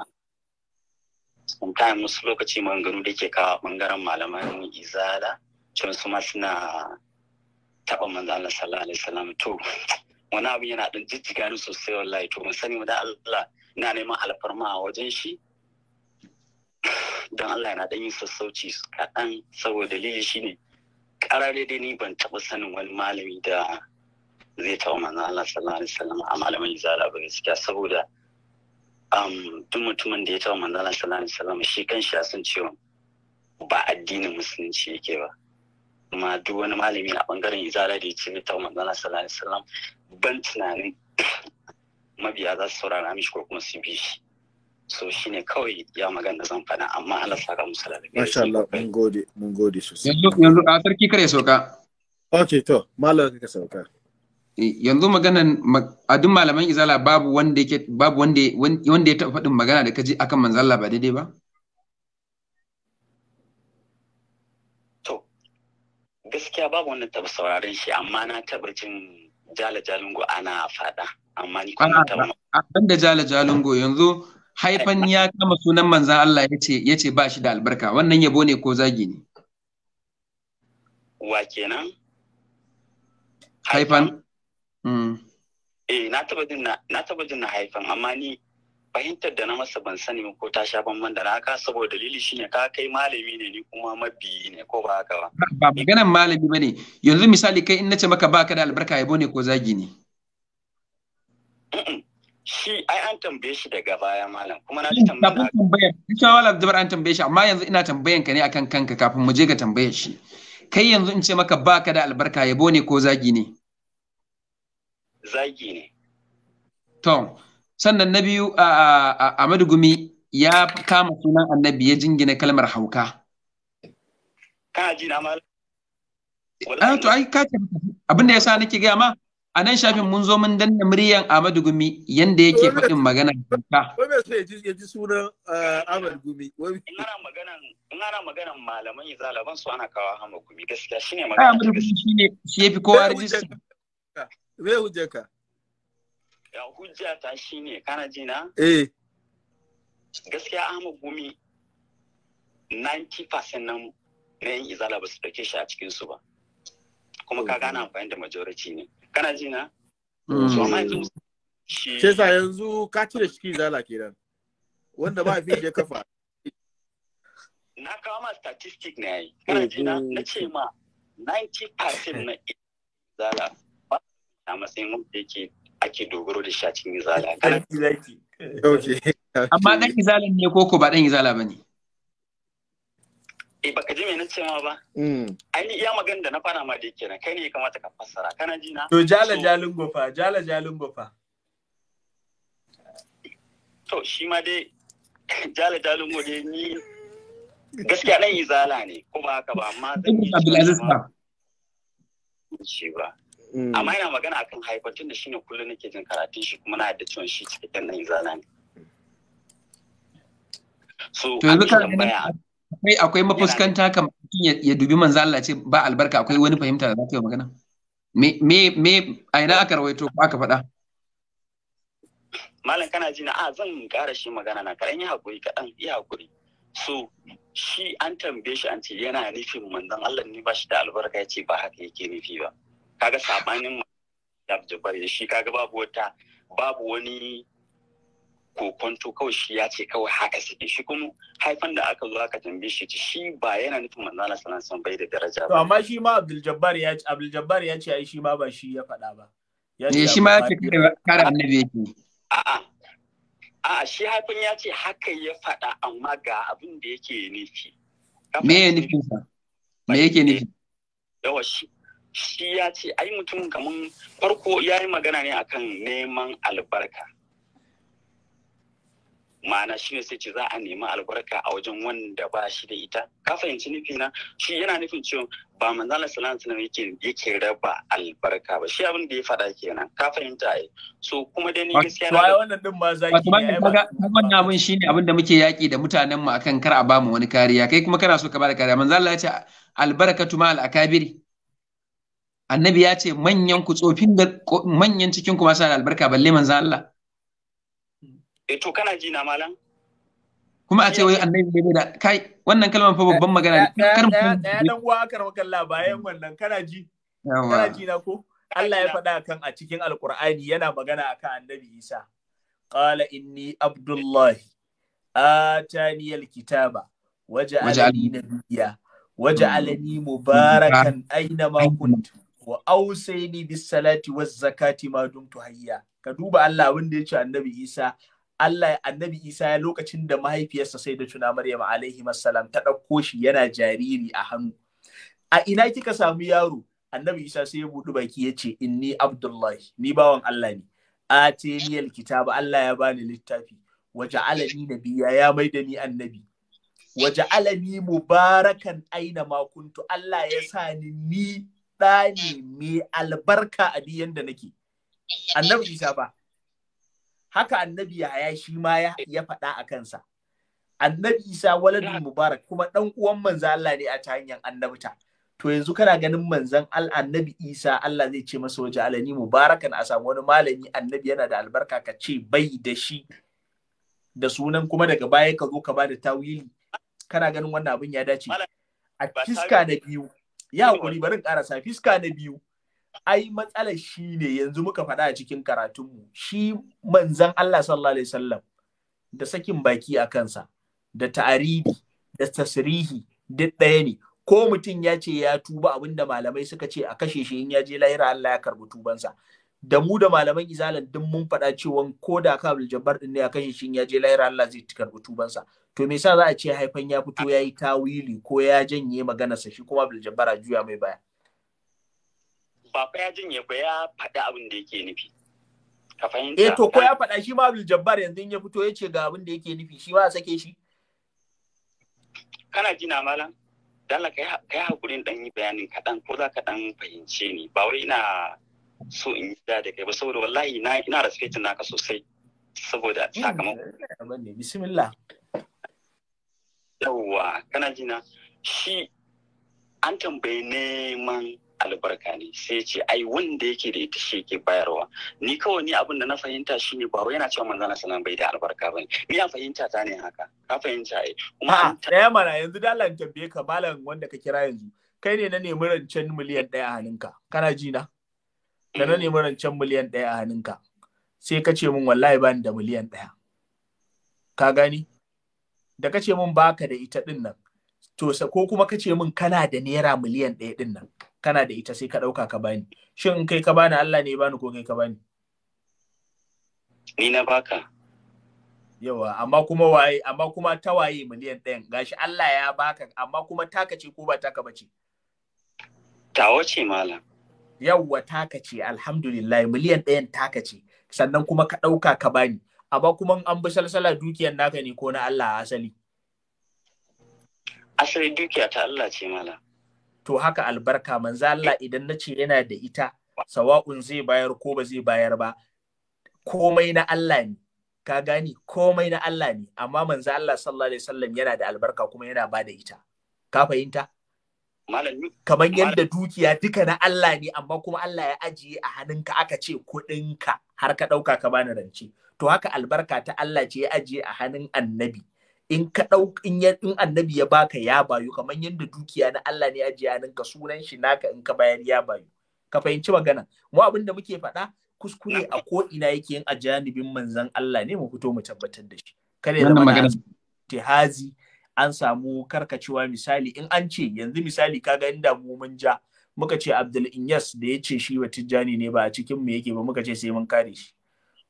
F: sometimes musu lokaci maganganu da ke kawo bangaren malaman izala, cewa su ma suna taɓa manzo sallallahu alaihi wasallam to wani abin yana dan jijjiga ni sosai wallahi to mun sani da Allah na neman alfarma a wajen shi don Allah yana dan yin sassauci kaɗan saboda dalili shi ne, ƙarar dai ni ban taɓa sanin wani malami da zai taɓa manzo Allah sallallahu alaihi wasallam a malamin zara ba gaskiya saboda um, duk mutumin da ya taɓa manzo Allah sallallahu alaihi wasallam shi shi ya san cewa ba addinin musulunci yake ba kuma duk wani malami a bangaren izala da ya ce mita manzana sallallahu alaihi ban tunanin mabiya za su saurara mishi ko kuma su bi shi so ne kawai ya magana zan faɗa amma Allah saka musu da
B: Masha Allah mun gode mun gode sosai
C: yanzu yanzu a sarki kare sauka Ok to malam ka sauka eh, yanzu maganan a duk malaman izala babu wanda ya taɓa faɗin magana da kaji akan manzala ba daidai ba gaskiya babu wannan taba sauraron shi amma na taba jin jala jalungo ana fada amma ni kuma taba ban da jala jalungo yanzu haifan ya kama sunan manzan Allah yace yace ba shi da albarka wannan yabo ne ko zagi ne
F: wa kenan haifan mm. eh na taba jin na taba jin na haifan amma ni fahimtar da na masa ban sani ko ta sha banban da naka saboda dalili shine ka kai malami ne ni kuma mabiyi ne ko ba haka ba
C: ba maganan malami bane yanzu misali kai in nace maka baka da albarka yabo ne ko zagi ne
F: shi ai an tambaye shi daga baya malam kuma na ji
C: tambayar insha Allah Abdul an tambaye shi amma yanzu ina tambayan ka ne akan kanka kafin mu je ga tambayar shi kai yanzu in ce maka baka da albarka yabo ne ko zagi ne
B: zagi ne
C: to sannan na biyu a madugumi ya kama sunan annabi ya jingina kalmar hauka ka ji na ah, to ka ce abin da sa nake gaya ma a nan shafin mun zo mun danna muryan Ahmadu Gumi yanda yake faɗin magana ka.
B: Wai bai so ya ji sunan Ahmadu Gumi. In ana maganan in ana malaman izala ban su ana kawo hama Gumi gaskiya shi ne ah,
C: magana. Ahmadu Gumi shine shi fi kowa rijista.
B: Me hujjar ga hujja ta shine
C: kana ji na eh gaskiya Ahmad Gumi 90% nan na yin izala ba su dauke
B: shi a cikin su ba kuma ka gana amfani da majority ne kana ji na mm. so amma yanzu shi sa yanzu ka cire shi izala kenan wanda ba fi je kafa na kawo ma statistic na yi kana ji na na ce ma 90% na izala ba a matsayin wanda yake ake dogaro da shi a cikin
C: izala amma ɗan izalan ne ko ko ba ɗan izala ne. eh baka ji mai nace ma ba hmm. ai iya magana da na fara ma da
B: kenan kai ne ya kamata ka fassara kana ji na to jala jalin gofa jala jalin gofa to shi ma dai jala jalin gofa ni
F: gaskiya yi izala ne ko ba haka ba amma Zan
A: Abdulaziz ba shi ba Mm. amma yana magana akan haifar tun da shi ne kullum nake jin karatun shi kuma na yadda cewa shi cikakken nan izala ne so akwai
C: akwai mafuskanta kan ya dubi manzo Allah ce ba albarka akwai wani fahimta da za ka yi magana me me me a ina aka rawaito ko aka faɗa
B: malam kana ji na a zan ƙara shi magana na kaɗan yi haƙuri kaɗan yi haƙuri so shi an tambaye shi an ce yana nufin manzon Allah ne ba shi da albarka ya ce ba haka yake nufi ba kaga sabanin Abdul shi kaga babu wata babu wani kokonto kawai shi ya ce kawai haka suke shi kuma
A: haifan da aka zo aka tambaye shi shi ba yana nufin manzala sallallahu bai da daraja
B: ba amma shi ma Abdul Jabbar ya ce Abdul Jabbar ya ce ai shi ma ba shi ya faɗa ba ne eh, shi ma ya ce kare annabi
C: yake a'a
B: a'a shi haifan ya ce haka ya faɗa amma ga abin da yake nufi
C: me ya nufin sa me yake nufi
B: yawa shi shi ya ce ai mutum kaman farko ya yi magana ne akan neman albarka
F: ma'ana shi ne sai ce za a nemi albarka a wajen wanda ba shi da ita ka fahimci nufi na shi yana nufin cewa ba manzala sallallahu alaihi yake yake raba albarka ba shi abin da ya faɗa kenan ka fahimta ai so kuma dai
C: ni gaskiya na wannan
B: din ma zaki ne kaga
C: wannan abin shine abin da muke yaki da mutanen mu akan kar a bamu wani kariya kai kuma kana so ka bada kariya manzala ya ce albarakatu ma al akabiri annabi ya ce manyan ku tsofin da manyan cikin ku masu albarka balle manzo Allah eh to kana ji na malam kuma a ce wai annabi bai da kai wannan kalmar fa babban magana ne kar mu dan
B: uwa kar makalla bayan wannan kana ji kana ji na ko Allah ya faɗa kan a cikin Alƙur'ani yana magana akan annabi Isa qala inni abdullahi atani alkitaba waja'alni nabiyya
A: waja'alni mubarakan
B: aina ma kuntu wa ausaini bis salati waz zakati ma dumtu hayya ka duba Allah wanda ya ce annabi Isa Allah annabi Isa ya lokacin da mahaifiyarsa sai da tuna Maryam alaihi salam ta ɗauko shi yana jariri a hannu a ina kika samu yaro annabi Isa sai ya buɗi baki ya ce inni Abdullahi ni bawan Allah ne ateniyal kitaba Allah ya bani littafi waja'alani nabiyya ya maida ni annabi waja'alani mubarakan aina ma kuntu Allah ya sani ni ɗa ne mai albarka a duk yanda nake annabi isa ba haka annabi yahaya shi ma ya faɗa a kansa annabi isa waladu mubarak kuma ɗan uwan manzo Allah ne a ta hanyar annabta to yanzu kana ganin manzan annabi isa Allah zai ce masa waje alani mubarakan a samu wani malami annabi yana da albarka ka ce bai da shi da sunan kuma daga baya ka zo ka ba da tawili kana ganin wannan abin ya dace a fiska na biyu ya hakuri barin karasa fiska na biyu ai matsalar shi ne yanzu muka faɗa a cikin karatunmu shi manzan Allah sallallahu alaihi wasallam da sakin baki a kansa da ta'aridi da tasrihi duk ɗaya ne ko mutum ya ce ya tuba abinda malamai suka ce a kashe shi in ya je lahira Allah ya karbi tubansa da mu da malaman izalan duk mun faɗa cewa ko da ka Abdul Jabbar din ne a kashe shin ya je lahira Allah zai karɓi tubansa to me yasa za a ce haifan ya fito yayi tawili ko ya janye magana sa shi kuma Abdul Jabbar a juya mai baya ba fa ya janye ba ya faɗa abin da yake nufi ka fahimta eh to ko ya faɗa shi ma Abdul Jabbar yanzu ya fito ya ce ga abin da yake nufi shi ma a sake shi
F: kana jina malam dala kai kai hakurin dan yi bayanin kaɗan ko za ka dan fahimce ni ba wai ina so in yi da kai ba saboda wallahi na ina respectin naka sosai saboda
B: hmm, sakamakon bismillah yawwa kana jina shi an tambayi neman albarka
F: ne sai ce ai wanda yake da ita shi ke bayarwa ni kawai ni abin da na fahimta shi ne ba yana cewa manzana sanan bai da albarka ne, ni an fahimta ta ne haka ka fahimta ai kuma daya
B: mana yanzu dalan tambaye ka malam wanda ka kira yanzu kai ne na nemi rancen miliyan daya a hannunka kana ji na Ka na nemi rancen miliyan ɗaya a hannunka sai ka ce min wallahi ba ni da miliyan ɗaya ka gani da ka ce min baka da ita ɗin nan to ko kuma ka ce min kana da naira miliyan ɗaya ɗin nan kana da ita sai ka ɗauka ka bani shin in kai ka bani Allah ne bani ko kai ka bani ni na baka yawa amma kuma waye amma kuma ta waye miliyan ɗayan gashi Allah ya baka amma kuma taka ce ko ba taka bace
F: tawa ce malam
B: yawwa taka ce alhamdulillah miliyan ɗayan taka ce sannan kuma ka ɗauka ka bani amma kuma an bi salsala dukiyar naka ne ko na Allah asali asali dukiya ta Allah ce mala to haka albarka manzo Allah idan na ce yana da ita sawa'un zai bayar ko ba zai bayar ba komai na Allah ne ka gani komai na Allah ne amma manzo Allah sallallahu alaihi wasallam yana da albarka kuma yana ba da ita ka fahimta kamar yadda dukiya duka na Allah ne amma kuma Allah ya ajiye a hannunka aka ce kuɗinka har ka ɗauka ka bani rance to haka albarka ta Allah ce ya ajiye a hannun annabi in ka in annabi ya baka ya bayu kamar yadda dukiya na Allah ne ya ajiye a hannunka sunan shi naka in ka bayar ya bayu ka fahimci magana mu abin da muke faɗa kuskure a ko ina yake yin a manzon Allah ne mu fito mu tabbatar da shi kada ya magana tihazi an samu karkacewa misali in an ce yanzu misali kaga inda mu mun ja muka ce Abdul Inyas da ya ce shi ba Tijjani ne ba a cikin mu yake ba muka ce sai mun kare shi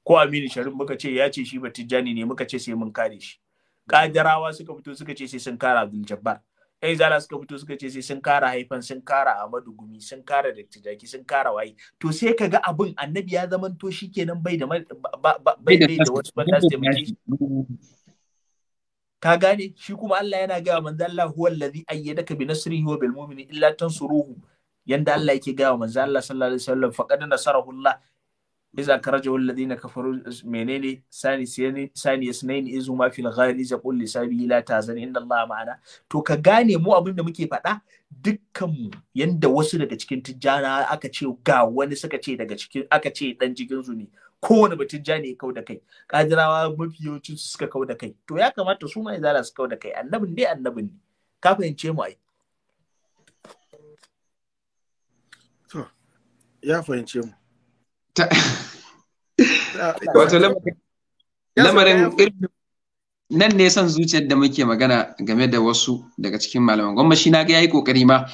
B: ko Aminu Sharif muka ce ya ce shi ba Tijjani ne muka ce sai mun kare shi kadarawa suka fito suka ce sai sun kara Abdul Jabbar ai zala suka fito suka ce sai sun kara haifan sun kara Ahmadu Gumi sun kara Dr. Jaki sun kara waye to sai ka ga abin annabi ya zamanto shikenan bai da bai da wasu ka gane shi kuma Allah yana gaya manzo Allah huwa allazi ayyadaka bi nasrihi wa bil mu'mini illa tansuruhu yanda Allah yake gaya manzo Allah sallallahu alaihi wasallam faqad nasarahu Allah iza wal ladina kafaru menene sani sani sani yasnaini izu ma fil za qul li sabi la tazan inna Allah ma'ana to ka gane mu abin da muke faɗa dukkan mu yanda wasu daga cikin tijjana aka ce ga wani suka ce daga cikin aka ce dan jikin su ne kowane batun ja ne kau da kai kajirawa mafi yawanci suka kau da kai to ya kamata su ma zara su kau da kai annabin dai annabin ne ka fahimce mu ai
C: to ya fahimce mu wato lamarin nan ne son zuciyar da muke magana game da wasu daga cikin malaman gwamnati shi na ga yayi kokari ma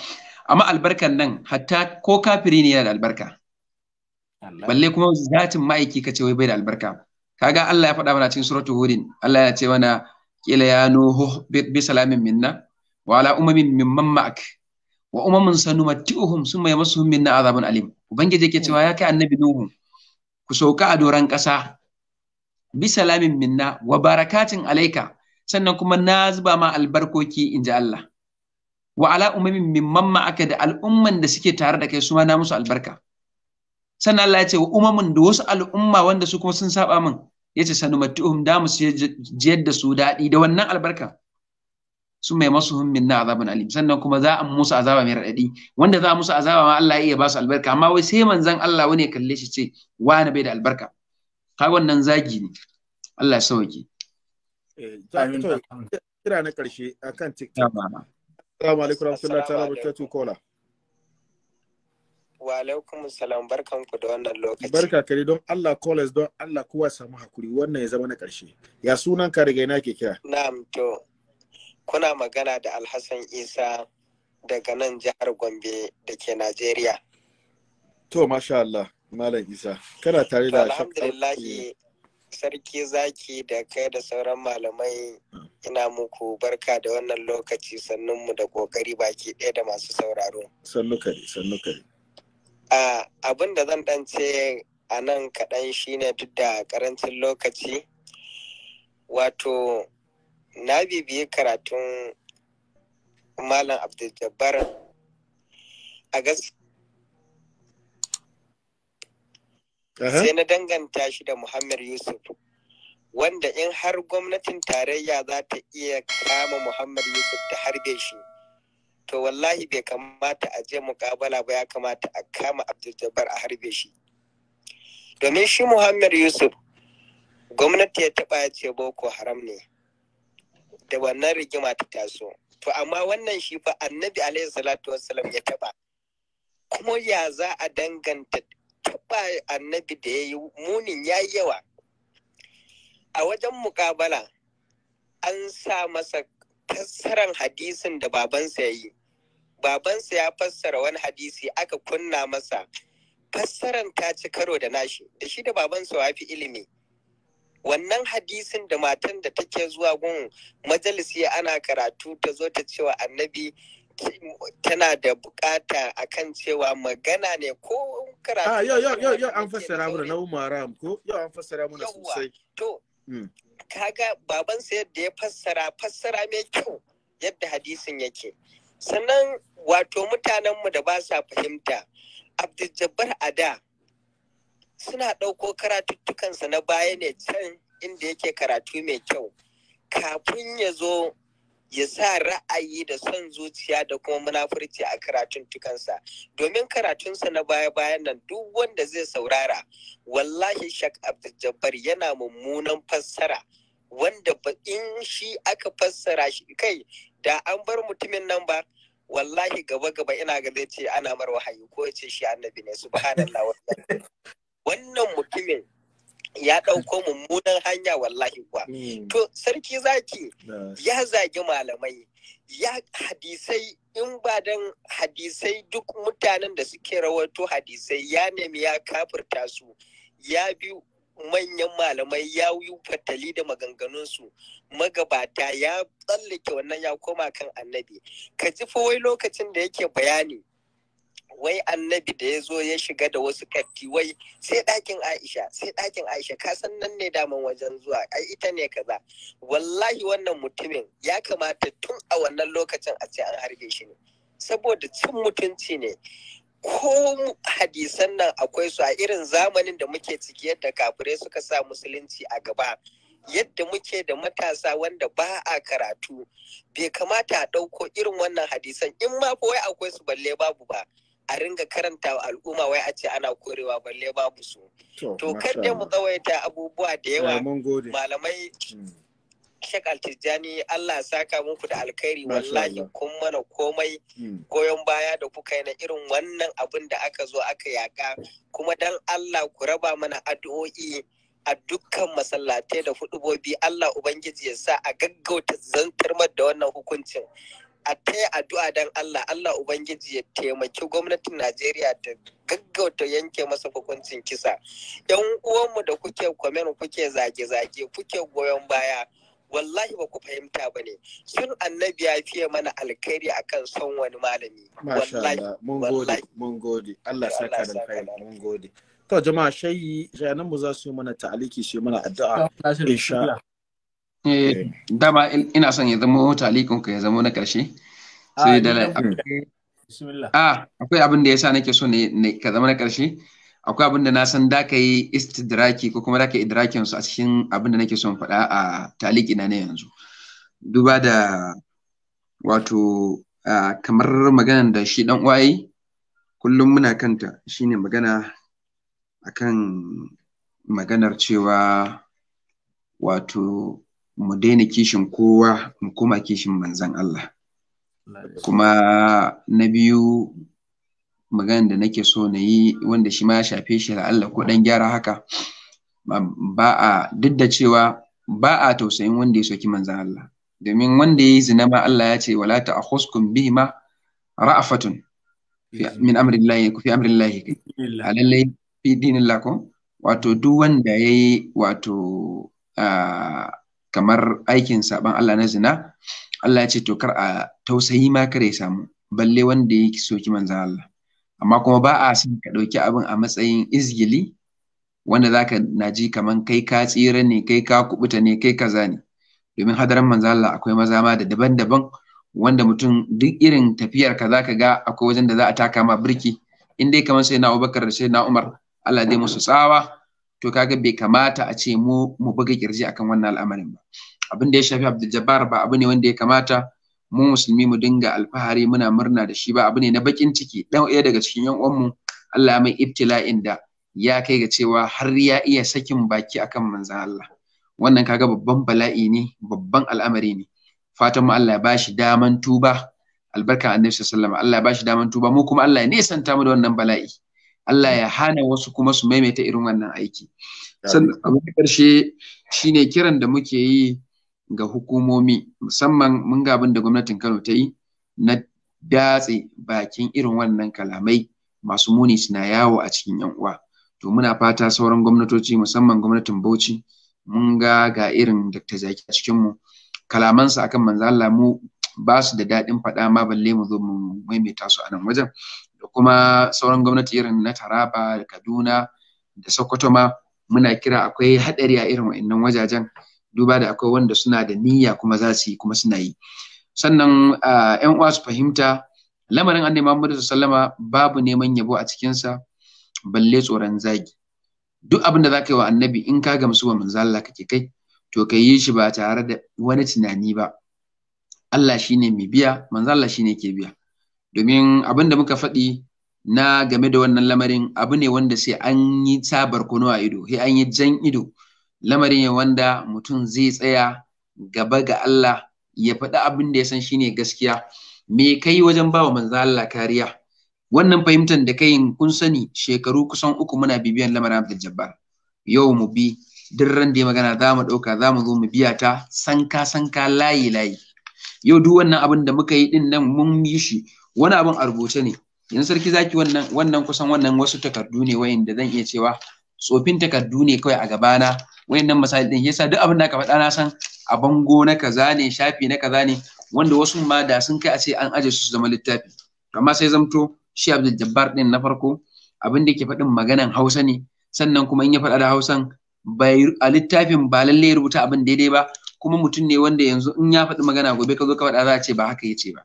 C: amma albarkan nan hatta ko kafiri ne yana da albarka balle kuma zatin ma'aiki ka ce wai bai da albarka kaga Allah ya faɗa mana cikin suratul hudin Allah ya ce mana kila ya nuhu bi salamin minna wa ala umamin mimman ma'ak wa umamun sanumatuhum summa yamassuhum minna azabun alim ubangiji yake cewa ya kai annabi nuhu ku sauka a doran kasa bi salamin minna wa barakatin alaika sannan kuma na zuba ma albarkoki in ji Allah wa ala umamin mimman ma'aka da al'umman da suke tare da kai su ma na musu albarka sannan Allah ya ce wa umamin da wasu al'umma wanda su kuma sun saba min ya ce sanumattuhum da mu jiyar da su daɗi da wannan albarka su mai masu hun na azabin alim sannan kuma za a musu azaba mai raɗaɗi wanda za a musu azaba ma Allah ya iya ba su albarka amma wai sai manzan Allah wani ya kalle shi ce wani bai da albarka ka wannan zagi ne Allah ya sauke
B: eh, kira na ƙarshe akan TikTok
A: Assalamu
B: alaikum warahmatullahi wabarakatuh kola
D: Wa alaikum salam barkanku da wannan lokaci. Barka
B: kare don Allah college don Allah kowa samu hakuri wannan ya zama na ƙarshe. Ya sunan ka riga na ke kira.
D: Na'am to. Kuna magana da Alhassan Isa daga nan jihar Gombe da ke Najeriya.
B: To masha Allah Malam Isa kana tare da Alhamdulillah
D: sarki zaki da kai da sauran malamai ina muku barka da wannan lokaci sannunmu da kokari baki ɗaya da masu sauraro.
B: Sannu kare, sannu kare.
D: abin da zan dan a nan kaɗan shine duk da karancin lokaci wato na bibiyi karatun malam abdul a sai na danganta shi da muhammad yusuf wanda in har gwamnatin tarayya za ta iya kama muhammad yusuf ta harbe shi to wallahi bai kamata a je mukabala ba ya kamata a kama abdul a harbe shi domin shi muhammad yusuf gwamnati ya taba ya ce boko haram ne da wannan rigima ta taso to amma wannan shi fa annabi alaihi salatu wassalam ya taɓa kuma ya za a danganta taba annabi da ya yi munin ya yi yawa a wajen mukabala an sa masa fassarar hadisin da babansa ya yi babansa ya fassara wani hadisi aka kunna masa fassaran ta ci karo da nashi da shi da babansa ya fi ilimi wannan hadisin da matan da take zuwa gun majalisi ana karatu ta zo ta cewa annabi tana da bukata akan cewa magana ne ko karatu. Ah, yau yau yau an
B: fassara mana na umaram ko yau
D: an fassara mana sosai. To, hmm. kaga babansa yadda ya fassara fassara mai kyau yadda hadisin yake sannan wato mutanenmu da ba sa fahimta abdul ada suna ɗauko karatuttukansa na baya ne can inda yake karatu mai kyau kafin ya zo ya sa ra'ayi da son zuciya da kuma munafurci a karatun tukansa domin karatunsa na baya-bayan nan duk wanda zai saurara wallahi shak abdul yana mummunan fassara wanda ba in shi aka fassara shi kai da an bar mutumin nan ba wallahi gaba-gaba ina ga zai ce ana mar wahayi ko ya ce shi annabi ne subhanallah wannan mutumin ya ɗauko mummunan hanya wallahi kuwa. Hmm. To sarki zaki ya zagi malamai ya hadisai in ba dan hadisai duk mutanen da suke rawato hadisai ya nemi ya kafirta su ya bi manyan malamai ya yi fatali da maganganunsu magabata ya tsallake wannan ya koma kan annabi ka ji fa wai lokacin da yake bayani wai annabi da ya zo ya shiga da wasu katti wai sai ɗakin aisha sai ɗakin aisha ka san nan ne daman wajen zuwa ai ita ne kaza wallahi wannan mutumin ya kamata tun a wannan lokacin a ce an harbe shi ne saboda cin mutunci ne ko hadisan nan akwai su a irin zamanin da muke ciki yadda kafirai suka sa musulunci a gaba yadda muke da matasa wanda ba a karatu bai kamata a ɗauko irin wannan hadisan in ma wai akwai su balle babu ba a ringa karanta al'umma wai a ce ana korewa balle babu su
A: to kada mu
D: tsawaita abubuwa da yawa eh, malamai hmm. Shek Altijani Allah saka muku da alkhairi wallahi kun mana komai hmm. goyon baya da kuka yi na irin wannan abin da aka zo aka yaka kuma dan Allah ku raba mana addu'o'i a dukkan masallatai da hudubobi Allah Ubangiji ya sa a gaggauta zantar da wannan hukuncin a taya addu'a don Allah Allah ubangiji ya taimaki gwamnatin Najeriya ta gaggauta yanke masa hukuncin kisa yan uwanmu da kuke kwamen kuke zage-zage kuke goyon baya wallahi ba ku fahimta ba ne sun annabi ya fiye mana alkhairi akan son wani malami wallahi mun gode mun
B: gode Allah saka da alkhairi mun gode to jama'a shayi shayanan mu za su yi mana ta'aliki su yi mana addu'a
C: insha Eh, eh. dama ina son ya zama talikun ka ya zama na ƙarshe. Ah, Sai da Ah, akwai abin da yasa nake so ne ka zama na ƙarshe. Akwai abin da na san da ka yi istidraki ko kuma da ka idrakin su a cikin abin da nake son faɗa a taliki na ne yanzu. Duba da wato kamar maganan da shi dan uwaye kullum muna kanta shine magana akan maganar cewa wato mu daina kishin kowa mu koma kishin manzan Allah kuma na biyu magana da nake so na yi wanda shi ma ya shafe shi da Allah ko dan gyara haka ba a duk da cewa ba a tausayin wanda ya soki manzan Allah domin wanda ya yi zina ma Allah ya ce wala ta akhuskum bihi ma ra'afatun min amrillahi ku fi amrillahi alallai fi dinillah ko wato duk wanda ya yi wato ah, kamar aikin saban Allah na zina Allah ya ce to kar a tausayi ma kare samu balle wanda ya soki manzan Allah amma kuma ba a son ka ɗauki abin a matsayin izgili wanda zaka na ji kaman kai ka tsira ne kai ka kubuta ne kai ka zane. domin hadaran manzan Allah akwai maza ma da daban-daban wanda mutum duk irin tafiyar ka zaka ga akwai wajen da za a taka ma birki in dai kamar sai na Abubakar sai na Umar Allah dai musu tsawa to kaga bai kamata a ce mu mu buga kirji akan wannan al'amarin ba abin da ya shafi Abdul Jabbar ba abu ne wanda ya kamata mu musulmi mu dinga alfahari muna murna da shi ba abu ne na bakin ciki dan ɗaya daga cikin yan uwan mu Allah mai ibtila'in da ya kai ga cewa har ya iya sakin baki akan manzan Allah wannan kaga babban bala'i ne babban al'amari ne fatan mu Allah ya bashi daman tuba albarka annabi sallallahu alaihi wasallam Allah ya bashi daman tuba mu kuma Allah ya nisanta mu da wannan bala'i Allah ya hana wasu kuma su maimaita irin wannan aiki sannan abu na ƙarshe shine kiran da muke yi ga hukumomi musamman mun ga abin da gwamnatin Kano ta yi na datse bakin irin wannan kalamai masu muni suna yawo a cikin yan uwa to muna fata sauran gwamnatoci musamman gwamnatin Bauchi mun ga ga irin Dr. Zaki a cikin mu kalamansa akan manzo Allah mu ba su da daɗin faɗa ma balle mu zo mu maimaita su a nan wajen da kuma sauran gwamnati irin na Taraba da Kaduna da Sokoto ma muna kira akwai haɗari a irin wa'annan wajajen duba da akwai wanda suna da niyya kuma za su yi kuma suna yi sannan yan uwa su fahimta lamarin annabi Muhammadu sallama babu neman yabo a cikinsa balle tsoron zagi duk abin da za ka yi wa annabi in ka gamsu wa manzo Allah kake kai to ka yi shi ba tare da wani tunani ba Allah shine mai biya manzo Allah shine ke biya domin abin da muka faɗi na game da wannan lamarin abu ne wanda sai an yi ta barkono a ido sai an yi jan ido lamarin ya wanda mutum zai tsaya gaba ga Allah ya faɗi abin da ya san shine gaskiya me kai wajen bawa manzo Allah kariya wannan fahimtar da kai kun sani shekaru kusan uku muna bibiyan lamarin Abdul Jabbar yau mu bi duk ran da ya magana za mu ɗauka za mu zo mu biya ta sanka sanka layi layi yau duk wannan abin da muka yi ɗin nan mun yi shi wani abin a rubuce ne yanzu sarki zaki wannan wannan kusan wannan wasu takardu ne wayanda zan iya cewa tsofin takardu ne kawai a gabana wayannan misali din yasa duk abin da ka faɗa na san a bango na kaza ne shafi na kaza ne wanda wasu ma da sun kai a ce an aje su zama littafi amma sai zamto shi Abdul Jabbar din na farko abin da ke faɗin maganan Hausa ne sannan kuma in ya faɗa da Hausan bai a littafin ba lalle ya rubuta abin daidai ba kuma mutum ne wanda yanzu in ya faɗi magana gobe ka zo ka faɗa za a ce ba haka yace ba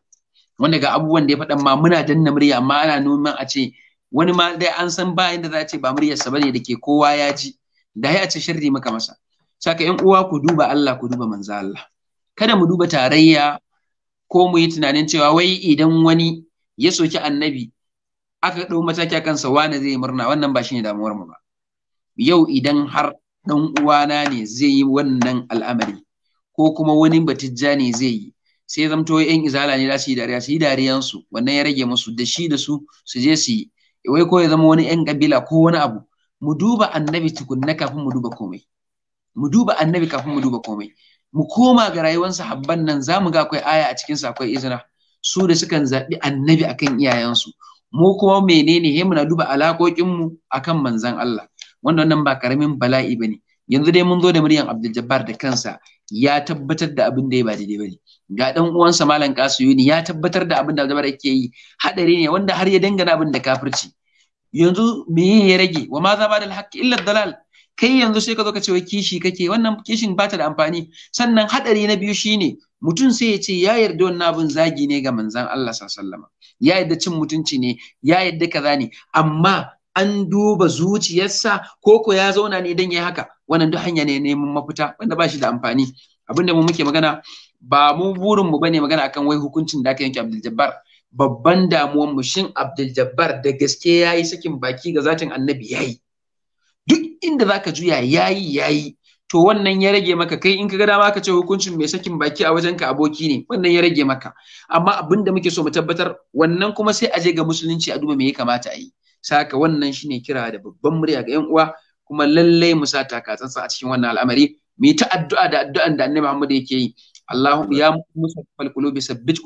C: wanda ga abubuwan da ya faɗa ma muna danna murya amma ana neman a ce wani ma dai an san ba inda za a ce ba muryarsa bane da ke kowa ya ji da ya ce shirri maka masa saka yan uwa ku duba Allah ku duba manzo Allah kada mu duba tarayya ko mu yi tunanin cewa wai idan wani ya soki annabi aka ɗau mataki a kansa wani zai murna wannan ba shine damuwar mu ba yau idan har ɗan uwana ne zai yi wannan al'amari ko kuma wani batijja ne zai yi sai ya zamto yan izala ne za su yi dariya su yi dariyansu wannan ya rage musu da shi da su su je su yi wai ko ya zama wani yan kabila ko wani abu mu duba annabi tukunna kafin mu duba komai mu duba annabi kafin mu duba komai mu koma ga rayuwar sahabban nan za mu ga akwai aya a cikin sa akwai izina su da sukan zaɓi annabi akan iyayensu mu kuma menene he muna duba alaƙoƙin mu akan manzon Allah wanda wannan ba karamin bala'i bane yanzu dai mun zo da muryan Abdul Jabbar da kansa ya tabbatar da abin da ya ba daidai bane ga dan uwansa malam kasuyuni ya tabbatar da abin da Abdul yake yi hadari ne wanda har ya dangana abin da kafirci yanzu me ya rage wa ma ba dal haqqi illa dalal kai yanzu sai ka zo ka ce wai kishi kake wannan kishin ba ta da amfani sannan hadari na biyu shine mutum sai ya ce ya yarda wannan abin zagi ne ga manzon Allah sallallahu ya yarda cin mutunci ne ya yarda kaza ne amma an duba zuciyarsa ko ko ya zauna ne dan yayi haka wannan duk hanya ne neman mafita wanda ba shi da amfani abinda mu muke magana ba mu burin mu bane magana akan wai hukuncin da aka yanke Abdul Jabbar babban damuwan mu shin Abdul Jabbar da gaske yayi sakin baki ga zatin Annabi yayi duk inda zaka juya yayi yayi to wannan ya rage maka kai in kaga ga dama ka ce hukuncin mai sakin baki a wajenka aboki ne wannan ya rage maka amma abinda muke so mu tabbatar wannan kuma sai a je ga musulunci a duba me ya kamata a yi saka wannan shine kira da babban murya ga yan uwa kuma lallai mu sa takatsantsa a cikin wannan al'amari mu yi ta addu'a da addu'an da annabi Muhammad yake yi Allahu ya musarrifal qulubi sabbit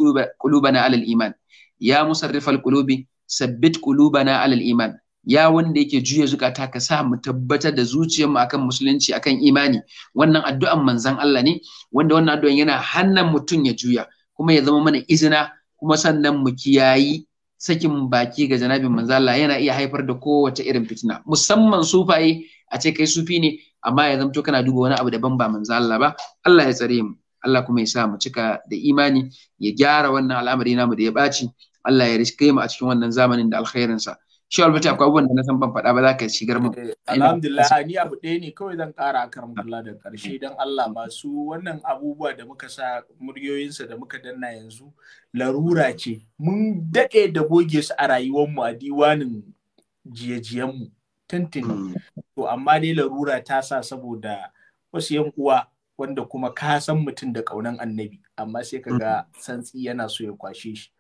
C: qulubana alal iman ya musarrifal qulubi sabbit qulubana alal iman ya wanda yake juya zukata ka sa mu tabbatar da zuciyarmu akan musulunci akan imani wannan addu'an manzon Allah ne wanda wannan addu'an yana hannan mutum ya juya kuma ya zama mana izina kuma sannan mu kiyayi sakin baki ga janabin Manzala yana iya haifar da kowace irin fitina musamman sufaye a ce kai sufi ne amma ya zamto kana duba wani abu daban ba Manzala ba Allah ya tsare mu Allah kuma ya sa mu cika da imani ya gyara wannan al'amari namu da ya baci Allah ya riske mu a cikin wannan zamanin da alkhairinsa shi albati akwai abubuwan da na san ban faɗa ba za ka shigar mu eh, alhamdulillah
B: ni abu ɗaya ne kawai zan ƙara akar kula da ƙarshe don Allah masu wannan abubuwa da muka sa muryoyinsa da muka danna yanzu larura ce mun daɗe da goge su a rayuwar mu a diwanin jiye-jiyen mu tuntuni hmm. to amma dai larura ta sa saboda wasu yan uwa wanda kuma ka san mutum da ƙaunan annabi amma sai ka ga hmm. santsi yana so ya kwashe shi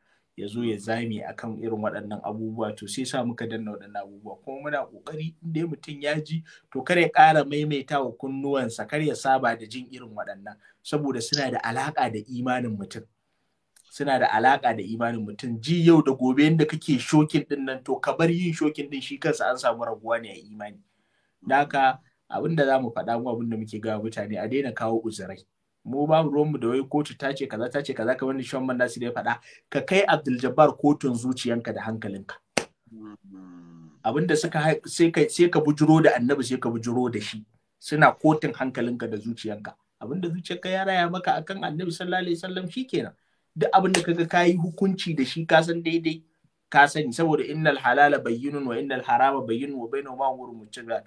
B: ya zo ya zame a kan irin waɗannan abubuwa to sai sa muka danna waɗannan abubuwa kuma muna ƙoƙari inda mutum ya ji to kar ya ƙara maimaita wa kunnuwansa kar ya saba da jin irin waɗannan saboda suna da alaƙa da imanin mutum suna da alaƙa da imanin mutum ji yau da gobe yadda kake shokin ɗin nan to ka bar yin shokin ɗin shi kansa an samu raguwa ne a imani da haka abin da za mu faɗa mu abin da muke gawa mutane a daina kawo uzurai mu babu ruwanmu da wai kotu ta ce kaza ta ce kaza kamar da Sean Mandasi da ya faɗa ka kai Abdul Jabbar kotun zuciyanka da hankalinka mm. abinda suka sai ka sai ka bujuro da Annabi sai ka bujuro da shi suna kotun hankalinka da zuciyanka abinda zuciyarka ya raya maka akan Annabi sallallahu alaihi wasallam shikenan duk abinda kaga kayi hukunci da shi ka san daidai ka sani saboda innal halala bayyinun wa innal harama bayyinun wa bainahuma umurun muttabi'at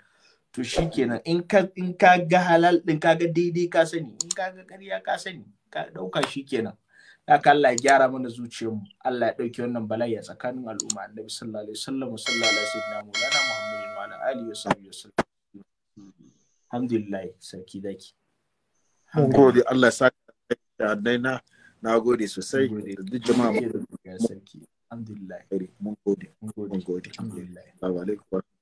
B: to shikenan in ka in ka ga halal din ka ga daidai ka sani in ka ga ƙarya ka sani ka dauka shikenan ka Allah ya gyara mana zuciyarmu Allah ya dauke wannan bala'i a tsakanin al'umma annabi sallallahu alaihi wasallam sallallahu alaihi sayyidina maulana muhammadin wa ala alihi wa sahbihi wasallam alhamdulillah sarki zaki mun gode Allah ya saka da daina na gode sosai da jama'a
A: sarki alhamdulillah mun gode mun gode alhamdulillah assalamu alaikum